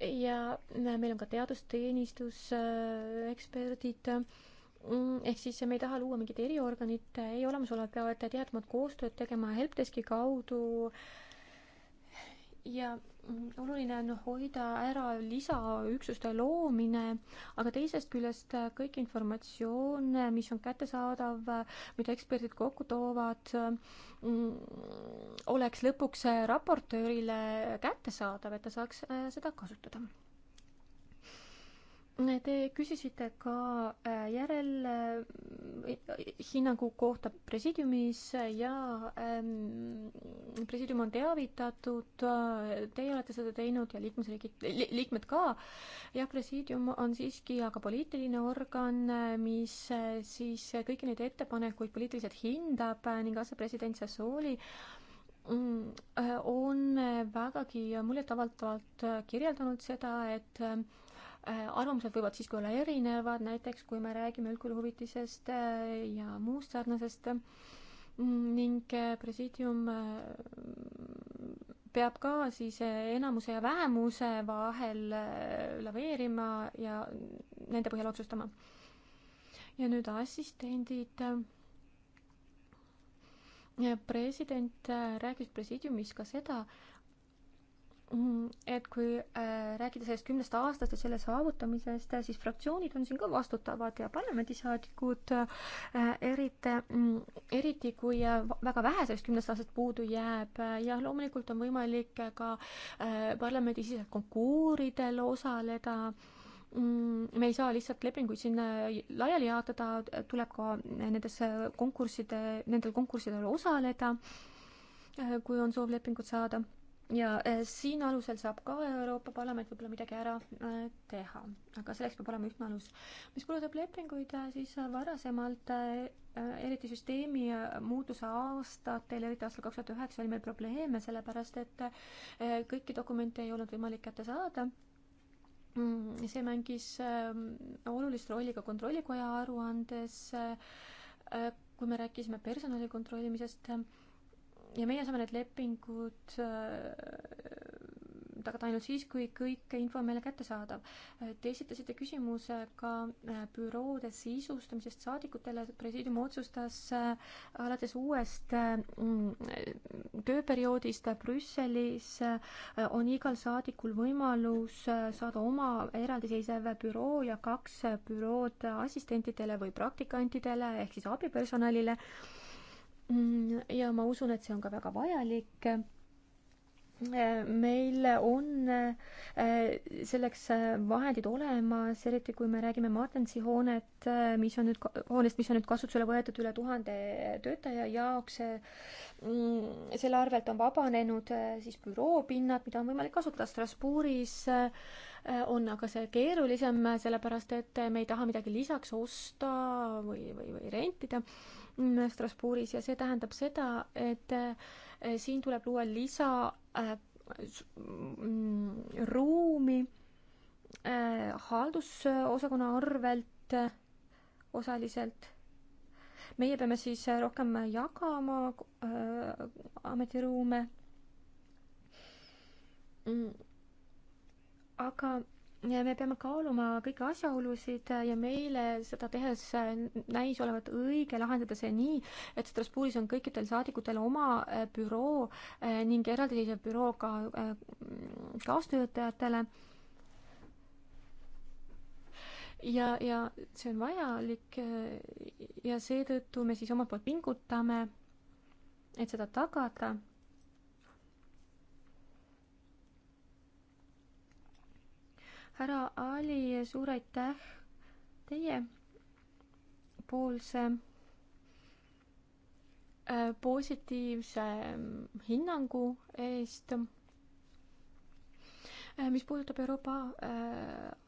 S2: ja meil on ka teadusteenistus, eksperdid mm, ehk siis me ei taha luua mingit eriorganit, ei olemasolevat peavad teadmad koostööd tegema helpdeski kaudu ja oluline on hoida ära lisaüksuste loomine, aga teisest küljest kõik informatsioon, mis on kättesaadav, mida eksperdid kokku toovad, mm, oleks lõpuks raportöörile kättesaadav, et ta saaks äh, seda kasutada Te küsisite ka äh, järelhinnangu äh, kohta presiidiumis ja ähm, presiidium on teavitatud, äh, teie olete seda teinud ja liikmesriigid li,, liikmed ka. jah, presiidium on siiski aga poliitiline organ, mis siis kõiki neid ettepanekuid poliitiliselt hindab ning asepresident Sassoli mm, on vägagi muljetavaldavalt kirjeldanud seda, et Äh, arvamused võivad siiski olla erinevad, näiteks kui me räägime üldkuluhüvitisest äh, ja muust sarnasest mm, ning äh, presiidium peab ka siis enamuse ja vähemuse vahel laveerima ja nende põhjal otsustama. ja nüüd assistendid. president rääkis presiidiumis ka seda, Mhm. et kui äh, rääkida sellest kümnest aastast ja selle saavutamisest, äh, siis fraktsioonid on siin ka vastutavad ja parlamendisaadikud äh, eriti, mm, eriti kui väga vähe sellest kümnest aastast puudu jääb ja loomulikult on võimalik ka parlamendisisestel konkuuridel osaleda mm, me ei saa lihtsalt lepinguid siin laiali jaotada, tuleb ka nendes konkursside, nendel konkurssidel osaleda, kui on soov lepingut saada ja äh, siin alusel saab ka Euroopa Parlament võib-olla midagi ära äh, teha, aga selleks peab olema ühtne alus. mis puudutab lepinguid, äh, siis varasemalt eriti süsteemi muutuse aastatel, eriti aastal kaks tuhat üheksa oli meil probleeme, sellepärast et kõiki dokumente ei olnud võimalik kätte saada mm, see mängis olulist rolli ka Kontrollikoja aruandes, kui me rääkisime personali kontrollimisest ja meie saame need lepingud äh, tagada ainult siis, kui kõik info on meile kättesaadav. Äh, te esitasite küsimuse ka äh, büroode sisustamisest saadikutele. presiidium otsustas alates uuest mm, tööperioodist Brüsselis on igal saadikul võimalus saada oma eraldiseisev büroo ja kaks bürood assistentidele või praktikantidele ehk siis abipersonalile Mm, ja ma usun, et see on ka väga vajalik. Äh, meil on äh, selleks äh, vahendid olemas, eriti kui me räägime Martensi hoonet, mis on nüüd, hoonest, mis on nüüd kasutusele võetud üle tuhande töötaja jaoks. Mm, selle arvelt on vabanenud siis büroopinnad, mida on võimalik kasutada Strasbourgis. on aga see keerulisem, sellepärast et me ei taha midagi lisaks osta või, või, või rentida Strasbourgis ja see tähendab seda, et eh, siin tuleb luua lisa eh, mm, ruumi eh, haldusosakonna arvelt osaliselt. meie peame siis rohkem jagama äh, ametiruume. Mm, aga me peame kaaluma kõiki asjaolusid ja meile seda tehes näis olevat õige lahendada see nii, et Strasbourgis on kõikidel saadikutel oma äh, büroo äh, ning eraldiseisev büroo ka äh, kaastöötajatele. ja, ja see on vajalik ja seetõttu me siis omalt poolt pingutame, et seda tagada härra Ali, suur aitäh teie poolse äh, positiivse mm, hinnangu eest Äh, mis puudutab Euroopa äh,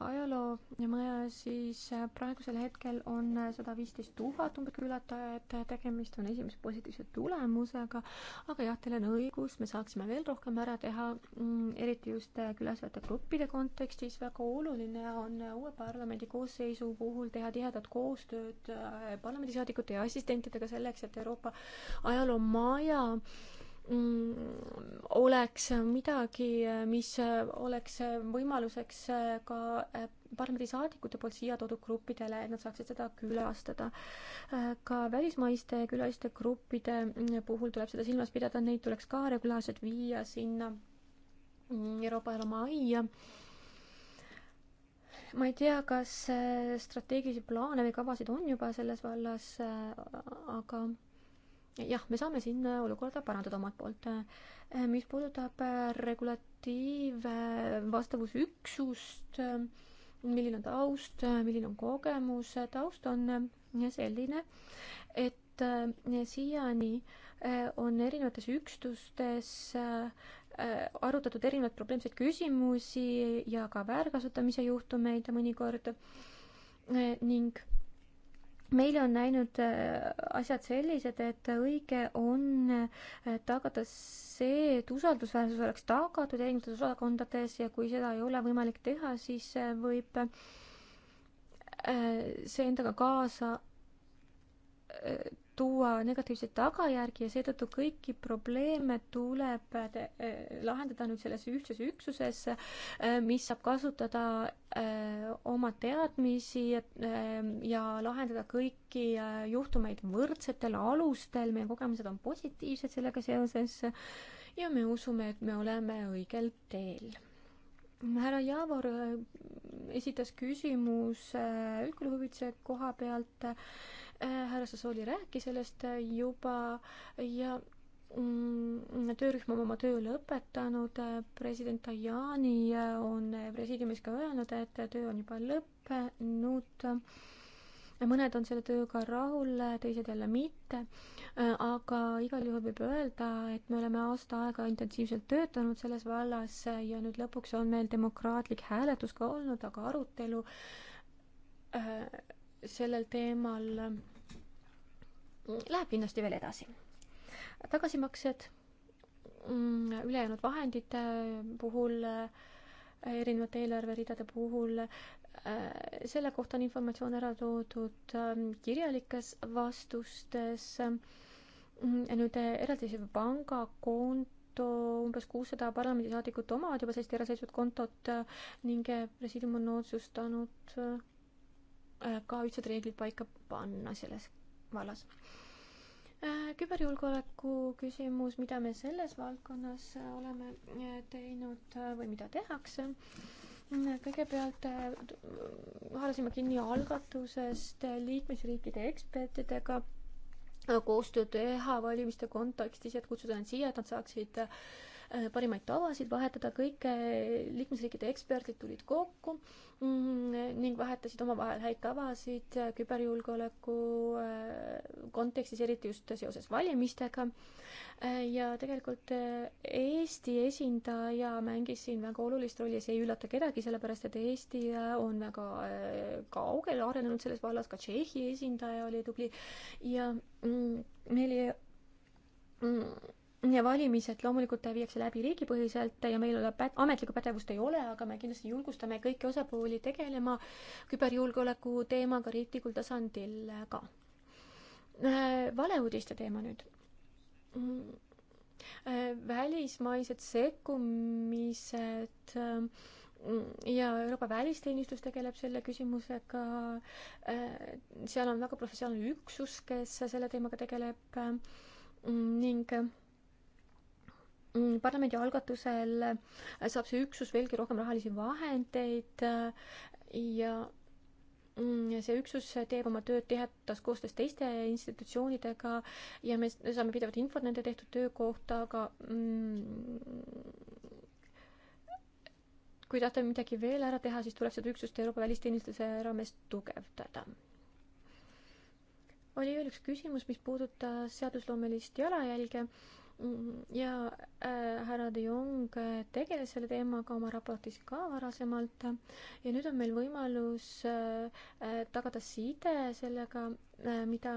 S2: ajaloomaja, siis äh, praegusel hetkel on sada viisteist tuhat umbes külatajat, tegemist on esimese positiivse tulemusega, aga jah, teil on õigus, me saaksime veel rohkem ära teha, mm, eriti just külastajate gruppide kontekstis, väga oluline on uue parlamendi koosseisu puhul teha tihedat koostööd parlamendisaadikute ja assistentidega selleks, et Euroopa ajaloomaja Mm, oleks midagi, mis oleks võimaluseks ka äh, parlamendisaadikute poolt siia toodud gruppidele, et nad saaksid seda külastada. Äh, ka välismaiste külaliste gruppide mm, puhul tuleb seda silmas pidada, neid tuleks ka regulaarselt viia sinna mm, Euroopa Elu majja ma ei tea, kas äh, strateegilisi plaane või kavasid on juba selles vallas, aga jah, me saame siin äh, olukorda parandada omalt poolt. Äh, äh, mis puudutab regulatiivvastavusüksust, milline on taust, milline on kogemus, taust on selline, et siiani on erinevates üksustes arutatud erinevaid probleemseid küsimusi ja ka väärkasutamise juhtumeid mõnikord ning meile on läinud äh, asjad sellised, et õige on äh, tagada see, et usaldusväärsus oleks tagatud erinevates osakondades ja kui seda ei ole võimalik teha, siis äh, võib see endaga kaasa tuua negatiivseid tagajärgi ja seetõttu kõiki probleeme tuleb eh, lahendada nüüd selles ühtses üksuses, eh, mis saab kasutada eh, oma teadmisi ja lahendada kõiki juhtumeid võrdsetel alustel, meie kogemused on positiivsed sellega seoses ja me usume, et me oleme õigel teel. härra Javor esitas küsimuse üldkuluhüvitise koha pealt Äh, härra Sassooli rääkis sellest äh, juba ja mm, töörühm on oma töö lõpetanud, äh, president Tajani on presiidiumis ka öelnud, et töö on juba lõppenud. mõned on selle tööga rahul, teised jälle mitte. aga igal juhul võib öelda, et me oleme aasta aega intensiivselt töötanud selles vallas ja nüüd lõpuks on meil demokraatlik hääletus ka olnud, aga arutelu sellel teemal läheb kindlasti veel edasi. tagasimaksed mm, ülejäänud vahendite puhul, äh, erinevate eelarveridade puhul, äh, selle kohta on informatsioon ära toodud ähm, kirjalikes vastustes. Mm, nüüd äh, eraldiseisev pangakonto, umbes kuussada parlamendisaadikut omavad juba sellist eraseisvat kontot ning presiidium on otsustanud ka ühtsed reeglid paika panna selles vallas. Äh, küberjulgeoleku küsimus, mida me selles valdkonnas äh, oleme äh, teinud või mida tehakse kõigepealt haarasime kinni algatusest liikmesriikide ekspertidega koostööd teha valimiste kontekstis, et kutsuda nad siia, et nad saaksid Äh, parimaid tavasid vahetada, kõik liikmesriikide eksperdid tulid kokku mm, ning vahetasid omavahel häid tavasid äh, küberjulgeoleku äh, kontekstis, eriti just seoses valimistega. ja tegelikult Eesti esindaja mängis siin väga olulist rolli ja see ei üllata kedagi, sellepärast et Eesti on väga kaugele arenenud selles vallas, ka Tšehhi esindaja oli tubli ja mm, meil ei mm, ja valimised loomulikult viiakse läbi riigipõhiselt ja meil pät-, ametlikku pädevust ei ole, aga me kindlasti julgustame kõiki osapooli tegelema küberjulgeoleku teemaga riiklikul tasandil ka. Äh, valeuudiste teema nüüd. Äh, välismaised sekkumised äh, ja Euroopa välisteenistus tegeleb selle küsimusega. seal on väga professionaalne üksus, kes selle teemaga tegeleb ning Mm, parlamendi algatusel äh, saab see üksus veelgi rohkem rahalisi vahendeid äh, mm, ja see üksus teeb oma tööd tihedas koostöös teiste institutsioonidega ja me saame pidevat infot nende tehtud töö kohta, aga mm, kui tahta midagi veel ära teha, siis tuleb seda üksust Euroopa välisteenistuse raames tugevdada oli veel üks küsimus, mis puudutas seadusloomelist jalajälge Mhm. ja äh, härra de Jong äh, tegeles selle teemaga oma raportis ka varasemalt ja nüüd on meil võimalus äh, äh, tagada side sellega äh,, mida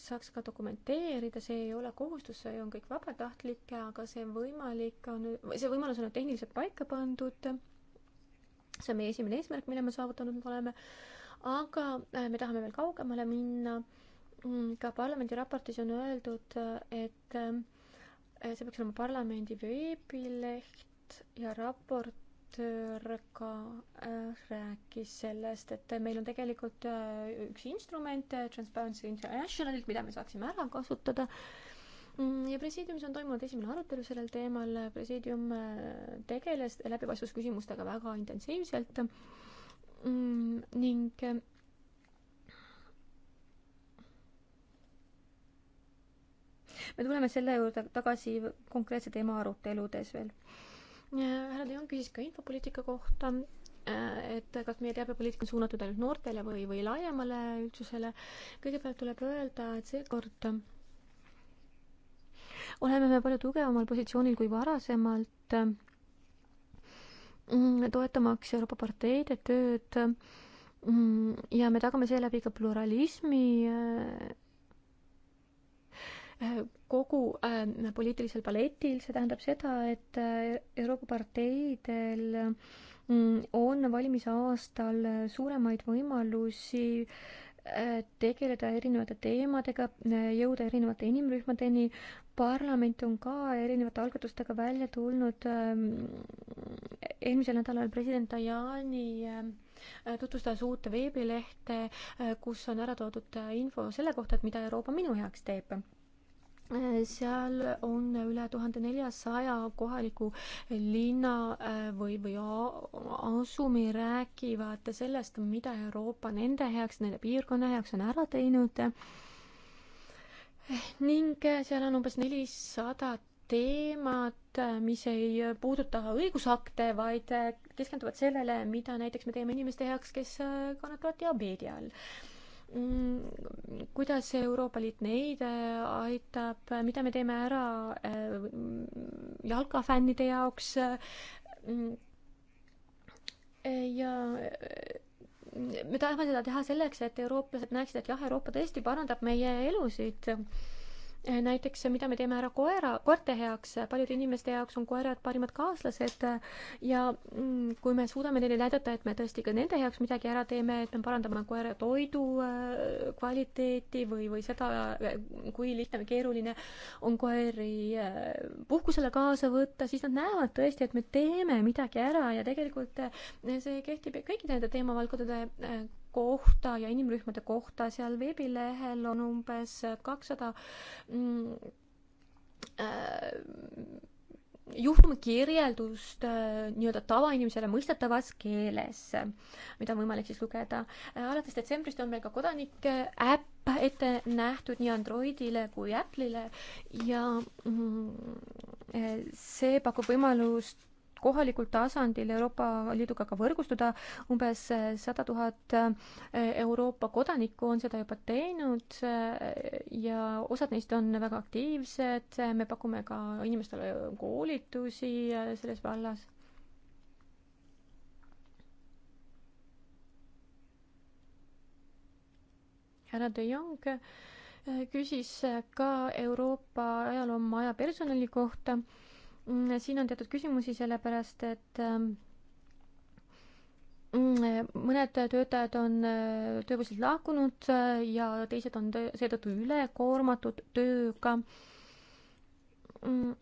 S2: saaks ka dokumenteerida, see ei ole kohustus, see on kõik vabatahtlik, aga see võimalik on, see võimalus on tehniliselt paika pandud. see on meie esimene eesmärk, mille me saavutanud oleme. aga äh, me tahame veel kaugemale minna Mm, ka parlamendi raportis on öeldud, et äh, see peaks olema parlamendi veebileht ja raportöör ka äh, rääkis sellest, et meil on tegelikult äh, üks instrument Transparency Internationalilt, mida me saaksime ära kasutada. Mm, ja presiidiumis on toimunud esimene arutelu sellel teemal, presiidium tegeles läbipaistvusküsimustega väga intensiivselt mm, ning me tuleme selle juurde tagasi konkreetse teema aruteludes veel. härra Leon küsis ka infopoliitika kohta äh, et kas meie teabepoliitika on suunatud ainult noortele või, või laiemale üldsusele. kõigepealt tuleb öelda, et seekord oleme me palju tugevamal positsioonil kui varasemalt, mm, toetamaks Euroopa parteide tööd mm, ja me tagame seeläbi ka pluralismi äh, äh, kogu äh, poliitilisel paletil, see tähendab seda, et äh, Euroopa parteidel mm, on valimisaastal suuremaid võimalusi äh, tegeleda erinevate teemadega, äh, jõuda erinevate inimrühmadeni. parlament on ka erinevate algatustega välja tulnud. Ähm, eelmisel nädalal president Tajani tutvustas uut veebilehte, kus on ära toodud info selle kohta, et mida Euroopa minu heaks teeb seal on üle tuhande neljasaja kohaliku linna äh, või, või asumi räägivad sellest, mida Euroopa nende heaks, nende piirkonna heaks on ära teinud. ning äh, seal on umbes nelisada teemat, äh, mis ei puuduta õigusakte, vaid keskenduvad sellele, mida näiteks me teeme inimeste heaks, kes kannatavad diabeedi all Mm, kuidas Euroopa Liit neid äh, aitab, mida me teeme ära äh, jalkafännide jaoks mm. ja äh, me tahame seda teha selleks, et eurooplased näeksid, et jah, Euroopa tõesti parandab meie elusid Äh, näiteks mida me teeme ära koera, koerte heaks, paljude inimeste jaoks on koerad parimad kaaslased äh, ja mm, kui me suudame neile näidata, et me tõesti ka nende jaoks midagi ära teeme, et me parandame koera toidu äh, kvaliteeti või, või seda, kui lihtne või keeruline on koeri puhkusele kaasa võtta, siis nad näevad tõesti, et me teeme midagi ära ja tegelikult see kehtib kõikide nende teemavaldkondade kohta ja inimrühmade kohta, seal veebilehel on umbes kakssada mm, äh, juhtumikirjeldust äh, nii-öelda tavainimesele mõistetavas keeles, mida on võimalik siis lugeda. Äh, alates detsembrist on meil ka kodanike äpp ette nähtud nii Androidile kui Apple'ile ja mm, see pakub võimalust kohalikul tasandil Euroopa Liiduga ka võrgustuda. umbes sada tuhat äh, Euroopa kodanikku on seda juba teinud äh, ja osad neist on väga aktiivsed, me pakume ka inimestele koolitusi äh, selles vallas härra De Jong küsis ka Euroopa ajaloomaja personali kohta Mm, siin on teatud küsimusi, sellepärast et ähm, mm, mõned töötajad on äh, tööpõhjuselt lahkunud äh, ja teised on seetõttu ülekoormatud tööga. Mm.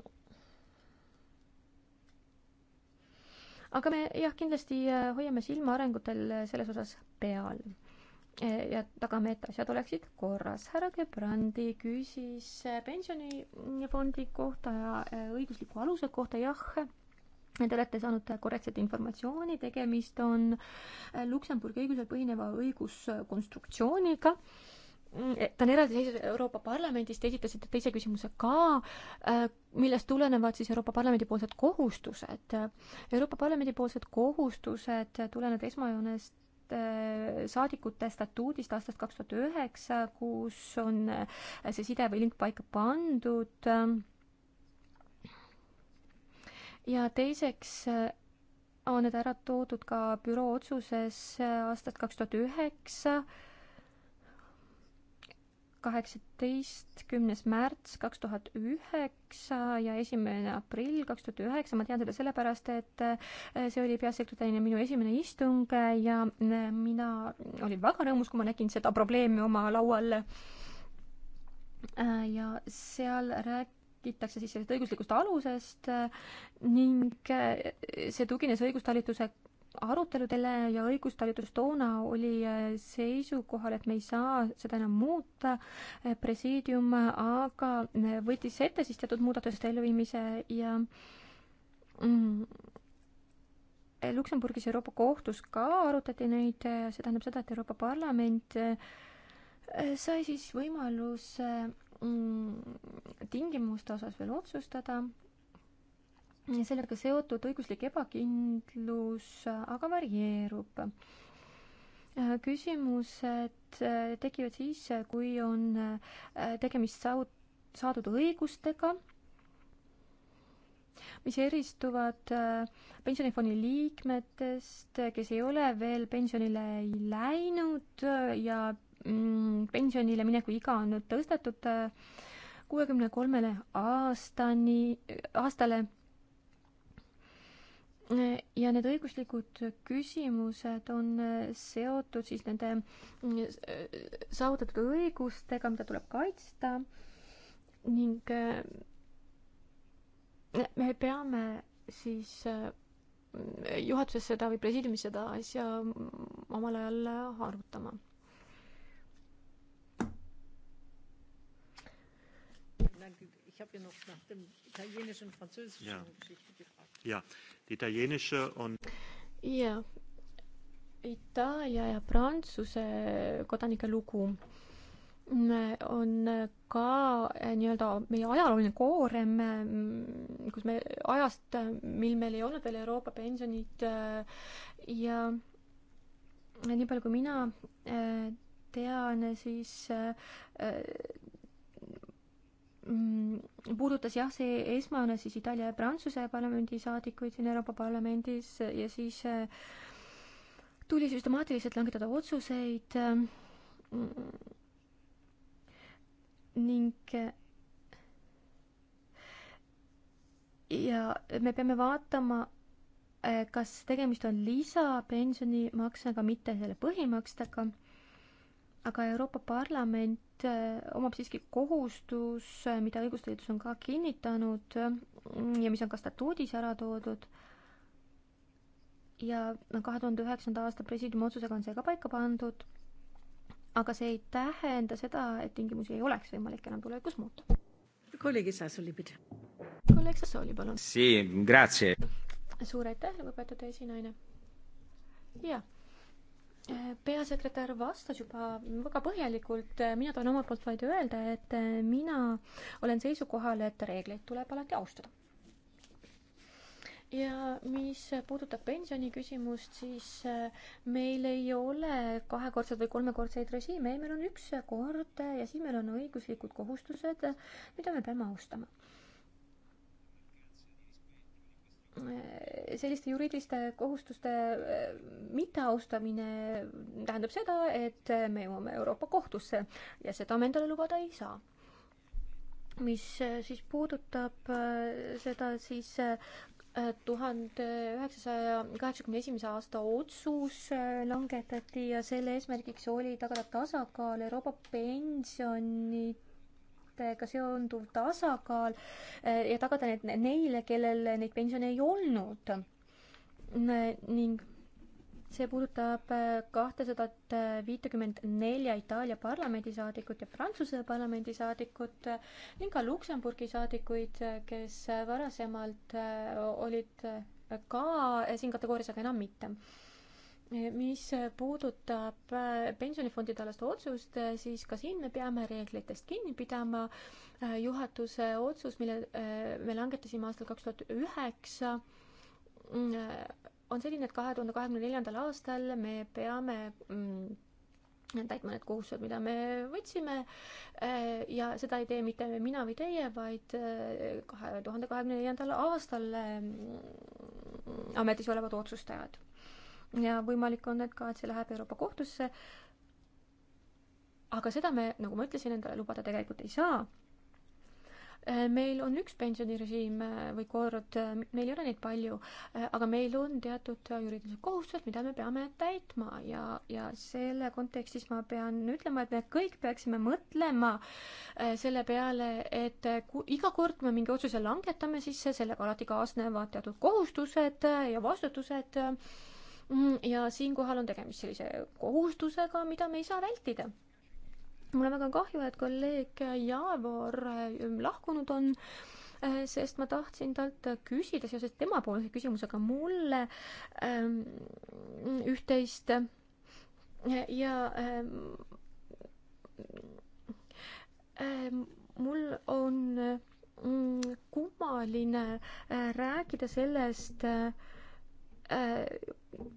S2: aga me jah, kindlasti äh, hoiame silma arengutel selles osas peal Eh, ja tagame, et asjad oleksid korras. härra Gebrandi küsis eh, pensionifondi kohta ja eh, õigusliku aluse kohta, jah, Te olete saanud korrektset informatsiooni, tegemist on Luksemburgi õigusel põhineva õiguskonstruktsiooniga mm, ta on eraldiseisev Euroopa Parlamendist, te esitasite teise küsimuse ka, millest tulenevad siis Euroopa Parlamendi poolsed kohustused. Euroopa Parlamendi poolsed kohustused tulenevad esmajoones Äh, saadikute statuudist aastast kaks tuhat üheksa, kus on äh, see side või link paika pandud. ja teiseks äh, on need ära toodud ka büroo otsuses aastast kaks tuhat üheksa kaheksateistkümnes märts kaks tuhat üheksa ja esimene aprill kaks tuhat üheksa, ma tean seda sellepärast, et äh, see oli peasekretärina minu esimene istung ja äh, mina olin väga rõõmus, kui ma nägin seda probleemi oma laual. Äh, ja seal rääk-, räägitakse siis sellest õiguslikust alusest ning see tugines õigustalituse aruteludele ja õigustalitus toona oli äh, seisukohal, et me ei saa seda enam muuta. Äh, presiidium aga äh, võttis ette siis teatud muudatuste elluviimise ja mm, Luksemburgis Euroopa Kohtus ka arutati neid, see tähendab seda, et Euroopa Parlament sai siis võimaluse mm, tingimuste osas veel otsustada sellega seotud õiguslik ebakindlus aga varieerub. Äh, küsimused äh, tekivad siis, äh, kui on tegemist saud-, saadud õigustega, mis eristuvad pensionifondi liikmetest, kes ei ole veel pensionile läinud ja mm, pensionile mineku iga on nüüd tõstetud kuuekümne kolmele aastani, aastale ja need õiguslikud küsimused on äh, seotud siis nende mm, äh, saavutatud õigustega, mida tuleb kaitsta ning äh, me peame siis juhatuses seda või presiidiumis seda asja omal ajal arutama
S3: Ich habe ja noch nach dem italienischen und französischen ja. Geschichte gefragt. Ja, die italienische und.
S2: ja, Itaalia ja Prantsuse kodanike lugu on ka eh, nii-öelda meie ajalooline koorem, mm, kus me ajast, mil meil ei olnud veel Euroopa pensionid eh, ja nii palju, kui mina eh, tean, siis Mm, puudutas jah, see esmane siis Itaalia ja Prantsuse parlamendisaadikuid siin Euroopa Parlamendis ja siis äh, tuli süstemaatiliselt langetada otsuseid äh, ning äh, ja me peame vaatama, kas tegemist on lisapensionimaksega, mitte selle põhimakstega aga Euroopa Parlament äh, omab siiski kohustus, äh, mida õigustalitus on ka kinnitanud äh, ja mis on ka statuudis ära toodud, ja kahe tuhande üheksanda aasta presidendi otsusega on see ka paika pandud, aga see ei tähenda seda, et tingimusi ei oleks võimalik enam tulevikus muuta. kolleeg Sassoli, kolleeg Sassoli, palun. suur aitäh, lugupeetud esinaine. jah peasekretär vastas juba väga põhjalikult, mina tahan omalt poolt vaid öelda, et mina olen seisukohal, et reegleid tuleb alati austada. ja mis puudutab pensioniküsimust, siis äh, meil ei ole kahekordseid või kolmekordseid režiime, ei, meil on üks kord ja siis meil on õiguslikud kohustused, mida me peame austama Äh, selliste juriidiliste kohustuste äh, mitteaustamine tähendab seda, et me jõuame Euroopa kohtusse ja seda me endale lubada ei saa. mis äh, siis puudutab seda, siis tuhande üheksasaja kaheksakümne esimese aasta otsus langetati ja selle eesmärgiks oli tagada tasakaal Euroopa pensionid pensionitega seonduv tasakaal eh, ja tagada need neile, kellel neid pensione ei olnud. ning see puudutab eh, kahtesadat eh, viitekümmet nelja Itaalia parlamendisaadikut ja Prantsuse parlamendisaadikut ning ka Luksemburgi saadikuid, kes varasemalt olid ka siin kategoorias, aga enam mitte mis puudutab äh, pensionifondide alast otsust, äh, siis ka siin me peame reeglitest kinni pidama. Äh, juhatuse otsus, mille me langetasime aastal kaks tuhat üheksa, mm, on selline, et kahe tuhande kahekümne neljandal aastal me peame mm, täitma need kohustused, mida me võtsime ja seda ei tee mitte mina või teie, vaid kahe tuhande kahekümne neljandal aastal mm, ametis olevad otsustajad ja võimalik on, et ka, et see läheb Euroopa Kohtusse. aga seda me, nagu ma ütlesin, endale lubada tegelikult ei saa äh, meil on üks pensionirežiim äh, või kord, äh, meil ei ole neid palju, aga meil on teatud juriidilised kohustused, mida me peame täitma ja, ja selle kontekstis ma pean ütlema, et me kõik peaksime mõtlema selle peale, et kui iga kord me mingi otsuse langetame, siis sellega alati kaasnevad teatud kohustused ja vastutused Mm, ja siinkohal on tegemist sellise kohustusega, mida me ei saa vältida mul on väga kahju, et kolleeg Javor ähm, lahkunud on, äh, sest ma tahtsin talt küsida seoses temapoolse küsimusega mulle ähm, üht-teist ja ähm, ähm, mul on mm, kummaline äh, rääkida sellest äh, Äh,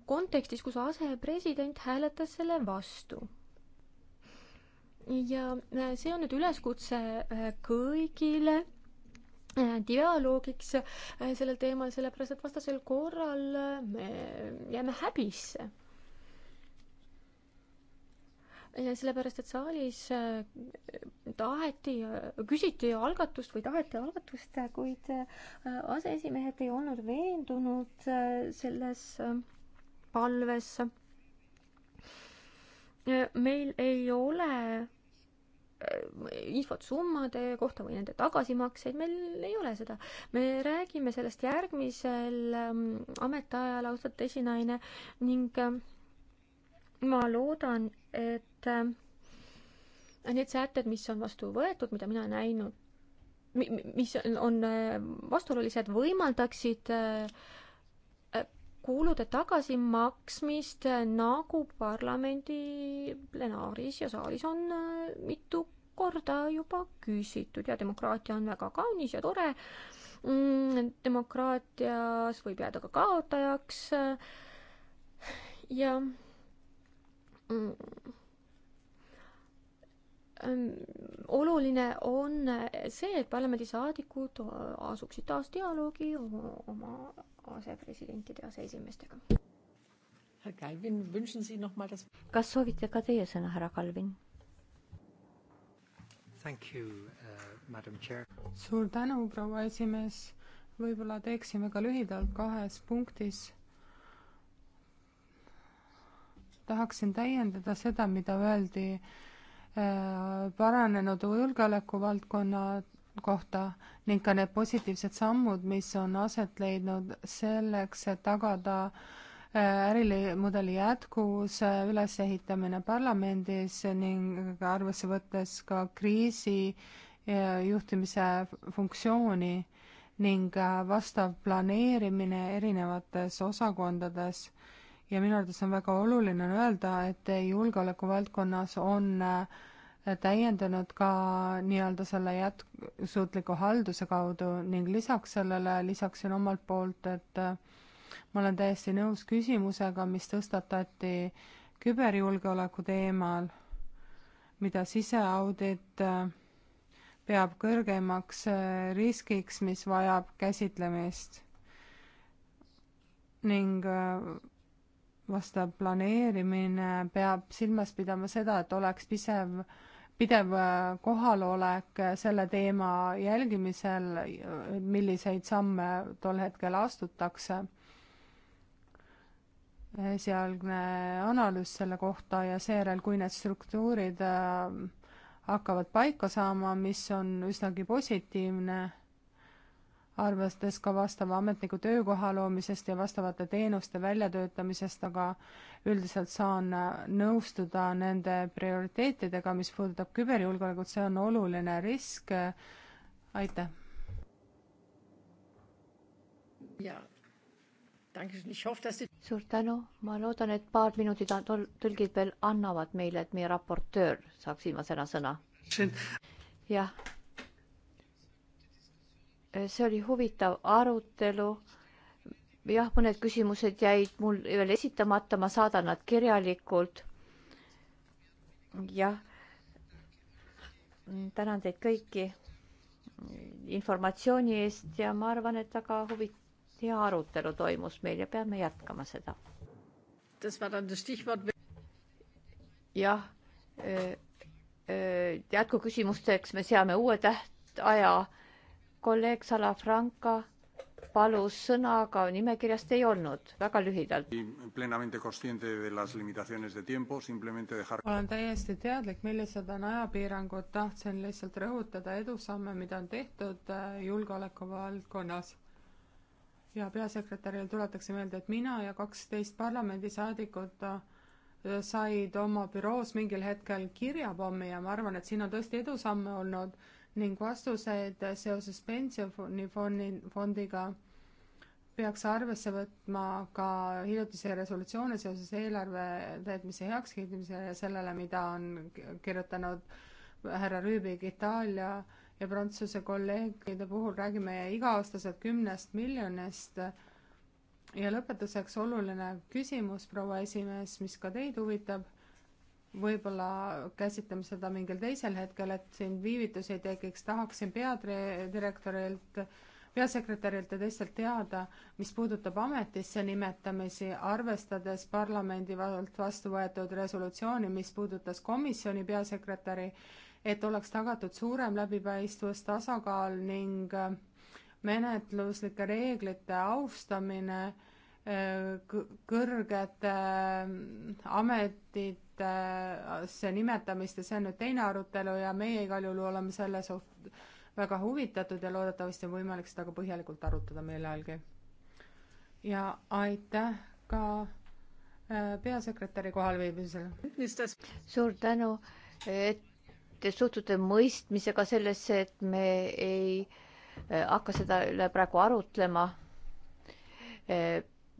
S2: kontekstis, kus asepresident hääletas selle vastu. ja äh, see on nüüd üleskutse äh, kõigile dialoogiks sellel teemal, sellepärast et vastasel korral me jääme häbisse ja sellepärast, et saalis äh, taheti, äh, küsiti algatust või taheti algatust, äh, kuid aseesimehed ei olnud veendunud selles palves. meil ei ole infot summade kohta või nende tagasimakseid, meil ei ole seda. me räägime sellest järgmisel ähm, ametiajal, austatud esinaine, ning ma loodan, et äh, need sätted, mis on vastu võetud, mida mina näinud, mis on äh, vastuolulised, võimaldaksid äh, kulude tagasimaksmist, nagu parlamendi plenaaris ja saalis on mitu korda juba küsitud ja demokraatia on väga kaunis ja tore. Mm, demokraatias võib jääda ka kaotajaks. ja oluline on see, et parlamendisaadikud asuksid taas dialoogi oma asepresidentide ja aseesimeestega.
S3: kas
S4: soovite ka teie sõna, härra Kalvin?
S3: Uh,
S4: suur tänu, proua esimees. võib-olla teeksime ka lühidalt kahes punktis tahaksin täiendada seda, mida öeldi äh, paranenud julgeolekuvaldkonna kohta ning ka need positiivsed sammud, mis on aset leidnud selleks, et tagada äh, ärimudeli jätkuvus, äh, ülesehitamine parlamendis ning arvesse võttes ka kriisi juhtimise funktsiooni ning vastav planeerimine erinevates osakondades ja minu arvates on väga oluline on öelda, et julgeolekuvaldkonnas on äh, täiendanud ka nii-öelda selle jätkusuutliku halduse kaudu ning lisaks sellele lisaksin omalt poolt, et äh, ma olen täiesti nõus küsimusega, mis tõstatati küberjulgeoleku teemal, mida siseaudit äh, peab kõrgemaks riskiks, mis vajab käsitlemist. ning vastav planeerimine peab silmas pidama seda, et oleks pisev, pidev äh, kohalolek äh, selle teema jälgimisel, äh, milliseid samme tol hetkel astutakse. esialgne analüüs selle kohta ja seejärel, kui need struktuurid hakkavad paika saama, mis on üsnagi positiivne arvestades ka vastava ametniku töökoha loomisest ja vastavate teenuste väljatöötamisest, aga üldiselt saan äh, nõustuda nende prioriteetidega, mis puudutab küberjulgeolekut, see on oluline risk. aitäh.
S1: suur tänu, ma loodan, et paar minutit tõlgid veel annavad meile, et meie raportöör saaks viimasena sõna. jah see oli huvitav arutelu. jah, mõned küsimused jäid mul veel esitamata, ma saadan nad kirjalikult. jah. tänan teid kõiki informatsiooni eest ja ma arvan, et väga huvitav, hea arutelu toimus meil ja peame jätkama seda. jah, äh, äh, jätkuküsimusteks me seame uue tähtaja kolleeg Salafranca palus sõna, aga
S4: nimekirjast ei olnud, väga lühidalt. olen täiesti teadlik, millised on ajapiirangud, tahtsin lihtsalt rõhutada edusamme, mida on tehtud äh, julgeoleku valdkonnas. ja peasekretärile tuletaksin meelde, et mina ja kaksteist parlamendisaadikut äh, said oma büroos mingil hetkel kirjapommi ja ma arvan, et siin on tõesti edusamme olnud ning vastuseid seoses pensionifondiga peaks arvesse võtma ka hiljutisi resolutsioone seoses eelarve täitmise heakskiitmisele ja sellele, mida on kirjutanud härra Rüübik Itaalia ja Prantsuse kolleegide puhul räägime iga-aastaselt kümnest miljonist. ja lõpetuseks oluline küsimus, proua esimees, mis ka teid huvitab võib-olla käsitleme seda mingil teisel hetkel, et siin viivitusi ei tekiks, tahaksin peadirektorilt, peasekretärilt ja teistelt teada, mis puudutab ametisse nimetamisi, arvestades parlamendi poolt vastu võetud resolutsiooni, mis puudutas komisjoni peasekretäri, et oleks tagatud suurem läbipaistvus, tasakaal ning menetluslike reeglite austamine Äh, kõrgete äh, ametitesse äh, nimetamist ja see on nüüd teine arutelu ja meie igal juhul oleme selle suht- väga huvitatud ja loodetavasti on võimalik seda ka põhjalikult arutada millalgi. ja aitäh ka peasekretäri kohalviibimisele.
S1: suur tänu, et te suhtute mõistmisega sellesse, et me ei hakka seda üle praegu arutlema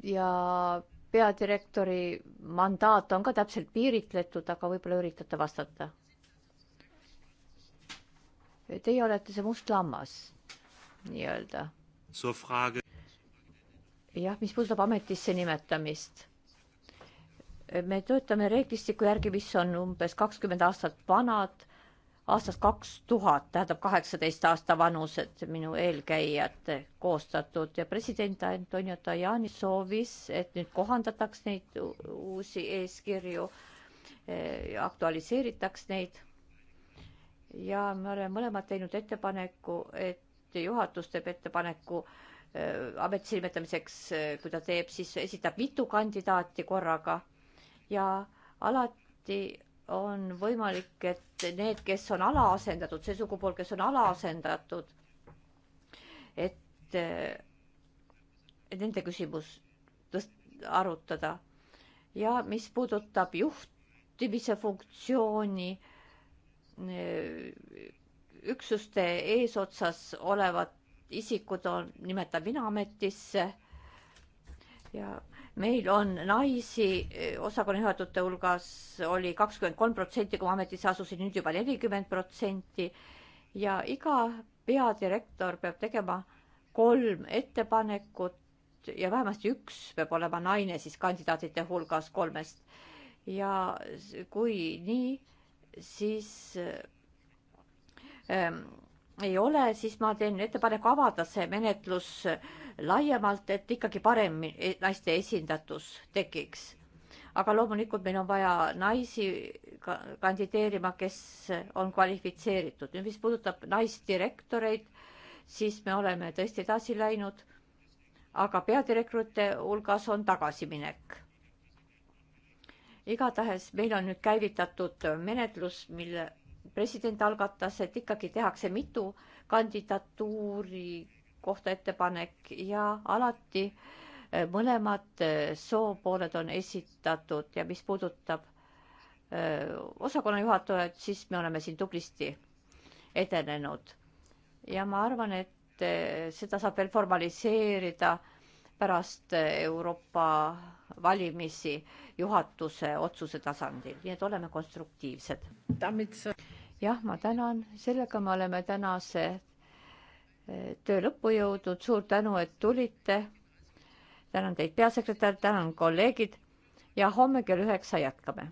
S1: ja peadirektori mandaat on ka täpselt piiritletud, aga võib-olla üritate vastata. Teie olete see must lammas nii-öelda. jah, mis puudutab ametisse nimetamist. me töötame reeglistiku järgi, mis on umbes kakskümmend aastat vanad aastast kaks tuhat, tähendab kaheksateist aasta vanused minu eelkäijad koostatud ja president Antonio Tajani soovis, et nüüd kohandataks neid uusi eeskirju, eh, aktualiseeritaks neid. ja me oleme mõlemad teinud ettepaneku, et juhatus teeb ettepaneku eh, ametisse nimetamiseks, eh, kui ta teeb, siis esitab mitu kandidaati korraga ja alati on võimalik, et need, kes on alaasendatud, see sugupool, kes on alaasendatud, et, et nende küsimus tõst-, arutada. ja mis puudutab juhtimise funktsiooni, üksuste eesotsas olevad isikud on, nimetan mina ametisse ja meil on naisi eh, osakonnajuhatajate hulgas oli kakskümmend kolm protsenti, kui ma ametisse asusin, nüüd juba nelikümmend protsenti. ja iga peadirektor peab tegema kolm ettepanekut ja vähemasti üks peab olema naine siis kandidaatide hulgas kolmest. ja kui nii, siis ähm, ei ole, siis ma teen ettepaneku avada see menetlus äh, laiemalt, et ikkagi parem e-, naiste esindatus tekiks. aga loomulikult meil on vaja naisi kandideerima, kes on kvalifitseeritud. nüüd, mis puudutab naisdirektoreid, siis me oleme tõesti edasi läinud, aga peadirektorite hulgas on tagasiminek igatahes meil on nüüd käivitatud menetlus, mille president algatas, et ikkagi tehakse mitu kandidatuuri kohta ettepanek ja alati eh, mõlemad eh, soopooled on esitatud ja mis puudutab eh, osakonna juhatajat, siis me oleme siin tublisti edenenud. ja ma arvan, et seda saab veel formaliseerida pärast Euroopa valimisi juhatuse otsuse tasandil, nii et oleme konstruktiivsed. jah, ma tänan, sellega me oleme tänase töö lõppu jõudnud, suur tänu, et tulite. tänan teid, peasekretär, tänan kolleegid ja homme kell üheksa jätkame.